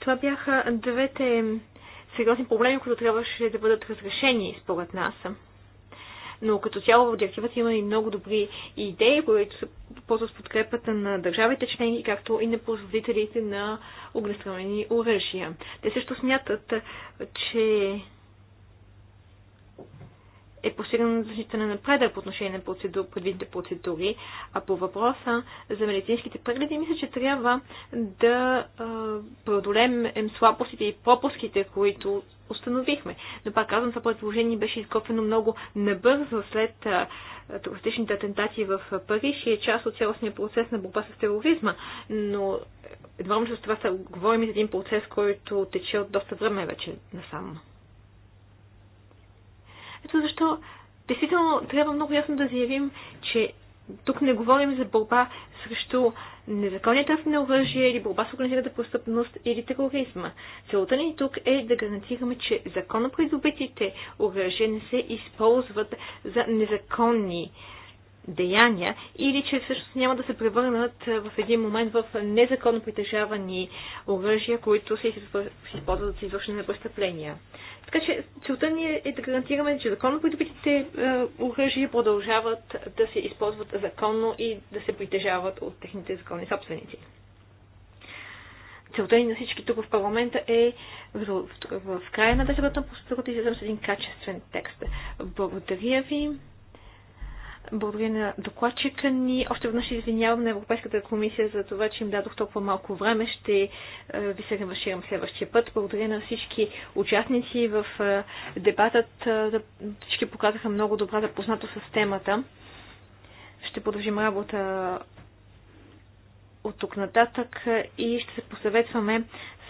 Това бяха двете сериозни проблеми, които трябваше да бъдат разрешени според нас. Но като цяло в директивата има и много добри идеи, които се ползват с подкрепата на държавите членки, както и на производителите на огнестрелени оръжия. Те също смятат, че е постигнал значителен напредък по отношение на процедур, предвидните процедури, а по въпроса за медицинските прегледи, мисля, че трябва да преодолем слабостите и пропуските, които установихме. Но пак казвам, това предложение беше изготвено много набързо след терористичните атентати в Париж и е част от цялостния процес на борба с тероризма. Но е, едва с това са, говорим за един процес, който тече от доста време вече насам. Ето защо действително трябва много ясно да заявим, че тук не говорим за борба срещу незаконния търг на оръжие или борба с организираната престъпност или тероризма. Целта ни тук е да гарантираме, че законно придобитите оръжия не се използват за незаконни деяния или че всъщност няма да се превърнат в един момент в незаконно притежавани оръжия, които се използват за извършване на престъпления. Така че целта ни е, е да гарантираме, че законно придобитите оръжия продължават да се използват законно и да се притежават от техните законни собственици. Целта ни на всички тук в парламента е в края на безработна процедурата да излезем с един качествен текст. Благодаря ви. Благодаря на докладчика ни. Още веднъж извинявам на Европейската комисия за това, че им дадох толкова малко време. Ще е, ви се реваширам следващия път. Благодаря на всички участници в е, дебатът. Е, всички показаха много добра запознато с темата. Ще продължим работа от тук нататък и ще се посъветваме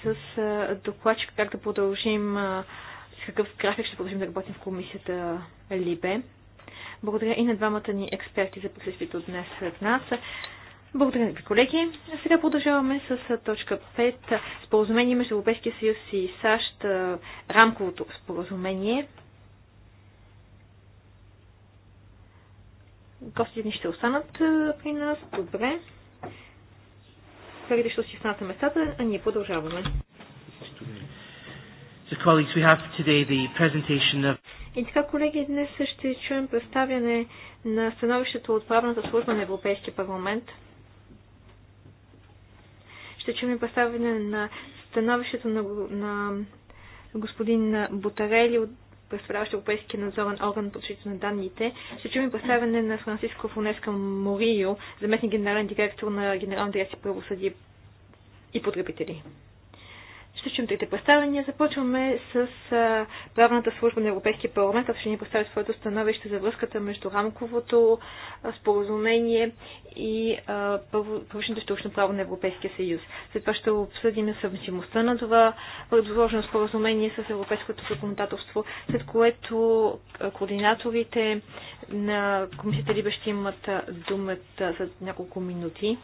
с докладчика как да продължим с какъв график ще продължим да работим в комисията Либе. Благодаря и на двамата ни експерти за присъствието днес сред нас. Благодаря ви, колеги. А сега продължаваме с точка 5. Споразумение между Европейския съюз и САЩ. Рамковото споразумение. Гостите ни ще останат при нас. Добре. Колегите ще си станат местата, а ние продължаваме. So colleagues, we have today the presentation of и така, колеги, днес ще чуем представяне на становището от правната служба на Европейския парламент. Ще чуем представяне на становището на, на господин Бутарели от представляващ Европейския надзорен орган по защита на данните. Ще чуем представяне на Франциско Фонеска Морио, заместник генерален директор на Генерална дирекция правосъдие и потребители. Ще представяния трите Започваме с правната служба на Европейския парламент, която ще ни представи своето становище за връзката между рамковото споразумение и повишеното точно право на Европейския съюз. След това ще обсъдим съвместимостта на това предложено споразумение с европейското законодателство, след което координаторите на комисията Либе ще имат думата за няколко минути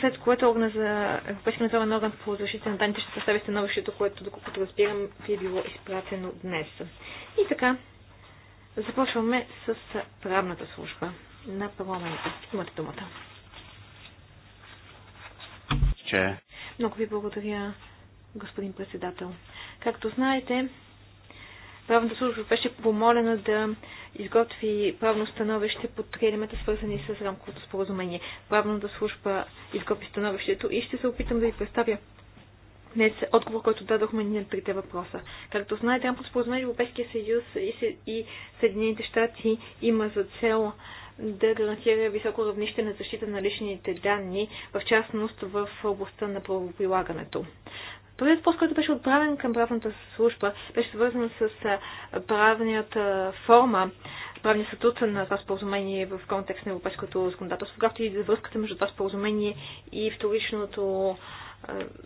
след което органа за Европейския надзорен орган по защита на данните ще състави становището, което, доколкото разбирам, ви е било изпратено днес. И така, започваме с правната служба на парламента. Имате думата. Че. Много ви благодаря, господин председател. Както знаете, правната служба беше помолена да изготви правно становище под тренимата, свързани с рамковото споразумение. Правната служба изготви становището и ще се опитам да ви представя днес отговор, който дадохме ние на трите въпроса. Както знаете, рамковото споразумение Европейския съюз и Съединените щати има за цел да гарантира високо равнище на защита на личните данни, в частност в областта на правоприлагането. Първият въпрос, който беше отправен към правната служба, беше свързан с правната форма, правния статут на това споразумение в контекст на европейското законодателство, както и за връзката между това споразумение и вторичното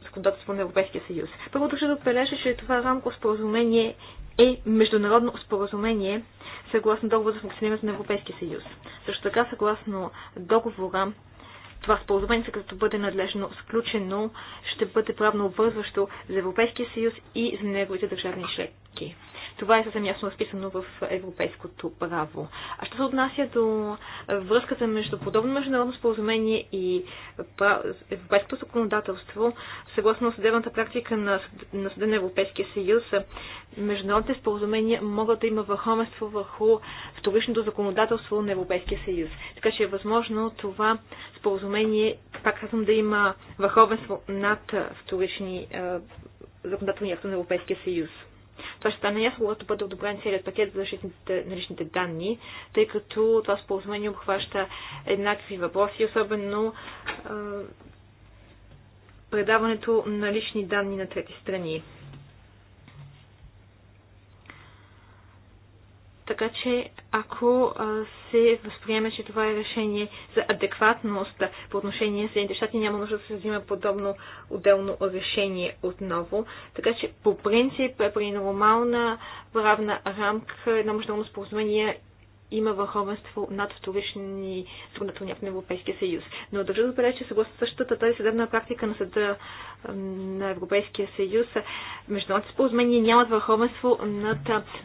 законодателство на Европейския съюз. Първо държа да отбележа, че това рамко споразумение е международно споразумение съгласно договор за функционирането на Европейския съюз. Също така, съгласно договора това споразумение, като бъде надлежно сключено, ще бъде правно обвързващо за Европейския съюз и за неговите държавни мерки. Това е съвсем ясно разписано в европейското право. А що се отнася до връзката между подобно международно споразумение и европейското законодателство, съгласно съдебната практика на, съден на Европейския съюз, международните споразумения могат да има върховенство върху вторичното законодателство на Европейския съюз. Така че е възможно това споразумение, пак казвам, да има върховенство над вторични е, законодателни акта на Европейския съюз. Това ще стане ясно, е когато бъде одобрен целият пакет за защитните на личните данни, тъй като това споразумение обхваща еднакви въпроси, особено предаването на лични данни на трети страни. Така че ако се възприеме, че това е решение за адекватност по отношение на Съединените щати, няма нужда да се взима подобно отделно решение отново. Така че по принцип при нормална правна рамка едно международно споразумение има върховенство над вторични законодателни акти на Европейския съюз. Но държа да отбележа, че съгласно същата тази съдебна практика на съда на Европейския съюз, международните споразумения нямат върховенство над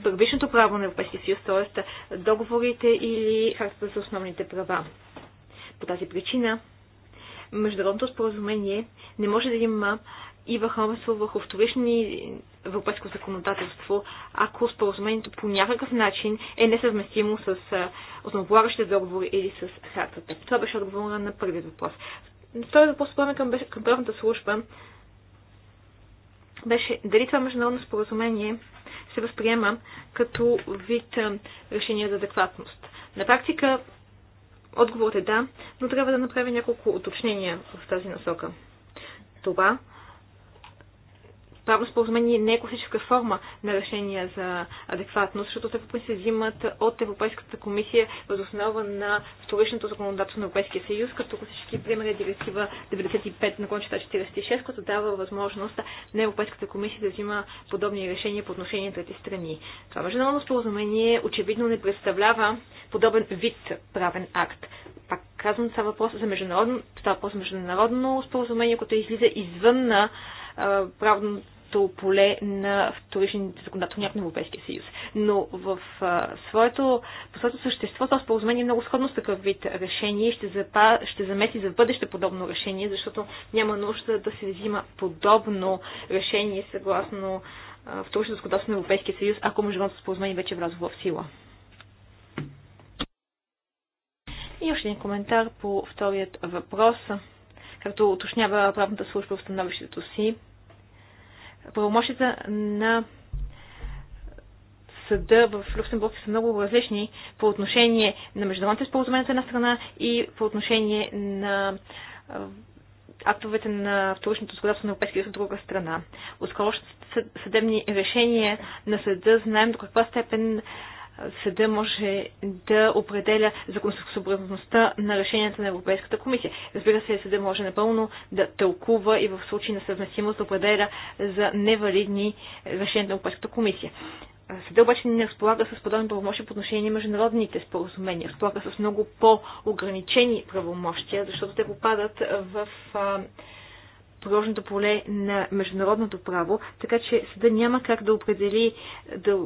първичното право на Европейския съюз, т.е. договорите или хартата за основните права. По тази причина международното споразумение не може да има и върховенство върху вторични европейско законодателство, ако споразумението по някакъв начин е несъвместимо с основополагащите договори или с хартата. Това беше отговора на първият въпрос. Втори въпрос, спомня към, към правната служба, беше дали това международно споразумение се възприема като вид решение за адекватност. На практика отговорът е да, но трябва да направя няколко уточнения в тази насока. Това правно споразумение не е класическа форма на решение за адекватност, защото те по принцип взимат от Европейската комисия въз основа на вторичното законодателство на Европейския съюз, като класически пример е директива 95 на 46, която дава възможност на Европейската комисия да взима подобни решения по отношение на трети страни. Това международно споразумение очевидно не представлява подобен вид правен акт. Пак казвам, това е въпрос за международно, това е въпрос за международно споразумение, което излиза извън на правно като поле на вторичните законодателни на Европейския съюз. Но в а, своето, по своето същество това споразумение е много сходно с такъв вид решение и ще, запа, ще замеси за бъдеще подобно решение, защото няма нужда да се взима подобно решение съгласно вторичните законодателство на Европейския съюз, ако международното споразумение вече е влязло в сила. И още един коментар по вторият въпрос. Както уточнява правната служба в становището си, правомощията на съда в Люксембург са много различни по отношение на международните споразумения на една страна и по отношение на актовете на вторичното законодателство на Европейския съюз друга страна. От съдебни решения на съда знаем до каква степен съда може да определя законосъобразността на решенията на Европейската комисия. Разбира се, съда може напълно да тълкува и в случай на съвместимост да определя за невалидни решения на Европейската комисия. Съда обаче не разполага с подобни правомощи по отношение на международните споразумения. Разполага с много по-ограничени правомощия, защото те попадат в приложното поле на международното право, така че съда няма как да определи да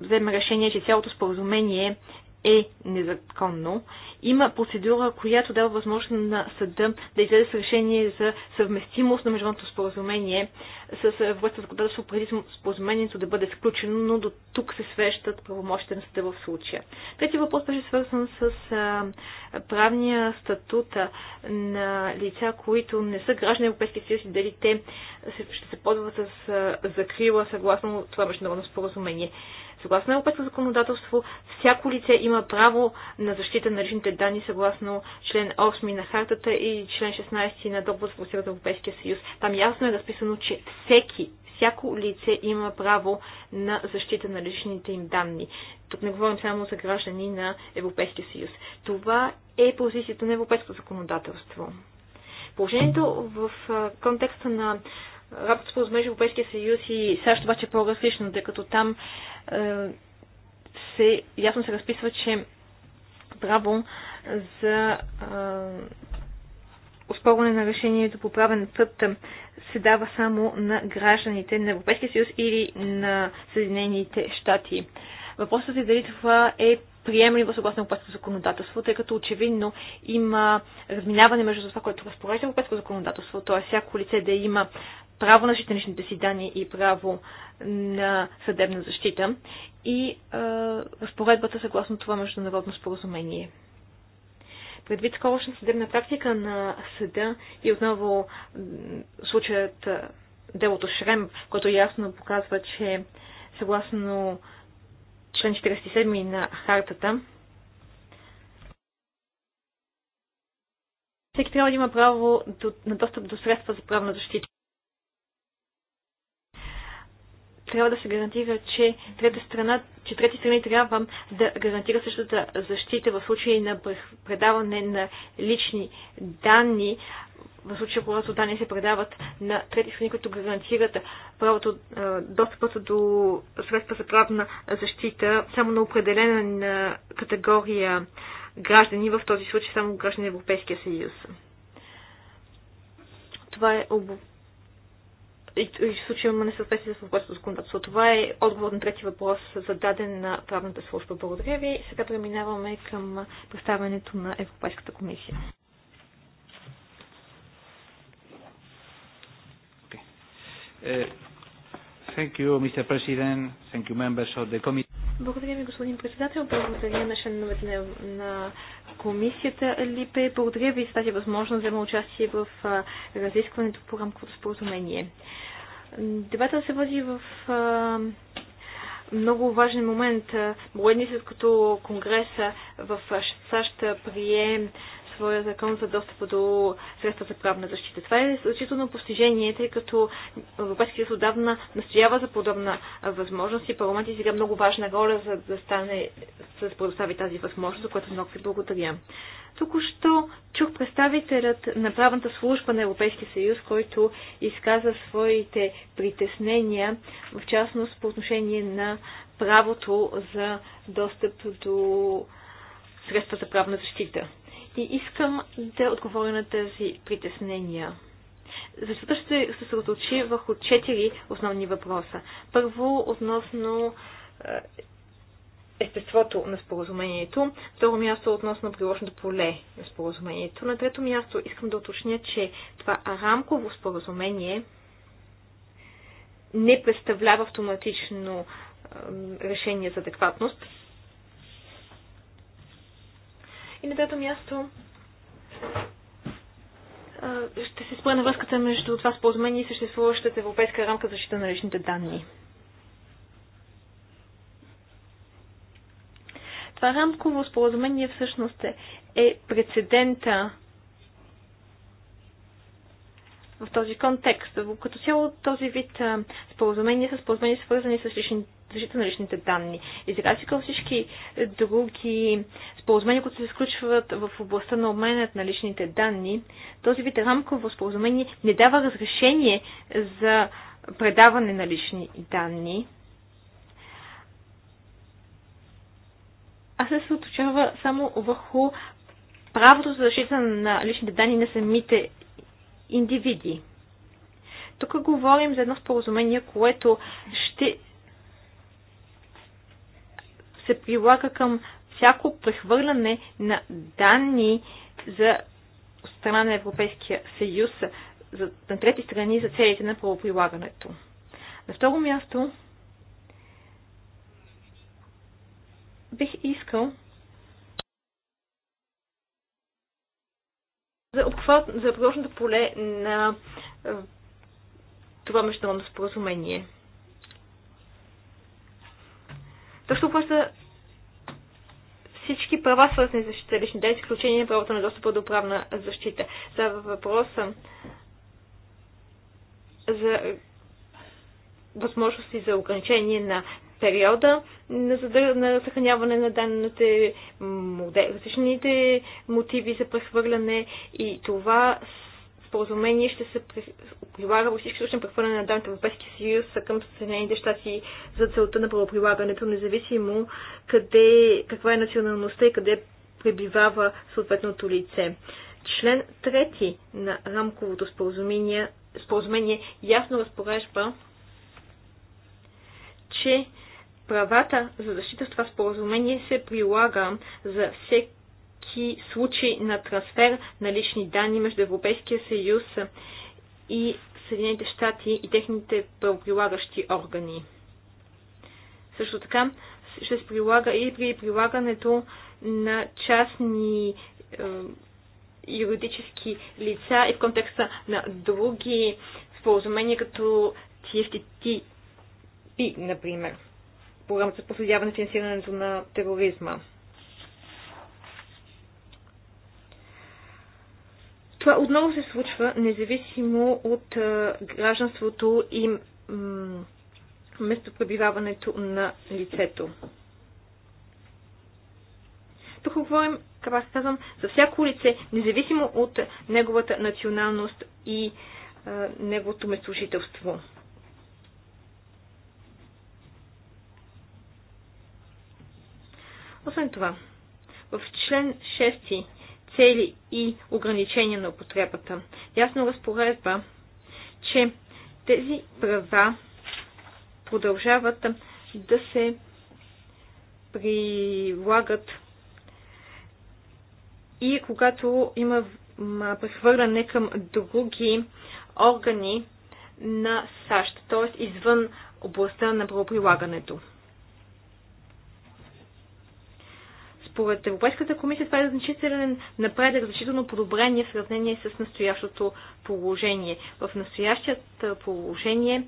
вземе решение, че цялото споразумение е незаконно. Има процедура, която дава възможност на съда да излезе с решение за съвместимост на международното споразумение с властта законодателство преди споразумението да бъде сключено, но до тук се свещат правомощите на съда в случая. Третия въпрос беше свързан с а, правния статут на лица, които не са граждани на Европейския съюз и дали те ще се ползват с закрила съгласно това международно споразумение. Съгласно европейско законодателство, всяко лице има право на защита на личните данни съгласно член 8 на хартата и член 16 на договор за на Европейския съюз. Там ясно е разписано, че всеки, всяко лице има право на защита на личните им данни. Тук не говорим само за граждани на Европейския съюз. Това е позицията на европейско законодателство. Положението в контекста на работа споразумение Европейския съюз и САЩ обаче е по-различно, тъй като там е, се, ясно се разписва, че право за е, оспорване на решението по правен път се дава само на гражданите на Европейския съюз или на Съединените щати. Въпросът е дали това е приемливо съгласно европейското законодателство, тъй като очевидно има разминаване между това, което разпорежда европейско законодателство, т.е. всяко лице да има право на защита личните си данни и право на съдебна защита и а, е, разпоредбата съгласно това международно споразумение. Предвид скорошна съдебна практика на съда и отново случаят е, делото Шрем, което ясно показва, че съгласно член 47 на хартата, всеки трябва да има право на достъп до средства за правна защита. трябва да се гарантира, че трета страна, че трети страни трябва да гарантира същата защита в случай на предаване на лични данни, в случая, когато данни се предават на трети страни, които гарантират правото, достъпа до средства за правна защита само на определена категория граждани, в този случай само граждани на Европейския съюз. Това е и, и в случая има несъответствие с въпросното законодателство. Това е отговор на трети въпрос, зададен на правната служба. Благодаря ви. Сега преминаваме към представянето на Европейската комисия. Okay. Uh, thank you, Благодаря ви, господин председател. Благодаря на членовете на, на комисията Липе. Благодаря ви за тази възможност да участие в разискването по рамковото споразумение. Дебата се води в много важен момент. Броедни след като Конгреса в САЩ прием своя закон за достъпа до средства за правна защита. Това е значително постижение, тъй като Европейския съюз отдавна настоява за подобна възможност и парламент изигра много важна роля, за да стане, за да предостави тази възможност, за което много ви благодаря. Току-що чух представителят на правната служба на Европейския съюз, който изказа своите притеснения, в частност по отношение на правото за достъп до средства за правна защита и искам да отговоря на тези притеснения. Защото ще се съсредоточи върху четири основни въпроса. Първо, относно е, естеството на споразумението, второ място относно приложното поле на споразумението. На трето място искам да уточня, че това рамково споразумение не представлява автоматично решение за адекватност. И на трето място ще се спра на връзката между това споразумение и съществуващата европейска рамка за защита на личните данни. Това рамково споразумение всъщност е, е прецедента в този контекст. Като цяло този вид споразумение са споразумения свързани с личните защита на личните данни. И сега си към всички други споразумения, които се включват в областта на обменят на личните данни, този вид рамково споразумение не дава разрешение за предаване на лични данни, а се съоточава само върху правото за защита на личните данни на самите индивиди. Тук говорим за едно споразумение, което ще се прилага към всяко прехвърляне на данни за страна на Европейския съюз за, на трети страни за целите на правоприлагането. На второ място бих искал за, обхват, за приложното поле на е, това международно споразумение. Точно обхваща всички права, свързани с защита лични данни, изключение на правото на достъп до правна защита. За въпроса за възможности за ограничение на периода на, съхраняване на данните, различните мотиви за прехвърляне и това споразумение ще се прилага във всички случаи на прехвърляне на данните в Европейския съюз към Съединените щати за целта на правоприлагането, независимо къде, каква е националността и къде пребивава съответното лице. Член 3 на рамковото споразумение, споразумение ясно разпорежба, че правата за защита в това споразумение се прилага за всеки всички случаи на трансфер на лични данни между Европейския съюз и Съединените щати и техните правоприлагащи органи. Също така ще се прилага и при прилагането на частни юридически лица и в контекста на други споразумения, като TFTP, например, програмата за на финансирането на тероризма. Това отново се случва, независимо от гражданството и местопребиваването на лицето. Тук говорим, как аз казвам, за всяко лице, независимо от неговата националност и а, неговото местожителство. Освен това, в член 6 цели и ограничения на употребата. Ясно разпоредба, че тези права продължават да се прилагат и когато има прехвърляне към други органи на САЩ, т.е. извън областта на правоприлагането. Според Европейската комисия това е значителен напредък, значително подобрение в сравнение с настоящото положение. В настоящият положение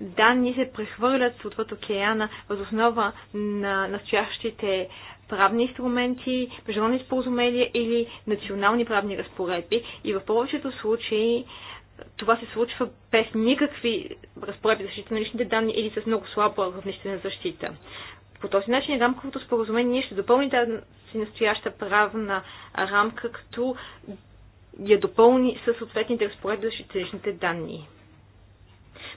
данни се прехвърлят отвъд океана въз основа на настоящите правни инструменти, международни споразумения или национални правни разпоредби. И в повечето случаи това се случва без никакви разпоредби за защита на личните данни или с много слабо равнище на защита. По този начин рамковото споразумение ние ще допълни тази настояща правна рамка, като я допълни със съответните разпоредби за личните данни.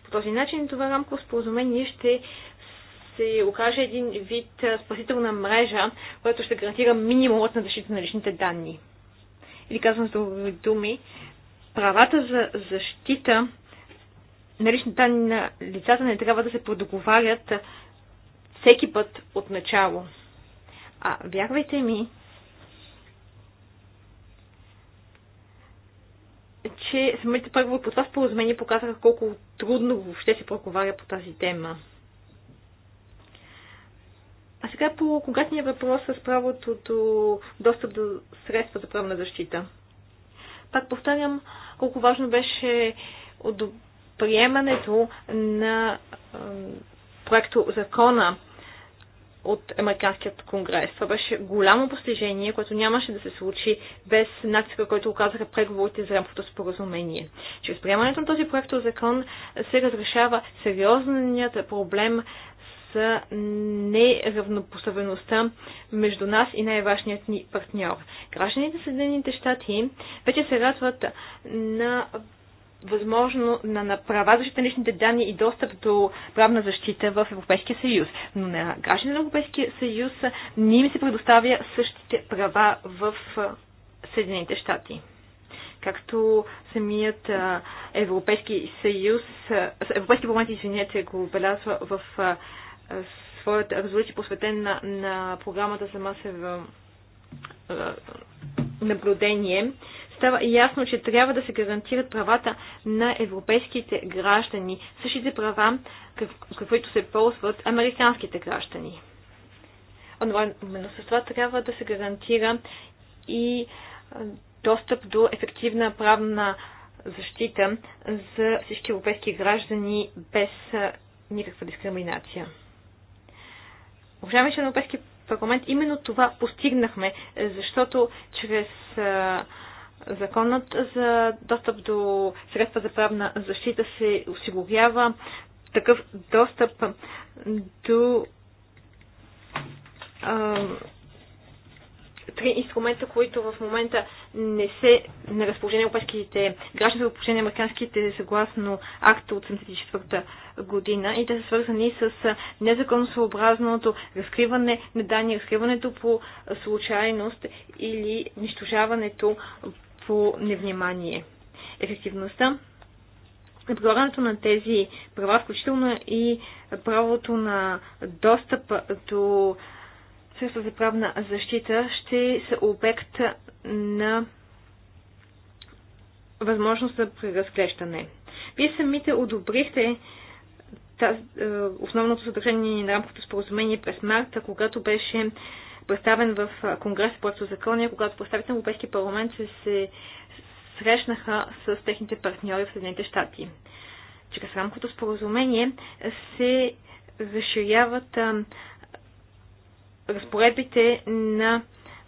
По този начин това рамково споразумение ще се окаже един вид спасителна мрежа, която ще гарантира минимумът на защита на личните данни. Или казвам с други думи, правата за защита на личните данни на лицата не трябва да се предоговарят всеки път от начало. А вярвайте ми, че самите първо по това споразумение показаха колко трудно въобще се проговаря по тази тема. А сега по конкретния въпрос с правото до достъп до средства за правна защита. Пак повтарям колко важно беше от приемането на проекто закона от Американският конгрес. Това беше голямо постижение, което нямаше да се случи без натиска, който оказаха преговорите за рамковото споразумение. Чрез приемането на този проект закон се разрешава сериозният проблем с неравнопоставеността между нас и най-важният ни партньор. Гражданите Съединените щати вече се радват на възможно на, на права защита на личните данни и достъп до правна защита в Европейския съюз. Но на граждани на Европейския съюз не им се предоставя същите права в Съединените щати. Както самият Европейски съюз, Европейски парламент, извинете, го обелязва в своята резолюция, посветена на, на програмата за масово наблюдение, става ясно, че трябва да се гарантират правата на европейските граждани, същите права, каквито се ползват американските граждани. Но с това трябва да се гарантира и достъп до ефективна правна защита за всички европейски граждани без никаква дискриминация. Уважаеми членове Европейски парламент, именно това постигнахме, защото чрез Законът за достъп до средства за правна защита се осигурява такъв достъп до а, три инструмента, които в момента не се на разположение на европейските граждани, за положение на американските съгласно акта от 1974 година и те са свързани с незаконосъобразното разкриване на данни, разкриването по случайност или унищожаването някакво невнимание. Ефективността на прилагането на тези права, включително и правото на достъп до средства за правна защита, ще са обект на възможност за преразглеждане. Вие самите одобрихте тази, е, основното съдържание на рамкото споразумение през марта, когато беше представен в Конгрес по закония, когато представител на Европейския парламент се, се срещнаха с техните партньори в Съединените щати. Чрез рамкото споразумение се разширяват а, разпоредбите на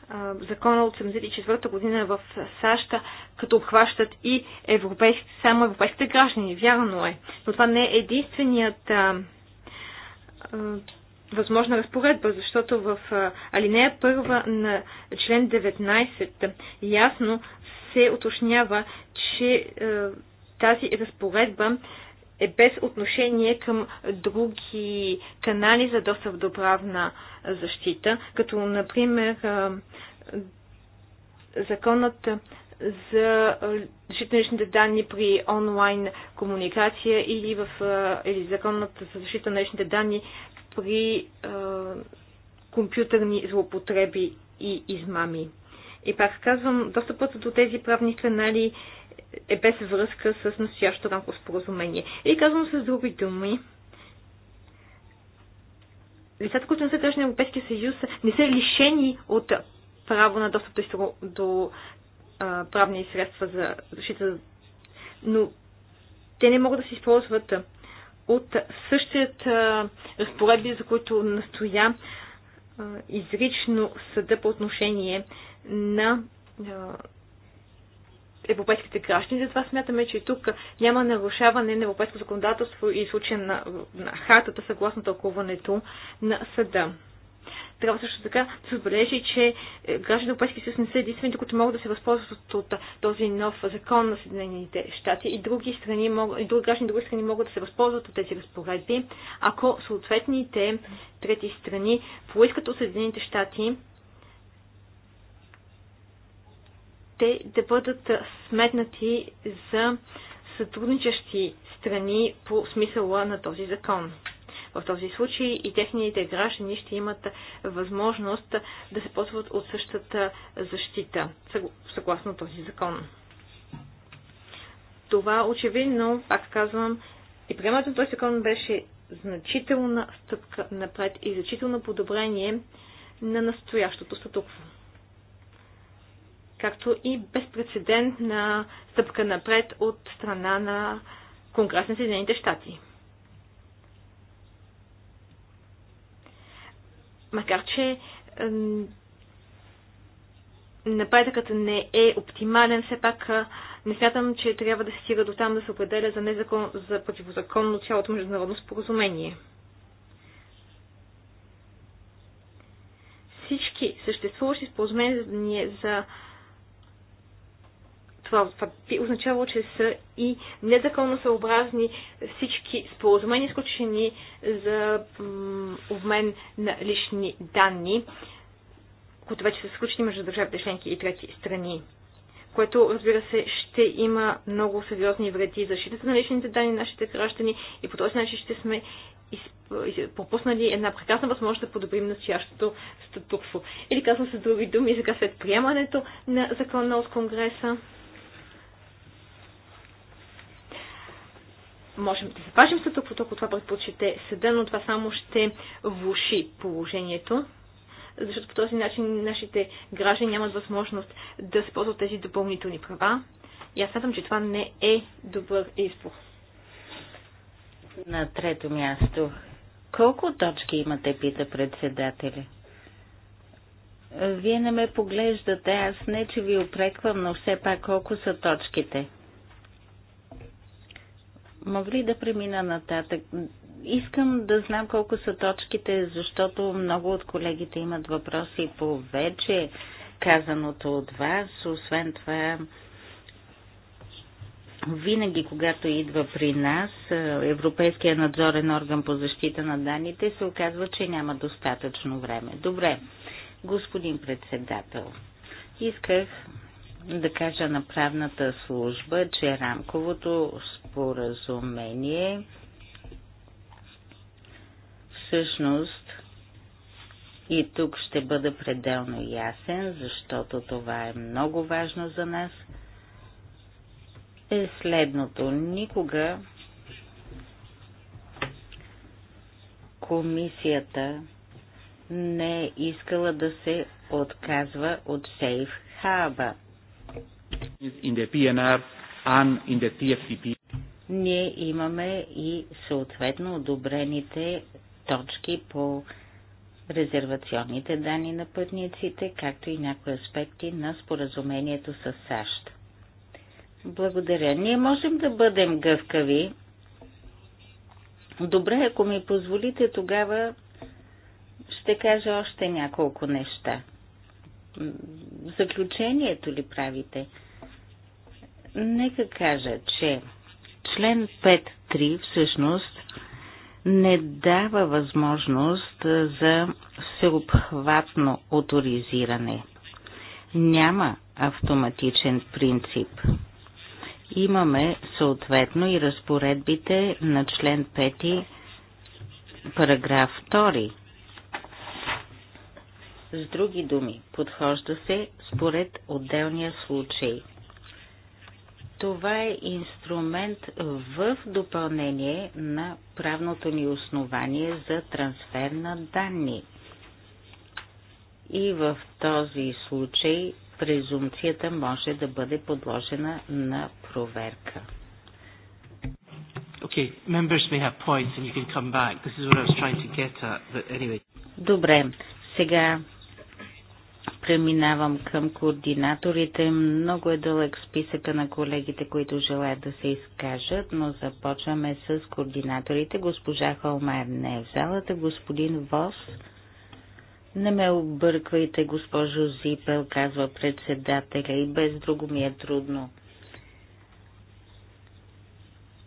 а, закона от 1984 година в САЩ, като обхващат и европейски, само европейските граждани. Вярно е. Но това не е единственият а, възможна разпоредба, защото в алинея първа на член 19 ясно се уточнява, че тази разпоредба е без отношение към други канали за достъп до правна защита, като например законът за защита на личните данни при онлайн комуникация или, в, или законът за защита на личните данни при а, компютърни злоупотреби и измами. И пак казвам, достъпът до тези правни канали е без връзка с настоящото рамко споразумение. И казвам с други думи, лицата, които не са граждани на Европейския съюз, не са лишени от право на достъп до, до а, правни средства за защита, но те не могат да се използват от същият разпоредби, за които настоя изрично съда по отношение на европейските граждани. Затова смятаме, че тук няма нарушаване на европейско законодателство и случая на, на хартата съгласно тълкуването на съда. Трябва също така да се отбележи, че е, гражданите Европейския съюз не са единствените, които могат да се възползват от е, този нов закон на Съединените щати и други, страни, и други граждани други страни могат да се възползват от тези разпоредби, ако съответните трети страни поискат от Съединените щати те да бъдат сметнати за сътрудничащи страни по смисъла на този закон в този случай и техните граждани ще имат възможност да се ползват от същата защита, съгласно този закон. Това очевидно, пак казвам, и приемането на този закон беше значителна стъпка напред и значително подобрение на настоящото статукво. Както и безпредседентна стъпка напред от страна на Конгрес на Съединените щати. макар че напредъкът не е оптимален, все пак е, не смятам, че трябва да се стига до там да се определя за, незакон, за противозаконно цялото международно споразумение. Всички съществуващи споразумения за това, това би означавало, че са и незаконно съобразни всички споразумения, изключени за обмен на лични данни, които вече са сключени между държавите членки и трети страни което, разбира се, ще има много сериозни вреди за защитата на личните данни на нашите граждани и по този начин ще сме пропуснали една прекрасна възможност да подобрим настоящото статукво. Или казвам с други думи, сега след приемането на закона от Конгреса, можем да запазим статуквото, ако това предпочете съда, но това само ще влуши положението, защото по този начин нашите граждани нямат възможност да използват тези допълнителни права. И аз смятам, че това не е добър избор. На трето място. Колко точки имате, пита председателя? Вие не ме поглеждате, аз не, че ви опреквам, но все пак колко са точките? Мога ли да премина нататък? Искам да знам колко са точките, защото много от колегите имат въпроси по вече казаното от вас. Освен това, винаги, когато идва при нас е, Европейския надзорен орган по защита на данните, се оказва, че няма достатъчно време. Добре, господин председател, исках да кажа на правната служба, че рамковото споразумение всъщност и тук ще бъда пределно ясен, защото това е много важно за нас, е следното. Никога комисията не е искала да се отказва от сейф хаба. In the PNR and in the TFTP. Ние имаме и съответно одобрените точки по резервационните данни на пътниците, както и някои аспекти на споразумението с САЩ. Благодаря. Ние можем да бъдем гъвкави. Добре, ако ми позволите, тогава ще кажа още няколко неща. Заключението ли правите? Нека кажа, че член 5.3 всъщност не дава възможност за всеобхватно авторизиране. Няма автоматичен принцип. Имаме съответно и разпоредбите на член 5, параграф 2. С други думи, подхожда се според отделния случай – това е инструмент в допълнение на правното ни основание за трансфер на данни. И в този случай презумцията може да бъде подложена на проверка. Okay, members may have points and you can come back. This is what I was trying to get at, but anyway. Добре, сега Преминавам към координаторите. Много е дълъг списъка на колегите, които желаят да се изкажат, но започваме с координаторите. Госпожа Холмайер не е в залата. Господин Вос. Не ме обърквайте, госпожо Зипел, казва председателя, и без друго ми е трудно.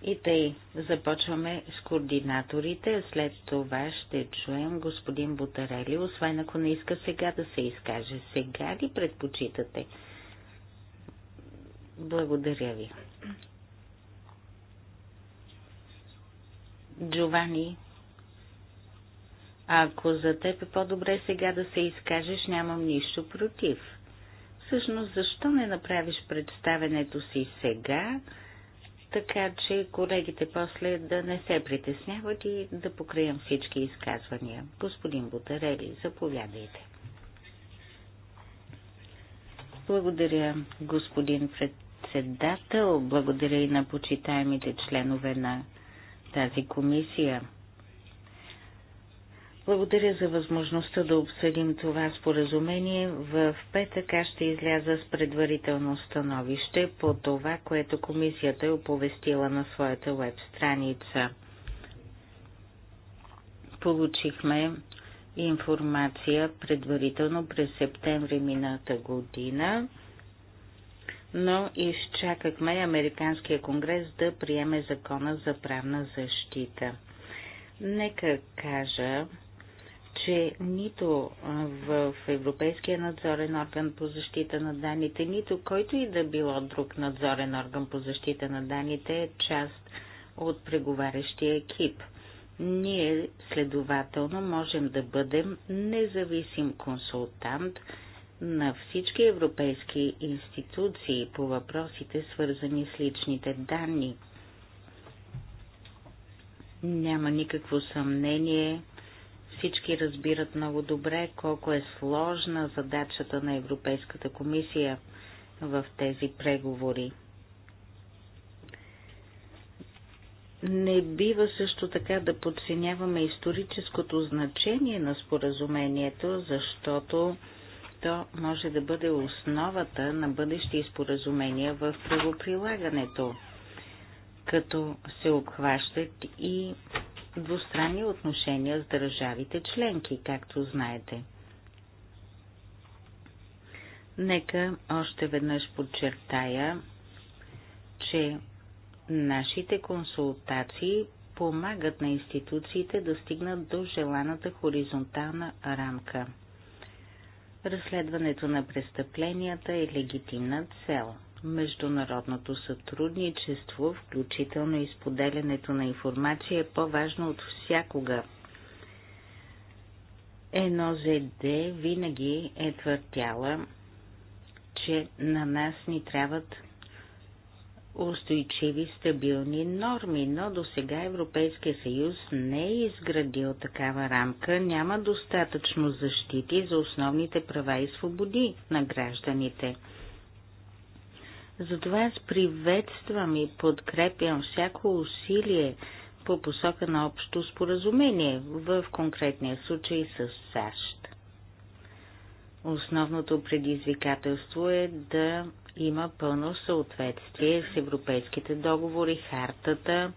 И тъй започваме с координаторите, след това ще чуем господин Бутарели, освен ако не иска сега да се изкаже. Сега ли предпочитате? Благодаря ви. Джовани, ако за теб е по-добре сега да се изкажеш, нямам нищо против. Всъщност, защо не направиш представенето си сега? така че колегите после да не се притесняват и да покрием всички изказвания. Господин Бутарели, заповядайте. Благодаря, господин председател. Благодаря и на почитаемите членове на тази комисия. Благодаря за възможността да обсъдим това споразумение. В петък аз ще изляза с предварително становище по това, което комисията е оповестила на своята веб страница. Получихме информация предварително през септември мината година, но изчакахме Американския конгрес да приеме закона за правна защита. Нека кажа, че нито в Европейския надзорен орган по защита на данните, нито който и да било друг надзорен орган по защита на данните е част от преговарящия екип. Ние, следователно, можем да бъдем независим консултант на всички европейски институции по въпросите, свързани с личните данни. Няма никакво съмнение, всички разбират много добре колко е сложна задачата на Европейската комисия в тези преговори. Не бива също така да подценяваме историческото значение на споразумението, защото то може да бъде основата на бъдещи споразумения в правоприлагането, като се обхващат и двустранни отношения с държавите членки, както знаете. Нека още веднъж подчертая, че нашите консултации помагат на институциите да стигнат до желаната хоризонтална рамка. Разследването на престъпленията е легитимна цел – международното сътрудничество, включително и споделянето на информация, е по-важно от всякога. НОЗД винаги е твърдяла, че на нас ни трябват устойчиви, стабилни норми, но до сега Европейския съюз не е изградил такава рамка, няма достатъчно защити за основните права и свободи на гражданите – затова аз приветствам и подкрепям всяко усилие по посока на общо споразумение, в конкретния случай с САЩ. Основното предизвикателство е да има пълно съответствие с европейските договори, хартата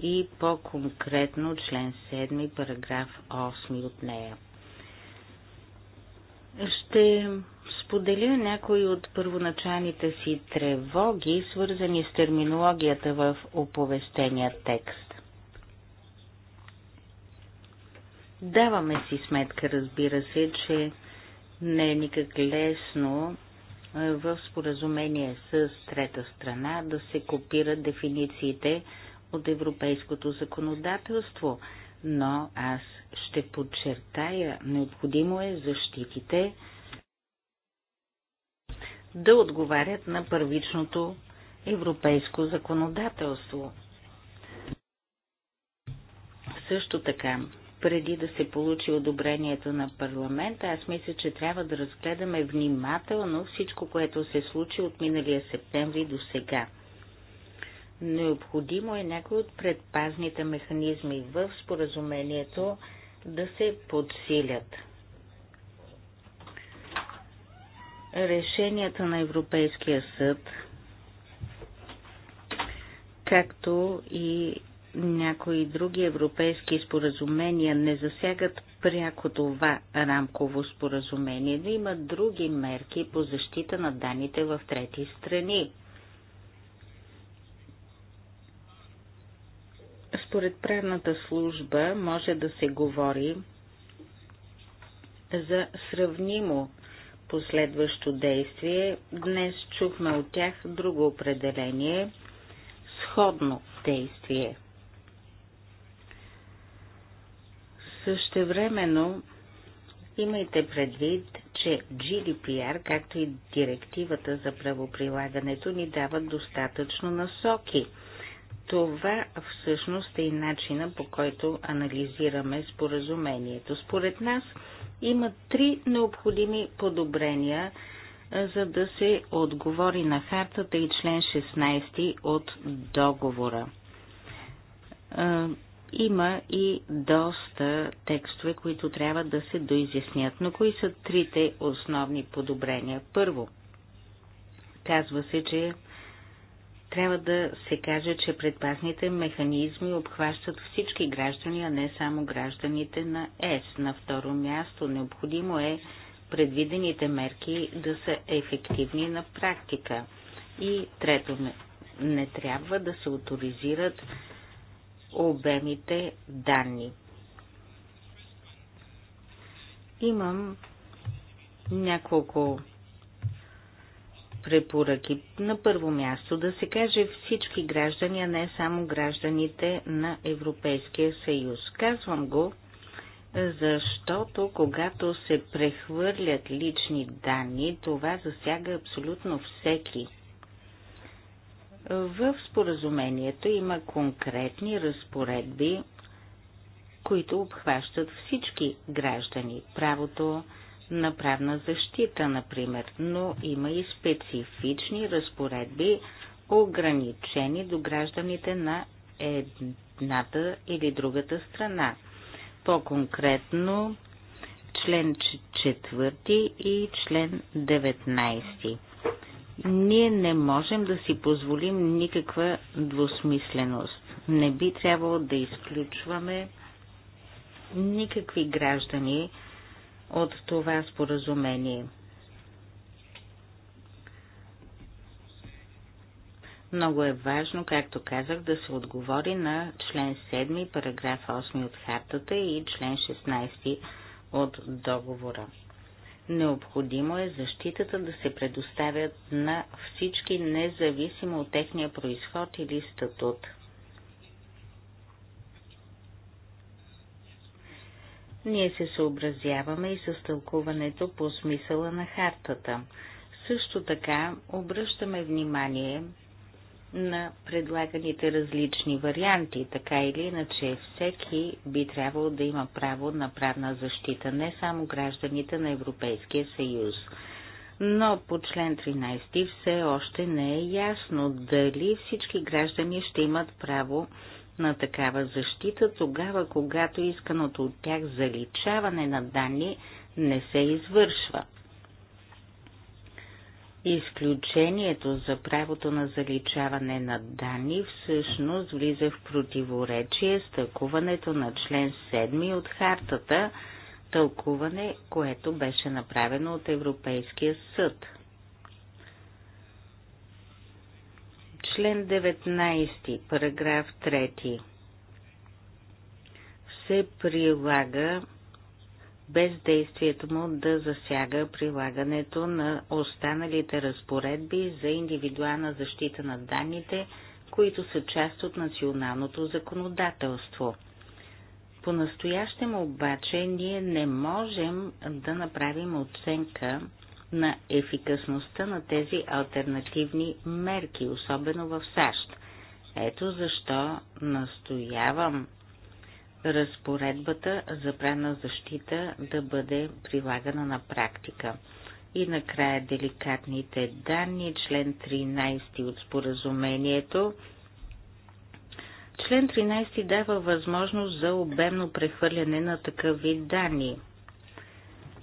и по-конкретно член 7, параграф 8 от нея. Ще споделя някои от първоначалните си тревоги, свързани с терминологията в оповестения текст. Даваме си сметка, разбира се, че не е никак лесно в споразумение с трета страна да се копират дефинициите от европейското законодателство, но аз ще подчертая, необходимо е защитите да отговарят на първичното европейско законодателство. Също така, преди да се получи одобрението на парламента, аз мисля, че трябва да разгледаме внимателно всичко, което се случи от миналия септември до сега. Необходимо е някои от предпазните механизми в споразумението да се подсилят. решенията на Европейския съд, както и някои други европейски споразумения не засягат пряко това рамково споразумение, да има други мерки по защита на данните в трети страни. Според правната служба може да се говори за сравнимо последващо действие. Днес чухме от тях друго определение сходно действие. Същевременно имайте предвид, че GDPR, както и директивата за правоприлагането, ни дават достатъчно насоки. Това всъщност е и начина по който анализираме споразумението. Според нас има три необходими подобрения, за да се отговори на хартата и член 16 от договора. Има и доста текстове, които трябва да се доизяснят, но кои са трите основни подобрения? Първо, казва се, че трябва да се каже, че предпазните механизми обхващат всички граждани, а не само гражданите на ЕС. На второ място необходимо е предвидените мерки да са ефективни на практика. И трето, не трябва да се авторизират обемите данни. Имам няколко препоръки. На първо място да се каже всички граждани, а не само гражданите на Европейския съюз. Казвам го, защото когато се прехвърлят лични данни, това засяга абсолютно всеки. В споразумението има конкретни разпоредби, които обхващат всички граждани. Правото на правна защита, например, но има и специфични разпоредби, ограничени до гражданите на едната или другата страна. По-конкретно член 4 и член 19. Ние не можем да си позволим никаква двусмисленост. Не би трябвало да изключваме никакви граждани, от това споразумение. Много е важно, както казах, да се отговори на член 7, параграф 8 от хартата и член 16 от договора. Необходимо е защитата да се предоставят на всички, независимо от техния происход или статут. Ние се съобразяваме и с тълкуването по смисъла на хартата. Също така обръщаме внимание на предлаганите различни варианти, така или иначе всеки би трябвало да има право на правна защита, не само гражданите на Европейския съюз. Но по член 13 все още не е ясно дали всички граждани ще имат право на такава защита тогава, когато исканото от тях заличаване на данни не се извършва. Изключението за правото на заличаване на данни всъщност влиза в противоречие с тълкуването на член 7 от хартата, тълкуване, което беше направено от Европейския съд. Член 19, параграф 3 се прилага без действието му да засяга прилагането на останалите разпоредби за индивидуална защита на данните, които са част от националното законодателство. По-настоящем обаче ние не можем да направим оценка на ефикасността на тези альтернативни мерки, особено в САЩ. Ето защо настоявам разпоредбата за правна защита да бъде прилагана на практика. И накрая деликатните данни, член 13 от споразумението. Член 13 дава възможност за обемно прехвърляне на такъв вид данни,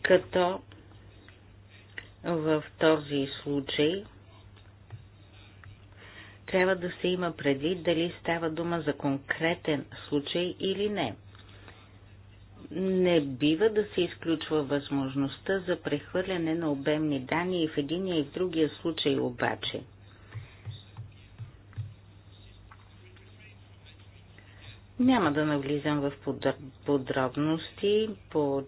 като в този случай трябва да се има предвид дали става дума за конкретен случай или не. Не бива да се изключва възможността за прехвърляне на обемни данни и в единия и в другия случай обаче. Няма да навлизам в подробности по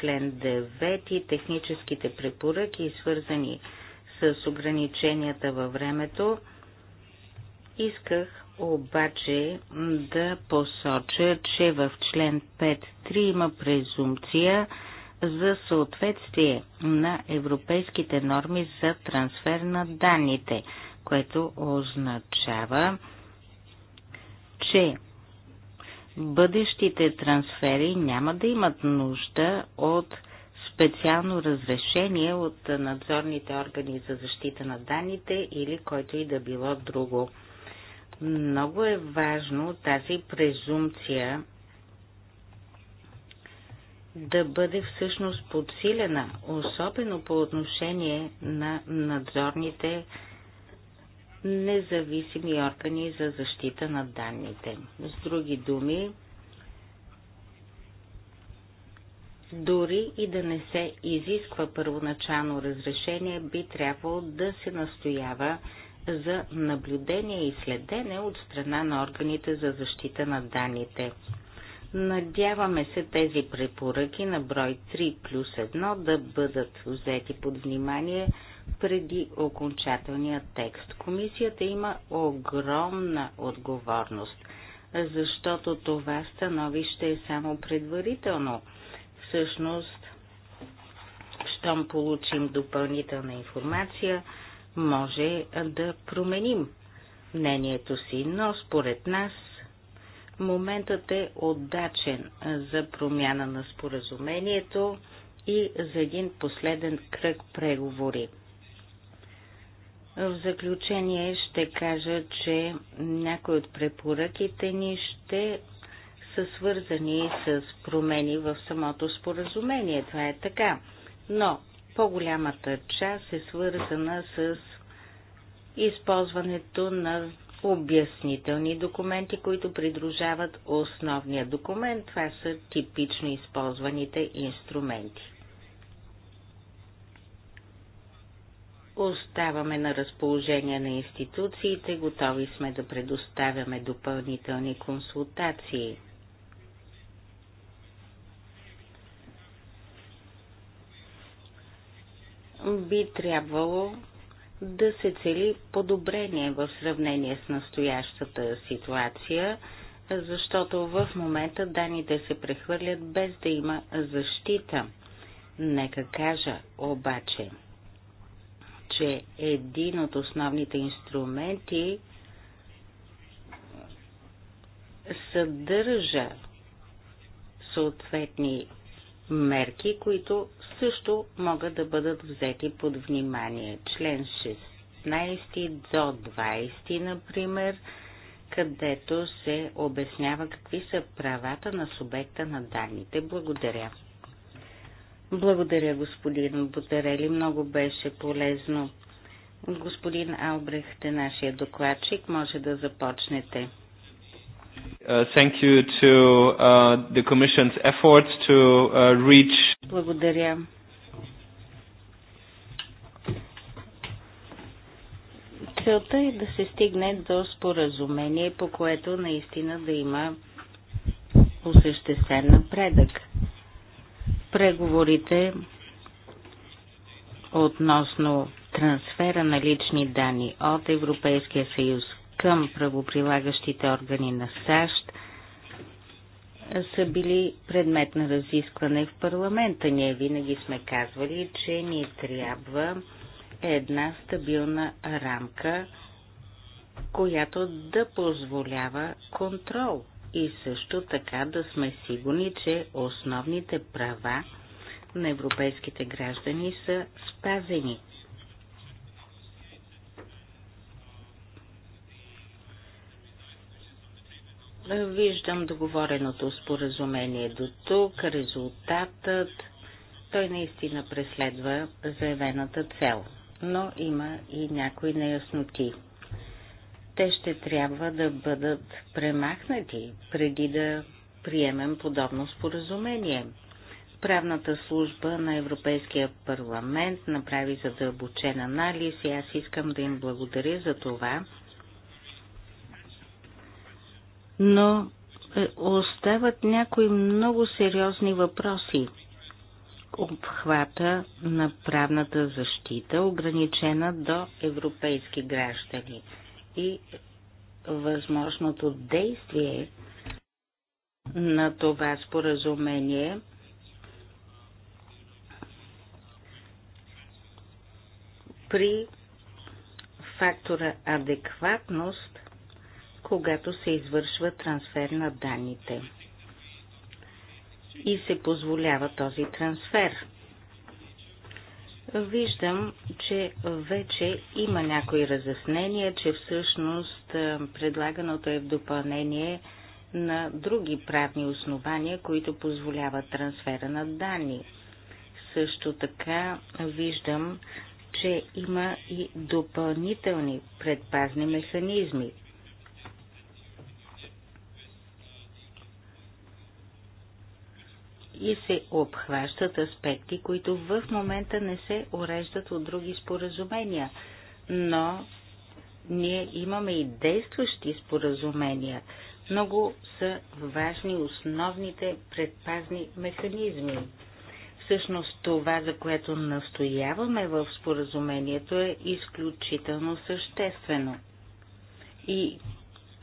член 9, техническите препоръки, свързани с ограниченията във времето. Исках обаче да посоча, че в член 5.3 има презумпция за съответствие на европейските норми за трансфер на данните, което означава, че бъдещите трансфери няма да имат нужда от специално разрешение от надзорните органи за защита на данните или който и да било друго. Много е важно тази презумпция да бъде всъщност подсилена, особено по отношение на надзорните органи независими органи за защита на данните. С други думи, дори и да не се изисква първоначално разрешение, би трябвало да се настоява за наблюдение и следене от страна на органите за защита на данните. Надяваме се тези препоръки на брой 3 плюс 1 да бъдат взети под внимание преди окончателния текст. Комисията има огромна отговорност, защото това становище е само предварително. Всъщност, щом получим допълнителна информация, може да променим мнението си, но според нас моментът е отдачен за промяна на споразумението и за един последен кръг преговори. В заключение ще кажа, че някои от препоръките ни ще са свързани с промени в самото споразумение. Това е така. Но по-голямата част е свързана с използването на обяснителни документи, които придружават основния документ. Това са типично използваните инструменти. Оставаме на разположение на институциите, готови сме да предоставяме допълнителни консултации. Би трябвало да се цели подобрение в сравнение с настоящата ситуация, защото в момента данните се прехвърлят без да има защита. Нека кажа обаче – че един от основните инструменти съдържа съответни мерки, които също могат да бъдат взети под внимание. Член 16 до 20, например, където се обяснява какви са правата на субекта на данните. Благодаря. Благодаря, господин Бутарели. Много беше полезно. Господин Албрехт е нашия докладчик. Може да започнете. Uh, uh, uh, Благодаря. Целта е да се стигне до споразумение, по което наистина да има осъществен напредък преговорите относно трансфера на лични данни от Европейския съюз към правоприлагащите органи на САЩ са били предмет на разискване в парламента. Ние винаги сме казвали, че ни трябва една стабилна рамка, която да позволява контрол и също така да сме сигурни, че основните права на европейските граждани са спазени. Виждам договореното споразумение до тук, резултатът. Той наистина преследва заявената цел, но има и някои неясноти те ще трябва да бъдат премахнати преди да приемем подобно споразумение. Правната служба на Европейския парламент направи задълбочен анализ и аз искам да им благодаря за това. Но е, остават някои много сериозни въпроси. Обхвата на правната защита, ограничена до европейски граждани – и възможното действие на това споразумение. при фактора адекватност, когато се извършва трансфер на данните и се позволява този трансфер. Виждам, че вече има някои разяснения, че всъщност е, предлаганото е в допълнение на други правни основания, които позволяват трансфера на данни. Също така виждам, че има и допълнителни предпазни механизми. и се обхващат аспекти, които в момента не се уреждат от други споразумения. Но ние имаме и действащи споразумения. Много са важни основните предпазни механизми. Всъщност това, за което настояваме в споразумението, е изключително съществено. И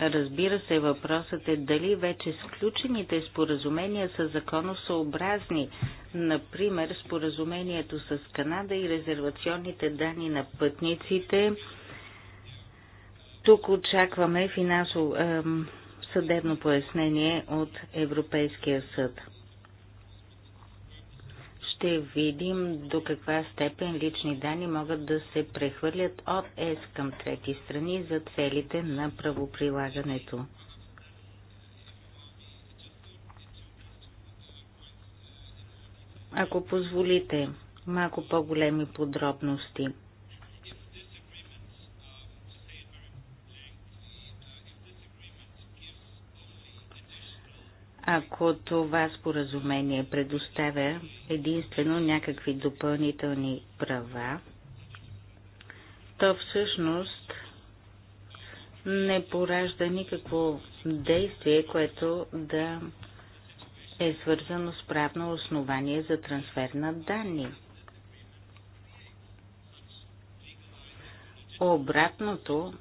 Разбира се, въпросът е дали вече сключените споразумения са законосъобразни, например споразумението с Канада и резервационните данни на пътниците. Тук очакваме финансово, съдебно пояснение от Европейския съд ще видим до каква степен лични данни могат да се прехвърлят от ЕС към трети страни за целите на правоприлагането. Ако позволите, малко по-големи подробности – Ако това споразумение предоставя единствено някакви допълнителни права, то всъщност не поражда никакво действие, което да е свързано с правно основание за трансфер на данни. Обратното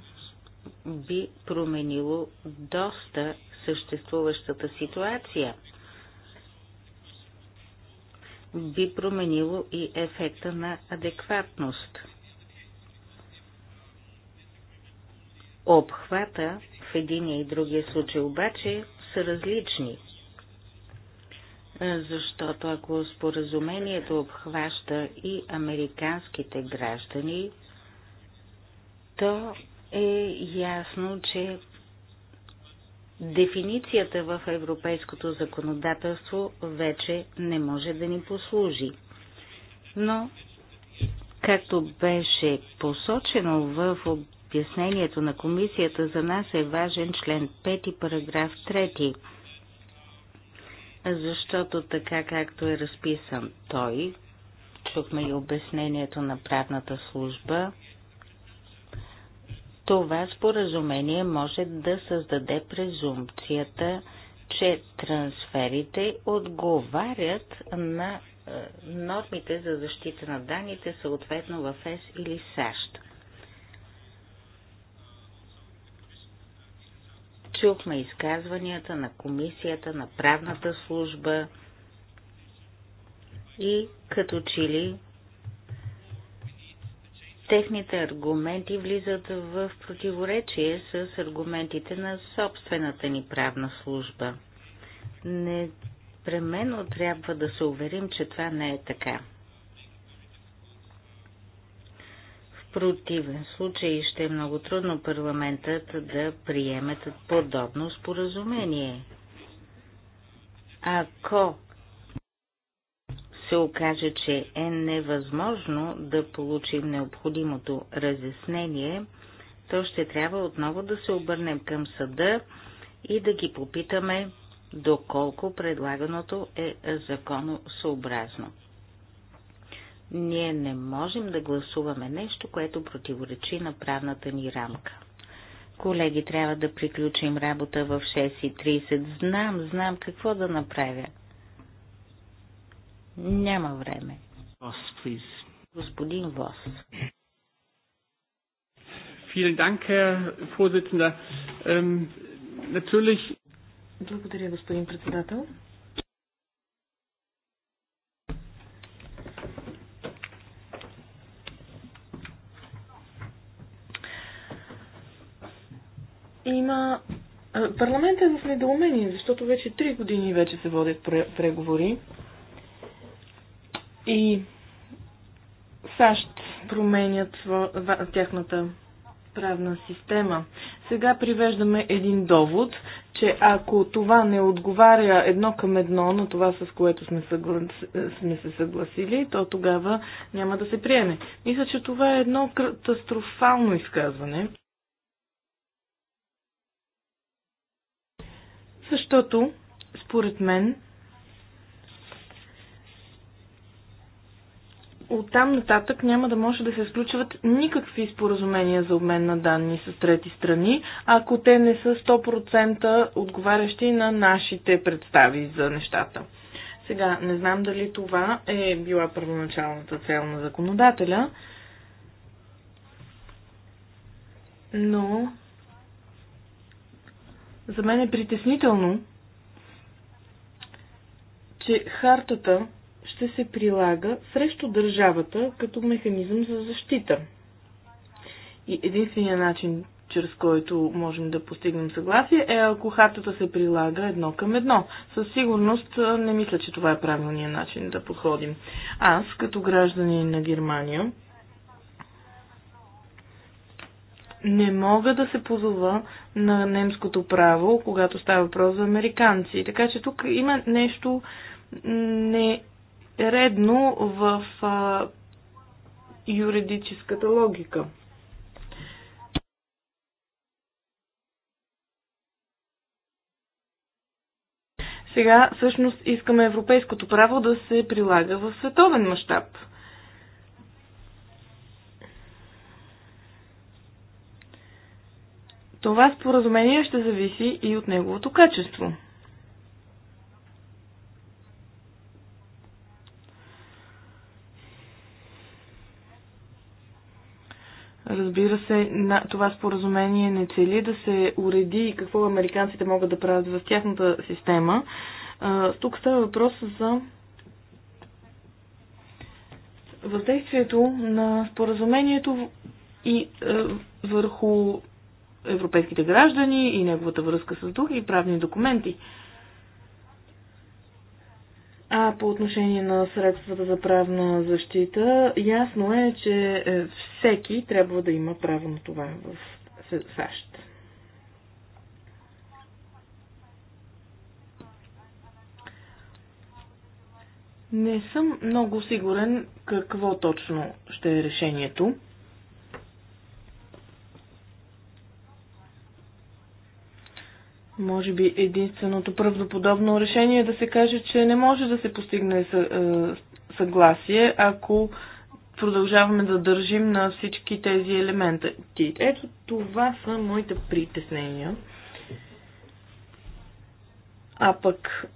би променило доста съществуващата ситуация. Би променило и ефекта на адекватност. Обхвата в единия и другия случай обаче са различни защото ако споразумението обхваща и американските граждани, то е ясно, че Дефиницията в европейското законодателство вече не може да ни послужи. Но, както беше посочено в обяснението на комисията, за нас е важен член 5, параграф 3, защото така както е разписан той, чухме и обяснението на правната служба, това споразумение може да създаде презумпцията, че трансферите отговарят на е, нормите за защита на данните, съответно в ЕС или САЩ. Чухме изказванията на комисията, на правната служба и като че ли техните аргументи влизат в противоречие с аргументите на собствената ни правна служба. Непременно трябва да се уверим, че това не е така. В противен случай ще е много трудно парламентът да приеме подобно споразумение. Ако се окаже, че е невъзможно да получим необходимото разяснение, то ще трябва отново да се обърнем към съда и да ги попитаме доколко предлаганото е законосъобразно. Ние не можем да гласуваме нещо, което противоречи на правната ни рамка. Колеги, трябва да приключим работа в 6.30. Знам, знам какво да направя – няма време. Вос, плиз. Господин Вос. Vielen Dank, Herr Vorsitzender. Ähm, natürlich. Благодаря, господин председател. Има. Парламентът е в недоумение, защото вече три години вече се водят преговори и САЩ променят тяхната правна система. Сега привеждаме един довод, че ако това не отговаря едно към едно на това, с което сме, съгла... сме се съгласили, то тогава няма да се приеме. Мисля, че това е едно катастрофално изказване. Защото, според мен, оттам нататък няма да може да се сключват никакви споразумения за обмен на данни с трети страни, ако те не са 100% отговарящи на нашите представи за нещата. Сега, не знам дали това е била първоначалната цел на законодателя, но за мен е притеснително, че хартата ще се прилага срещу държавата като механизъм за защита. И единствения начин, чрез който можем да постигнем съгласие, е ако хартата се прилага едно към едно. Със сигурност не мисля, че това е правилният начин да подходим. Аз, като граждани на Германия, не мога да се позова на немското право, когато става въпрос за американци. Така че тук има нещо не редно в а, юридическата логика. Сега всъщност искаме европейското право да се прилага в световен мащаб. Това споразумение ще зависи и от неговото качество. Разбира се, на, това споразумение не цели да се уреди какво американците могат да правят в тяхната система. А, тук става въпрос за въздействието на споразумението и а, върху европейските граждани и неговата връзка с други правни документи. А по отношение на средствата за правна защита, ясно е, че е, всеки трябва да има право на това в САЩ. Не съм много сигурен какво точно ще е решението. Може би единственото правдоподобно решение е да се каже, че не може да се постигне е, съгласие, ако продължаваме да държим на всички тези елементи. Ето това са моите притеснения. А пък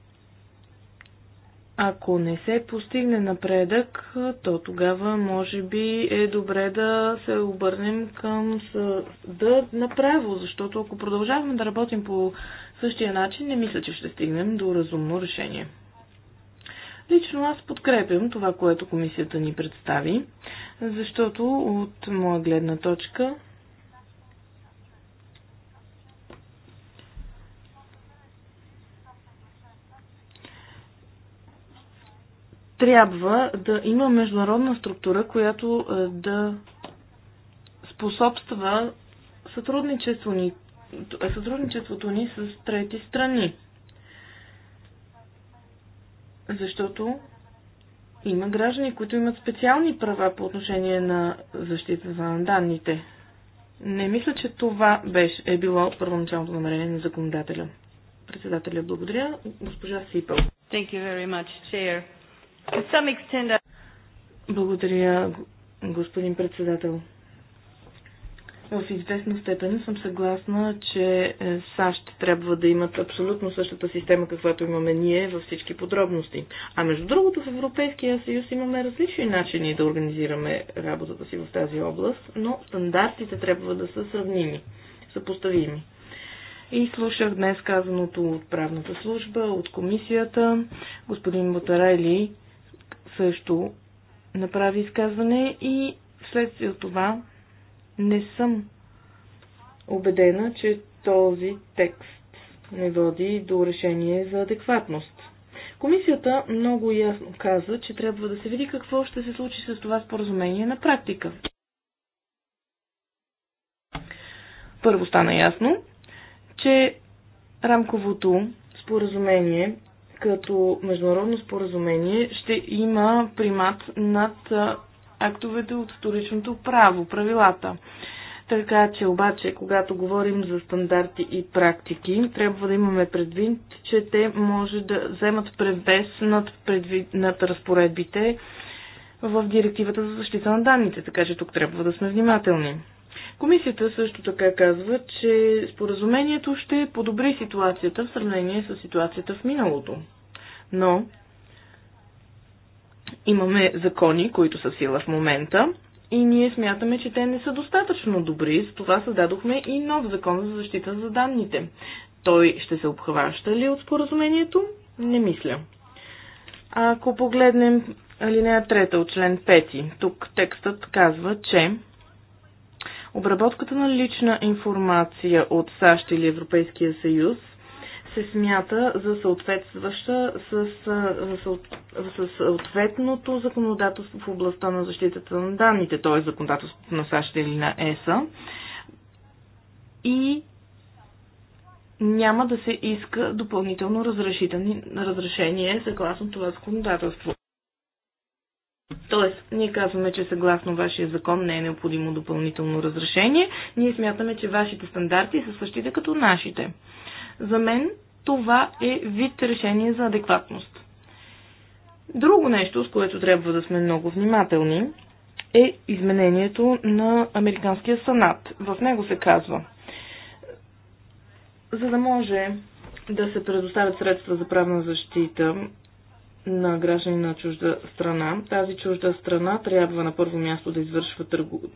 ако не се постигне напредък, то тогава може би е добре да се обърнем към съда направо, защото ако продължаваме да работим по същия начин, не мисля, че ще стигнем до разумно решение. Лично аз подкрепям това, което комисията ни представи, защото от моя гледна точка трябва да има международна структура, която е, да способства сътрудничество ни, е, сътрудничеството ни с трети страни. Защото има граждани, които имат специални права по отношение на защита на данните. Не мисля, че това беше, е било първоначалното намерение на законодателя. Председателя, благодаря. Госпожа Сипел. Thank you very much, Chair. Uh, Благодаря, господин председател. В известна степен съм съгласна, че е, САЩ трябва да имат абсолютно същата система, каквато имаме ние във всички подробности. А между другото в Европейския съюз имаме различни начини да организираме работата си в тази област, но стандартите трябва да са сравними, съпоставими. И слушах днес казаното от правната служба, от комисията. Господин Ботарайли също направи изказване и вследствие от това не съм убедена, че този текст не води до решение за адекватност. Комисията много ясно каза, че трябва да се види какво ще се случи с това споразумение на практика. Първо стана ясно, че рамковото споразумение като международно споразумение ще има примат над актовете от вторичното право, правилата. Така че обаче, когато говорим за стандарти и практики, трябва да имаме предвид, че те може да вземат превес над, предвид, над разпоредбите в директивата за защита на данните, така че тук трябва да сме внимателни. Комисията също така казва, че споразумението ще подобри ситуацията в сравнение с ситуацията в миналото. Но имаме закони, които са в сила в момента и ние смятаме, че те не са достатъчно добри, с това създадохме и нов закон за защита за данните. Той ще се обхваща ли от споразумението? Не мисля. Ако погледнем алинея 3 от член 5, тук текстът казва, че Обработката на лична информация от САЩ или Европейския съюз се смята за съответстваща с, с, с съответното законодателство в областта на защитата на данните, т.е. законодателството на САЩ или на ЕСА. И няма да се иска допълнително разрешение съгласно това законодателство. Тоест, ние казваме, че съгласно вашия закон не е необходимо допълнително разрешение. Ние смятаме, че вашите стандарти са същите като нашите. За мен това е вид решение за адекватност. Друго нещо, с което трябва да сме много внимателни, е изменението на Американския санат. В него се казва, за да може да се предоставят средства за правна защита на граждани на чужда страна. Тази чужда страна трябва на първо място да извършва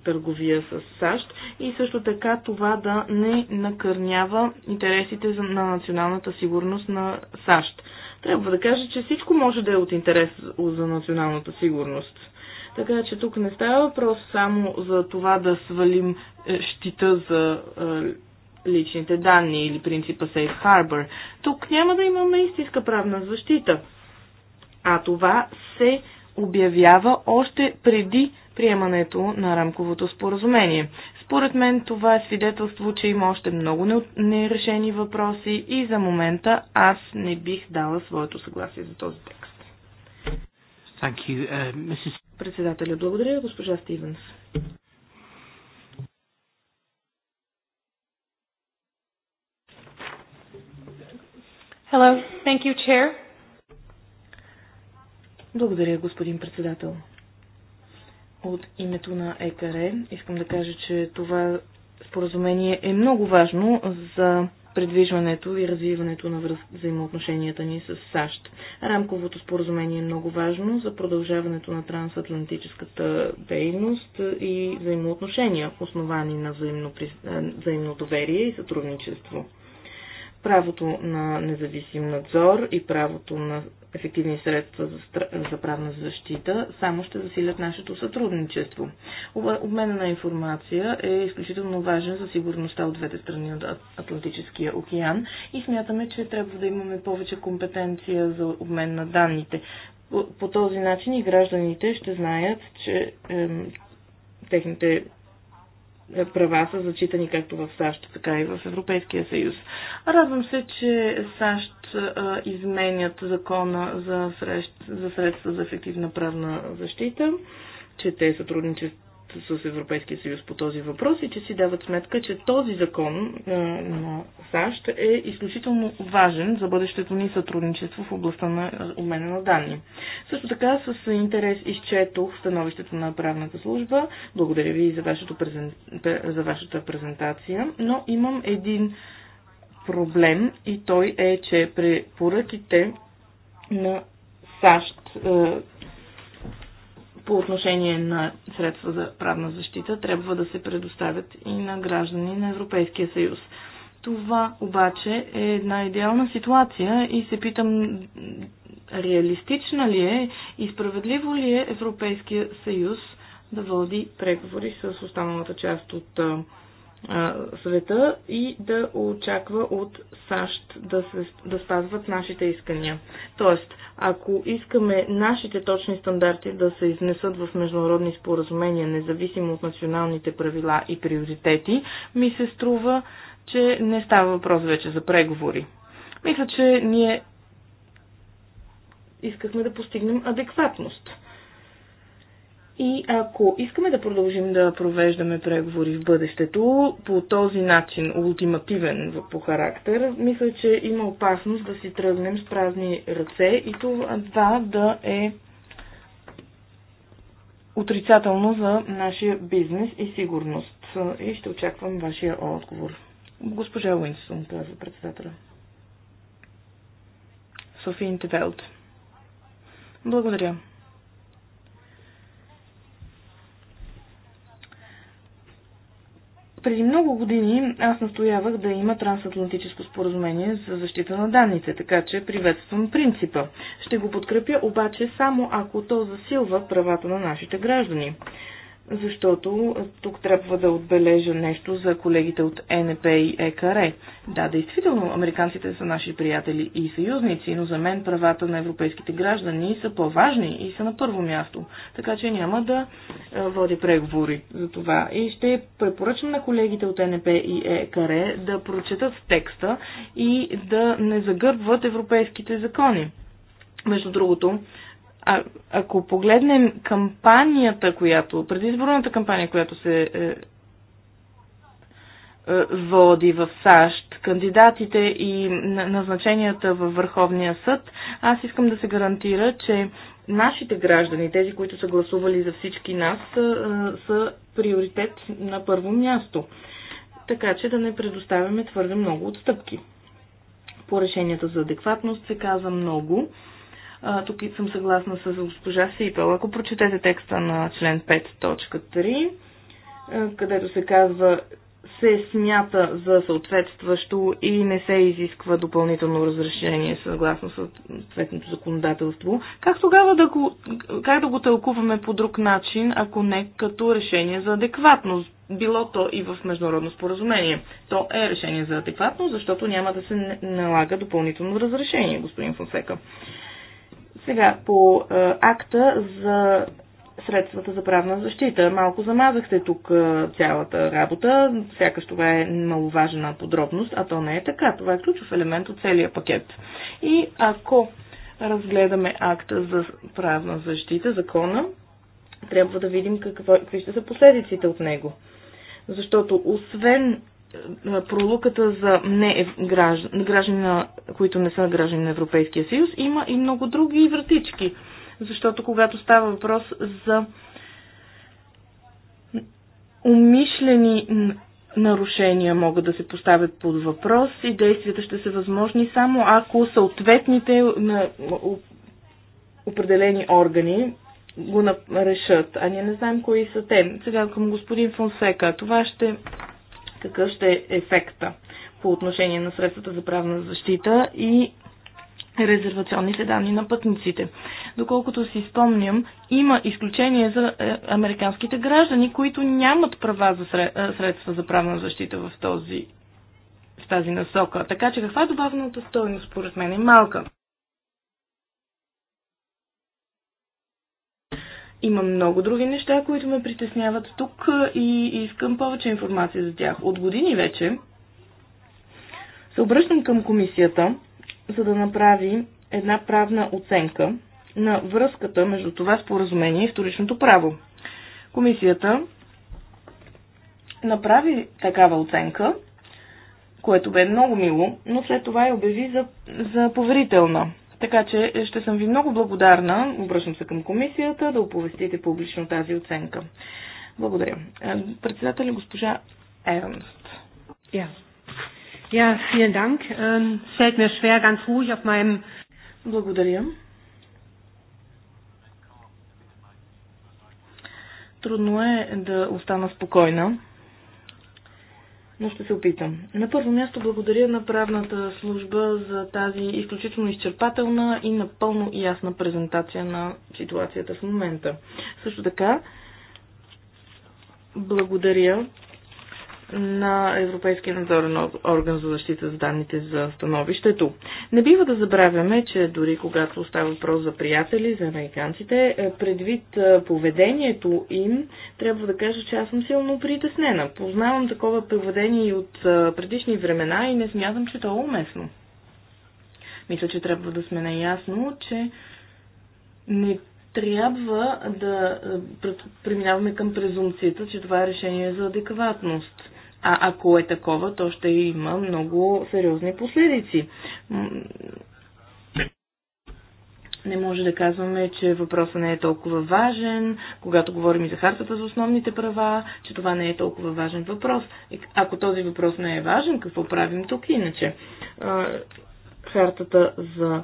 търговия с САЩ и също така това да не накърнява интересите на националната сигурност на САЩ. Трябва да кажа, че всичко може да е от интерес за националната сигурност. Така че тук не става въпрос само за това да свалим е, щита за е, личните данни или принципа Safe Harbor. Тук няма да имаме истинска правна защита а това се обявява още преди приемането на рамковото споразумение. Според мен това е свидетелство, че има още много нерешени въпроси и за момента аз не бих дала своето съгласие за този текст. Thank you, uh, Mrs. Председателя, благодаря, госпожа Стивенс. Hello, thank you, Chair. Благодаря, господин председател. От името на ЕКР искам да кажа, че това споразумение е много важно за предвижването и развиването на взаимоотношенията ни с САЩ. Рамковото споразумение е много важно за продължаването на трансатлантическата дейност и взаимоотношения, основани на взаимно, взаимно доверие и сътрудничество правото на независим надзор и правото на ефективни средства за, за правна защита само ще засилят нашето сътрудничество. Обмена на информация е изключително важен за сигурността от двете страни от Атлантическия океан и смятаме, че трябва да имаме повече компетенция за обмен на данните. По, по този начин и гражданите ще знаят, че техните права са зачитани както в САЩ, така и в Европейския съюз. Радвам се, че САЩ изменят закона за, средства за ефективна правна защита, че те сътрудничат с Европейския съюз по този въпрос и че си дават сметка, че този закон на САЩ е изключително важен за бъдещето ни сътрудничество в областта на обмена на данни. Също така с интерес изчетох становището на правната служба. Благодаря ви за, презен... за вашата презентация, но имам един проблем и той е, че препоръките на САЩ по отношение на средства за правна защита трябва да се предоставят и на граждани на Европейския съюз. Това обаче е една идеална ситуация и се питам реалистична ли е и справедливо ли е Европейския съюз да води преговори с останалата част от света и да очаква от САЩ да, се, да спазват нашите искания. Тоест, ако искаме нашите точни стандарти да се изнесат в международни споразумения, независимо от националните правила и приоритети, ми се струва, че не става въпрос вече за преговори. Мисля, че ние искахме да постигнем адекватност. И ако искаме да продължим да провеждаме преговори в бъдещето по този начин, ултимативен по характер, мисля, че има опасност да си тръгнем с празни ръце и това да е отрицателно за нашия бизнес и сигурност. И ще очаквам вашия отговор. Госпожа Уинстон, каза председателя. Софи Интевелт. Благодаря. Преди много години аз настоявах да има трансатлантическо споразумение за защита на данните, така че приветствам принципа. Ще го подкрепя обаче само ако то засилва правата на нашите граждани защото тук трябва да отбележа нещо за колегите от НП и ЕКР. Да, действително, американците са наши приятели и съюзници, но за мен правата на европейските граждани са по-важни и са на първо място. Така че няма да водя преговори за това. И ще препоръчам на колегите от НП и ЕКР да прочетат текста и да не загърбват европейските закони. Между другото, а, ако погледнем кампанията, която, предизборната кампания, която се е, е, води в САЩ, кандидатите и назначенията във Върховния съд, аз искам да се гарантира, че нашите граждани, тези, които са гласували за всички нас, са, е, са приоритет на първо място. Така че да не предоставяме твърде много отстъпки. По решенията за адекватност се каза много. А, тук съм съгласна с госпожа Сипел. Ако прочетете текста на член 5.3, където се казва се смята за съответстващо и не се изисква допълнително разрешение съгласно съответното законодателство. Как тогава да го, как да го тълкуваме по друг начин, ако не като решение за адекватност? Било то и в международно споразумение. То е решение за адекватност, защото няма да се налага допълнително разрешение, господин Фонсека. Сега по е, акта за средствата за правна защита. Малко замазахте тук е, цялата работа, сякаш това е маловажна подробност, а то не е така. Това е ключов елемент от целия пакет. И ако разгледаме акта за правна защита, закона, трябва да видим какво, какви ще са последиците от него. Защото освен е, пролуката за не граждани, граждани, които не са граждани на Европейския съюз, има и много други вратички. Защото когато става въпрос за умишлени нарушения могат да се поставят под въпрос и действията ще са възможни само ако съответните определени органи го решат. А ние не знаем кои са те. Сега към господин Фонсека. Това ще какъв ще е ефекта по отношение на средствата за правна защита и резервационните данни на пътниците. Доколкото си спомням, има изключение за е, американските граждани, които нямат права за е, средства за правна защита в, този, в тази насока. Така че каква е добавената стойност, според мен, е малка. Има много други неща, които ме притесняват тук и искам повече информация за тях. От години вече се обръщам към комисията, за да направи една правна оценка на връзката между това споразумение и вторичното право. Комисията направи такава оценка, което бе много мило, но след това я обяви за, за поверителна. Така че ще съм ви много благодарна, обръщам се към комисията, да оповестите публично тази оценка. Благодаря. Е, Председателя е госпожа Ернст. Ja, vielen Dank. Ähm, fällt mir schwer, ganz ruhig auf meinem. Благодаря. Трудно е да остана спокойна но ще се опитам. На първо място благодаря на правната служба за тази изключително изчерпателна и напълно ясна презентация на ситуацията в момента. Също така, благодаря на Европейския надзорен орган за защита за данните за становището. Не бива да забравяме, че дори когато става въпрос за приятели, за американците, е, предвид е, поведението им, трябва да кажа, че аз съм силно притеснена. Познавам такова поведение и от е, предишни времена и не смятам, че то е уместно. Мисля, че трябва да сме наясно, че не трябва да преминаваме към презумцията, че това е решение за адекватност. А ако е такова, то ще има много сериозни последици. Не може да казваме, че въпросът не е толкова важен, когато говорим и за хартата за основните права, че това не е толкова важен въпрос. Ако този въпрос не е важен, какво правим тук иначе? Хартата за,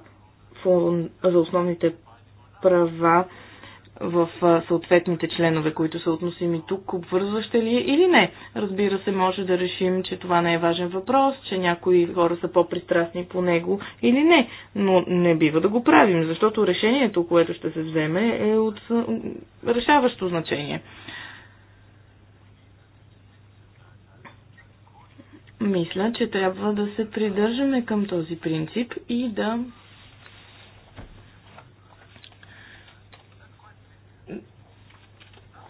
фон, за основните права в съответните членове, които са относими тук, обвързваща ли е или не. Разбира се, може да решим, че това не е важен въпрос, че някои хора са по-пристрастни по него или не, но не бива да го правим, защото решението, което ще се вземе, е от решаващо значение. Мисля, че трябва да се придържаме към този принцип и да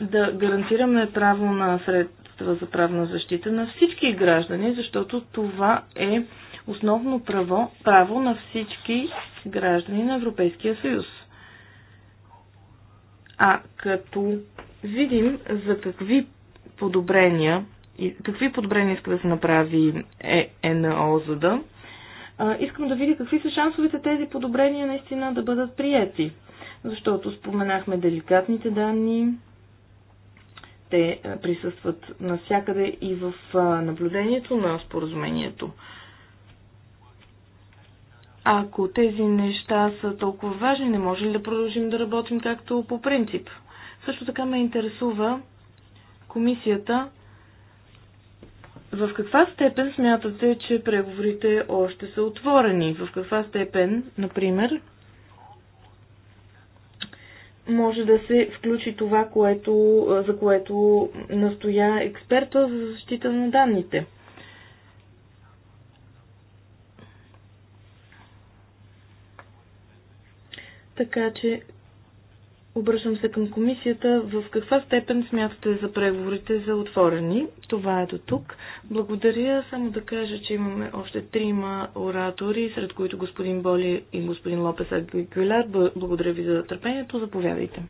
да гарантираме право на средства за правна защита на всички граждани, защото това е основно право, право на всички граждани на Европейския съюз. А като видим за какви подобрения и какви подобрения иска да се направи ЕНОЗД, искам да видя какви са шансовете тези подобрения наистина да бъдат прияти. Защото споменахме деликатните данни, те присъстват навсякъде и в наблюдението на споразумението. Ако тези неща са толкова важни, не може ли да продължим да работим както по принцип? Също така ме интересува комисията в каква степен смятате, че преговорите още са отворени? В каква степен, например, може да се включи това, което, за което настоя експерта за защита на данните. Така че Обръщам се към комисията. В каква степен смятате за преговорите за отворени? Това е до тук. Благодаря. Само да кажа, че имаме още трима оратори, сред които господин Боли и господин Лопес Агвилар. Благодаря ви за търпението. Заповядайте.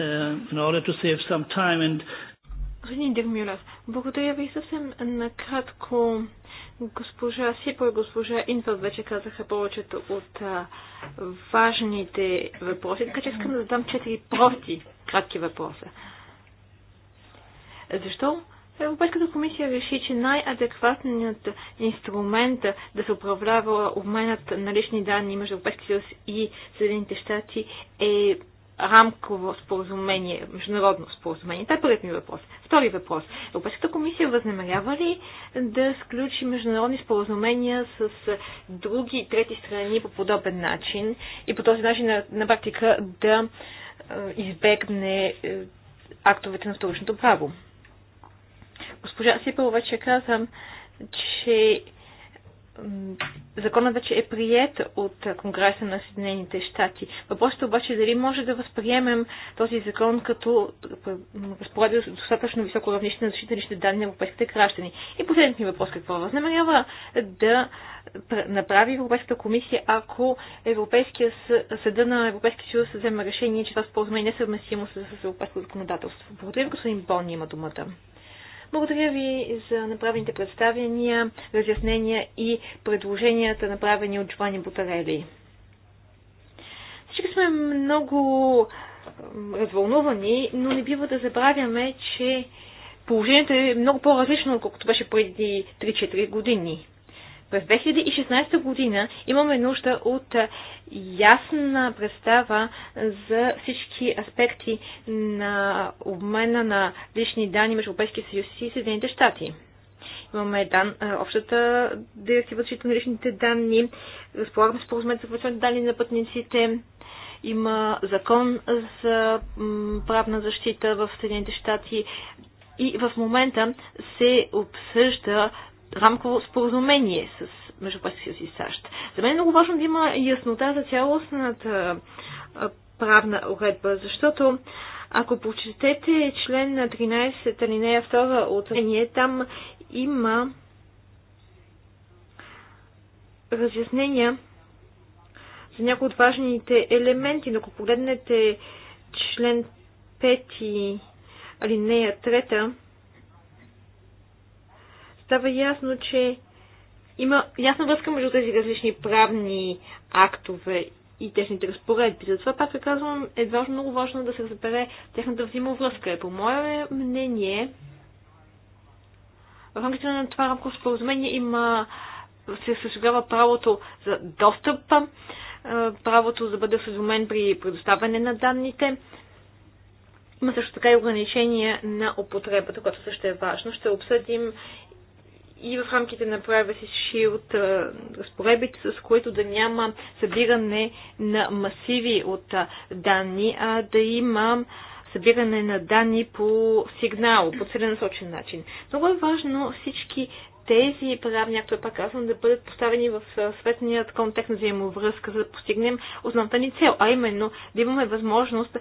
Uh, господин Дермюлев, благодаря ви съвсем накратко Госпожа Сипа и госпожа Инфа вече казаха повечето от а, важните въпроси, така че искам да задам четири прости кратки въпроса. Защо Европейската комисия реши, че най-адекватният инструмент да се управлява обменът на лични данни между Европейския съюз и Съединените щати е рамково споразумение, международно споразумение? Това е първият ми въпрос. Втори въпрос. Европейската комисия възнамерява ли да сключи международни споразумения с други трети страни по подобен начин и по този начин на, на практика да е, избегне е, актовете на вторичното право? Госпожа Сипел вече каза, че законът вече е прият от Конгреса на Съединените щати. Въпросът обаче е дали може да възприемем този закон като разпоредби с достатъчно високо равнище на защита лични данни на европейските граждани. И последният ми въпрос какво възнамерява да направи Европейската комисия, ако Европейския съда на Европейския съюз вземе решение, че това споразумение е несъвместимо с европейското законодателство. Благодаря господин Бон, има думата. Благодаря ви за направените представяния, разяснения и предложенията, направени от Джовани Бутарели. Всички сме много развълнувани, но не бива да забравяме, че положението е много по-различно, отколкото беше преди 3-4 години. През 2016 година имаме нужда от ясна представа за всички аспекти на обмена на лични данни между Европейския съюз и Съединените щати. Имаме дан, е, общата директива за на личните данни, разполагаме споразумението за връщане данни на пътниците, има закон за правна защита в Съединените щати и в момента се обсъжда рамково споразумение с Междупресия съюз и САЩ. За мен е много важно да има яснота за цялостната правна уредба, защото ако прочетете член на 13 алинея 2 от Рение, там има разяснения за някои от важните елементи. Но ако погледнете член 5 алинея 3, става ясно, че има ясна връзка между тези различни правни актове и техните разпоредби. Затова пак казвам, е важно, много важно да се разбере техната взаимовръзка. По мое мнение, в рамките на това рамково споразумение има се съсигурява правото за достъп, правото за да бъде съзумен при предоставяне на данните. Има също така и ограничения на употребата, което също е важно. Ще обсъдим и в рамките на си шилд разпоредбите, с които да няма събиране на масиви от данни, а да има събиране на данни по сигнал, по целенасочен начин. Много е важно всички тези правни актове, пак казвам, да бъдат поставени в съответният контекст на взаимовръзка, за да постигнем основната ни цел, а именно да имаме възможност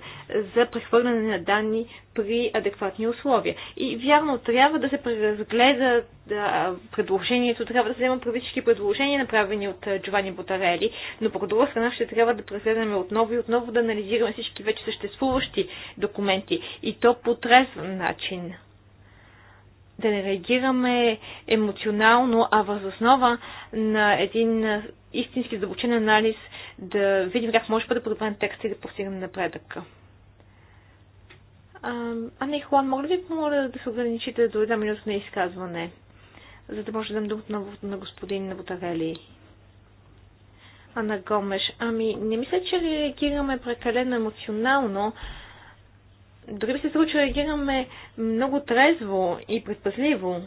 за прехвърляне на данни при адекватни условия. И вярно, трябва да се преразгледа да, предложението, трябва да се взема прави предложения, направени от Джовани Ботарели, но по друга страна ще трябва да прегледаме отново и отново да анализираме всички вече съществуващи документи и то по трезв начин да не реагираме емоционално, а възоснова на един истински задълбочен анализ да видим как може да подобрен текста и да постигнем напредъка. А, а не, Хуан, мога ли ви помоля да се ограничите до една минута на изказване, за да може да дам думата на, на господин Навотавели? Ана Гомеш, ами не мисля, че реагираме прекалено емоционално, дори би се случи, реагираме много трезво и предпазливо.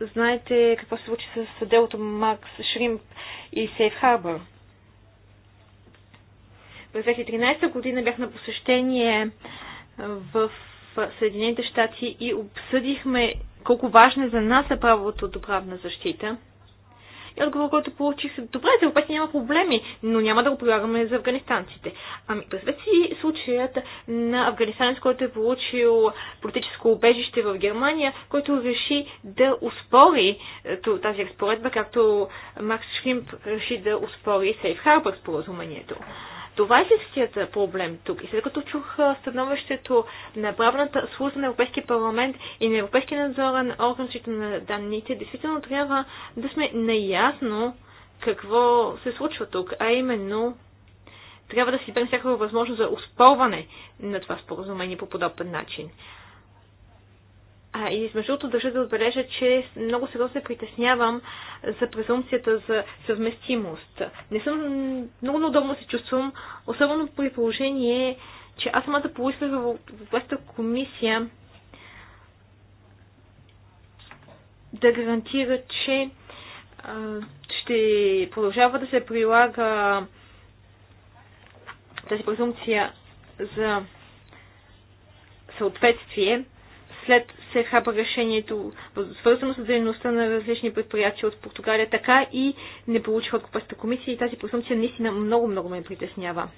Знаете какво се случи с делото Макс Шримп и Сейф Харбър. През 2013 година бях на посещение в Съединените щати и обсъдихме колко важно за нас е правото до правна защита – и отговор, който получих, е, добре, за европейци няма проблеми, но няма да го прилагаме за афганистанците. Ами, представете си случаят на афганистанец, който е получил политическо убежище в Германия, който реши да успори е, тази разпоредба, както Макс Шримп реши да успори Сейф Харбър споразумението. Това е същият проблем тук. И след като чух становището на правната служба на Европейския парламент и на Европейския надзорен орган на данните, действително трябва да сме наясно какво се случва тук, а именно трябва да си дадем всякаква възможност за успорване на това споразумение по подобен начин. А, и между другото държа да отбележа, че много сериозно се притеснявам за презумпцията за съвместимост. Не съм много неудобно се чувствам, особено при положение, че аз самата поисках в Европейската комисия да гарантира, че а, ще продължава да се прилага тази презумпция за съответствие, след Сехаб решението, свързано с дейността на различни предприятия от Португалия, така и не получиха от Купаста комисия и тази презумпция наистина много-много ме притеснява.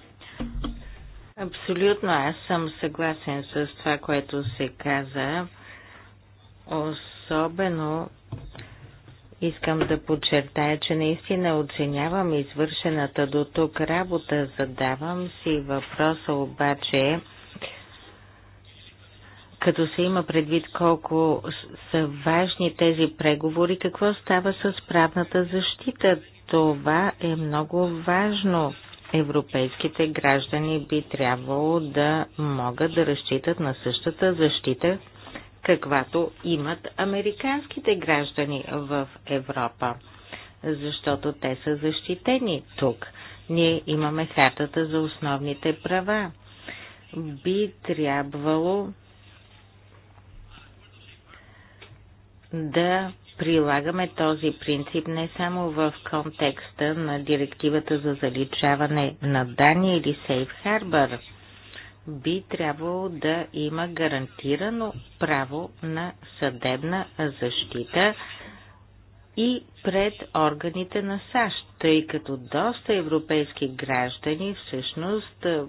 Абсолютно, аз съм съгласен с това, което се каза. Особено искам да подчертая, че наистина оценявам извършената до тук работа. Задавам си въпроса обаче, като се има предвид колко са важни тези преговори, какво става с правната защита? Това е много важно. Европейските граждани би трябвало да могат да разчитат на същата защита, каквато имат американските граждани в Европа, защото те са защитени тук. Ние имаме хартата за основните права. Би трябвало да прилагаме този принцип не само в контекста на директивата за заличаване на данни или Сейф Harbor. Би трябвало да има гарантирано право на съдебна защита и пред органите на САЩ, тъй като доста европейски граждани всъщност е,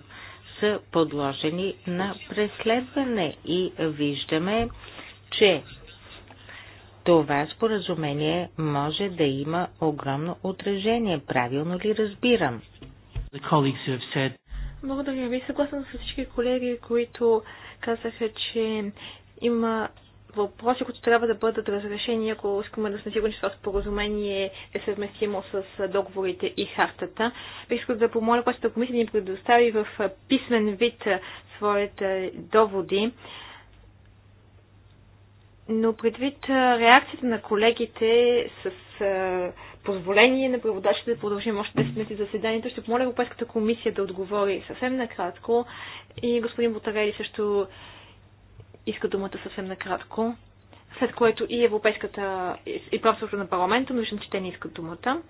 са подложени на преследване и виждаме, че това споразумение може да има огромно отражение. Правилно ли разбирам? Благодаря ви. Съгласна с всички колеги, които казаха, че има въпроси, които трябва да бъдат разрешени, ако искаме да сме сигурни, че това споразумение е съвместимо с договорите и хартата. Бих искал да помоля когато комисия ни предостави в писмен вид своите доводи, но предвид реакцията на колегите с а, позволение на преводачите да продължим още 10 минути заседанието, ще помоля Европейската комисия да отговори съвсем накратко и господин Бутарели също иска думата съвсем накратко, след което и Европейската и правството на парламента, но виждам, че те не искат думата.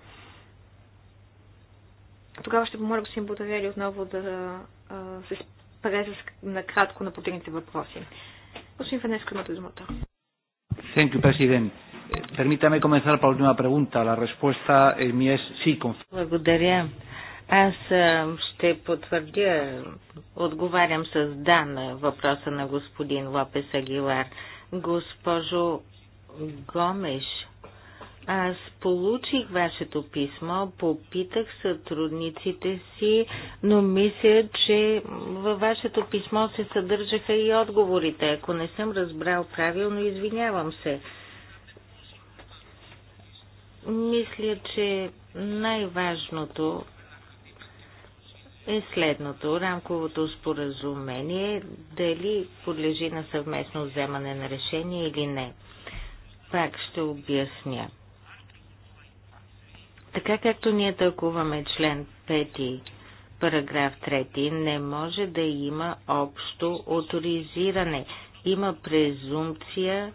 Тогава ще помоля господин Бутарели отново да а, се спре накратко на подигните въпроси. Господин Фенеско, имате думата. Thank you, President. Permítame comenzar por la última pregunta. La respuesta en mí es sí. Благодаря. Аз ще потвърдя, отговарям с да на въпроса на господин Лопес Агилар. Госпожо Гомеш, аз получих вашето писмо, попитах сътрудниците си, но мисля, че във вашето писмо се съдържаха и отговорите. Ако не съм разбрал правилно, извинявам се. Мисля, че най-важното е следното. Рамковото споразумение дали подлежи на съвместно вземане на решение или не. Пак ще обясня. Така както ние тълкуваме член 5, параграф 3, не може да има общо авторизиране. Има презумпция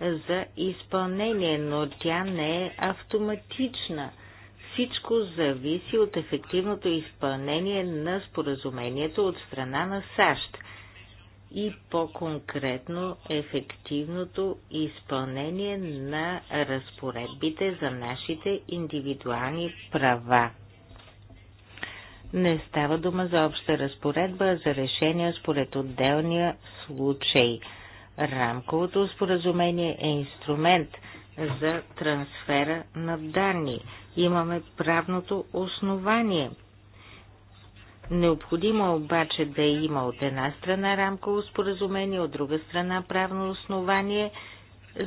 за изпълнение, но тя не е автоматична. Всичко зависи от ефективното изпълнение на споразумението от страна на САЩ и по-конкретно ефективното изпълнение на разпоредбите за нашите индивидуални права. Не става дума за обща разпоредба, а за решения според отделния случай. Рамковото споразумение е инструмент за трансфера на данни. Имаме правното основание – Необходимо е обаче да има от една страна рамково споразумение, от друга страна правно основание,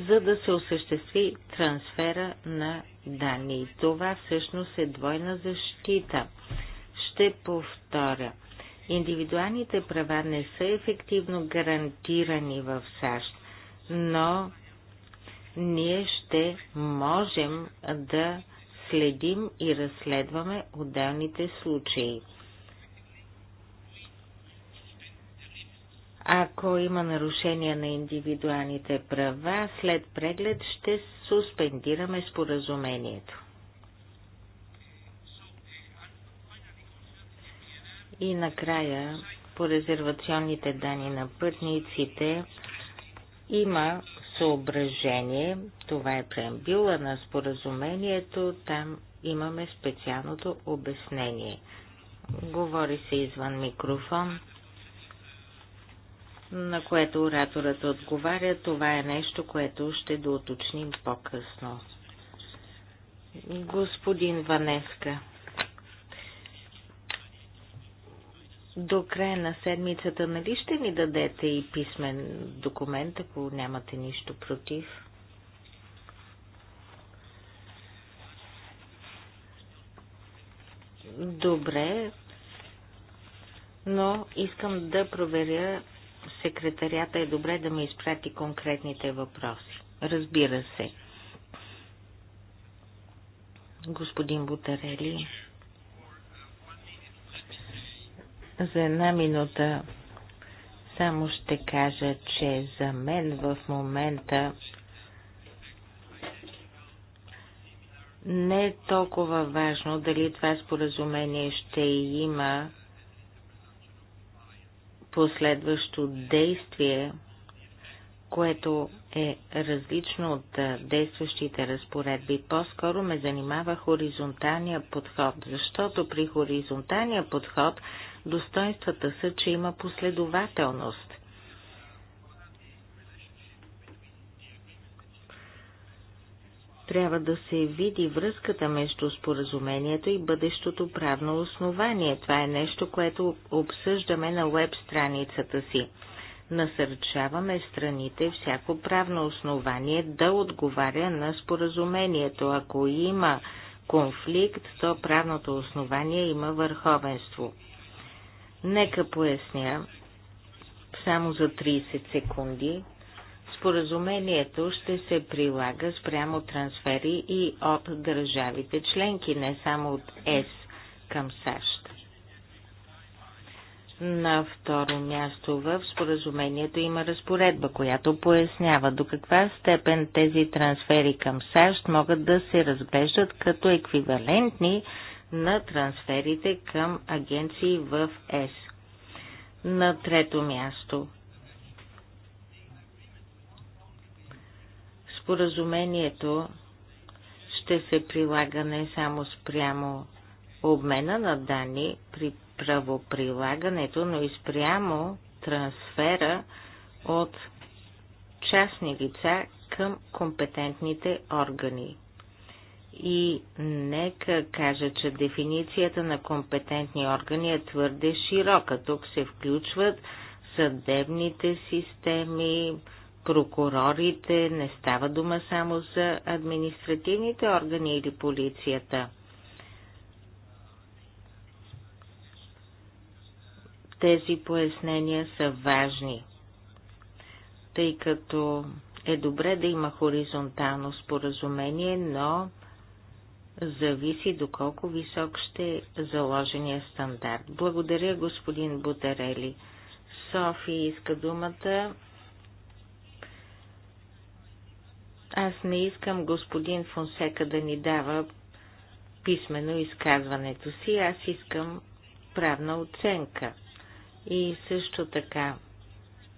за да се осъществи трансфера на данни. Това всъщност е двойна защита. Ще повторя. Индивидуалните права не са ефективно гарантирани в САЩ, но ние ще можем да следим и разследваме отделните случаи. Ако има нарушение на индивидуалните права, след преглед ще суспендираме споразумението. И накрая, по резервационните данни на пътниците, има съображение, това е преамбюла на споразумението, там имаме специалното обяснение. Говори се извън микрофон на което ораторът отговаря. Това е нещо, което ще доуточним по-късно. Господин Ванеска, до края на седмицата нали ще ми дадете и писмен документ, ако нямате нищо против? Добре, но искам да проверя секретарята е добре да ми изпрати конкретните въпроси. Разбира се. Господин Бутарели. За една минута само ще кажа, че за мен в момента не е толкова важно дали това споразумение ще има последващо действие, което е различно от действащите разпоредби. По-скоро ме занимава хоризонталния подход, защото при хоризонталния подход достоинствата са, че има последователност. трябва да се види връзката между споразумението и бъдещото правно основание. Това е нещо, което обсъждаме на веб страницата си. Насърчаваме страните всяко правно основание да отговаря на споразумението. Ако има конфликт, то правното основание има върховенство. Нека поясня само за 30 секунди, Споразумението ще се прилага спрямо трансфери и от държавите членки, не само от ЕС към САЩ. На второ място в споразумението има разпоредба, която пояснява до каква степен тези трансфери към САЩ могат да се разглеждат като еквивалентни на трансферите към агенции в ЕС. На трето място Споразумението ще се прилага не само спрямо обмена на данни при правоприлагането, но и спрямо трансфера от частни лица към компетентните органи. И нека кажа, че дефиницията на компетентни органи е твърде широка. Тук се включват съдебните системи, прокурорите, не става дума само за административните органи или полицията. Тези пояснения са важни, тъй като е добре да има хоризонтално споразумение, но зависи доколко висок ще е заложения стандарт. Благодаря, господин Бутерели. Софи иска думата. Аз не искам господин Фонсека да ни дава писмено изказването си, аз искам правна оценка. И също така,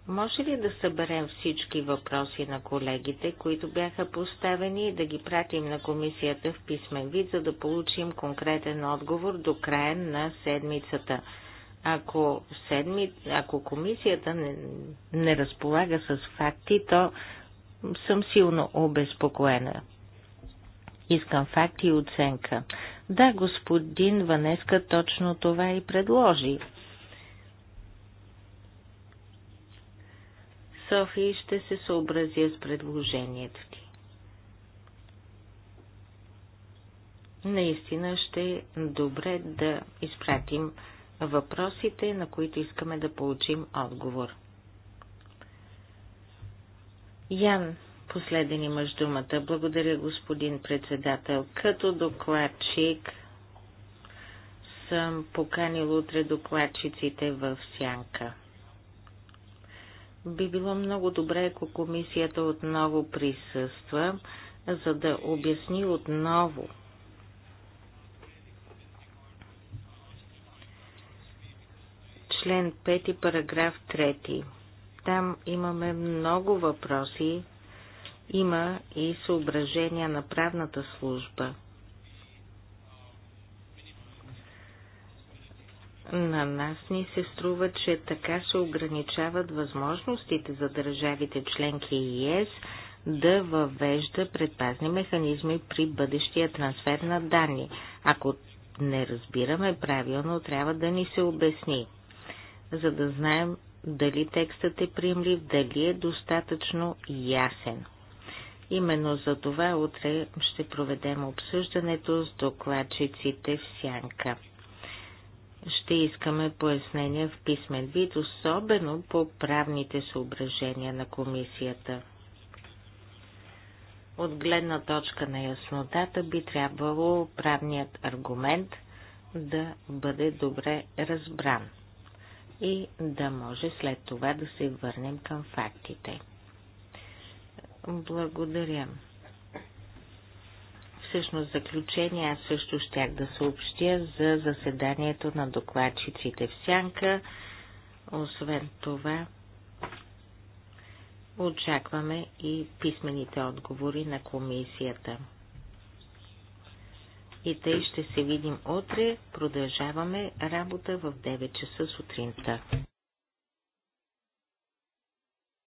може ли да съберем всички въпроси на колегите, които бяха поставени и да ги пратим на комисията в писмен вид, за да получим конкретен отговор до края на седмицата? Ако, седми... Ако комисията не, не разполага с факти, то съм силно обезпокоена. Искам факти и оценка. Да, господин Ванеска точно това и предложи. Софи ще се съобразя с предложението ти. Наистина ще е добре да изпратим въпросите, на които искаме да получим отговор. Ян, последен имаш думата. Благодаря, господин председател. Като докладчик съм поканил утре докладчиците в сянка. Би било много добре, ако комисията отново присъства, за да обясни отново член 5, параграф 3. Там имаме много въпроси. Има и съображения на правната служба. На нас ни се струва, че така се ограничават възможностите за държавите членки и ЕС да въвежда предпазни механизми при бъдещия трансфер на данни. Ако не разбираме правилно, трябва да ни се обясни, за да знаем дали текстът е приемлив, дали е достатъчно ясен. Именно за това утре ще проведем обсъждането с докладчиците в сянка. Ще искаме пояснения в писмен вид, особено по правните съображения на комисията. От гледна точка на яснотата би трябвало правният аргумент да бъде добре разбран и да може след това да се върнем към фактите. Благодаря. Всъщност, заключение аз също щях да съобщя за заседанието на докладчиците в Сянка. Освен това, очакваме и писмените отговори на комисията и тъй ще се видим утре. Продължаваме работа в 9 часа сутринта.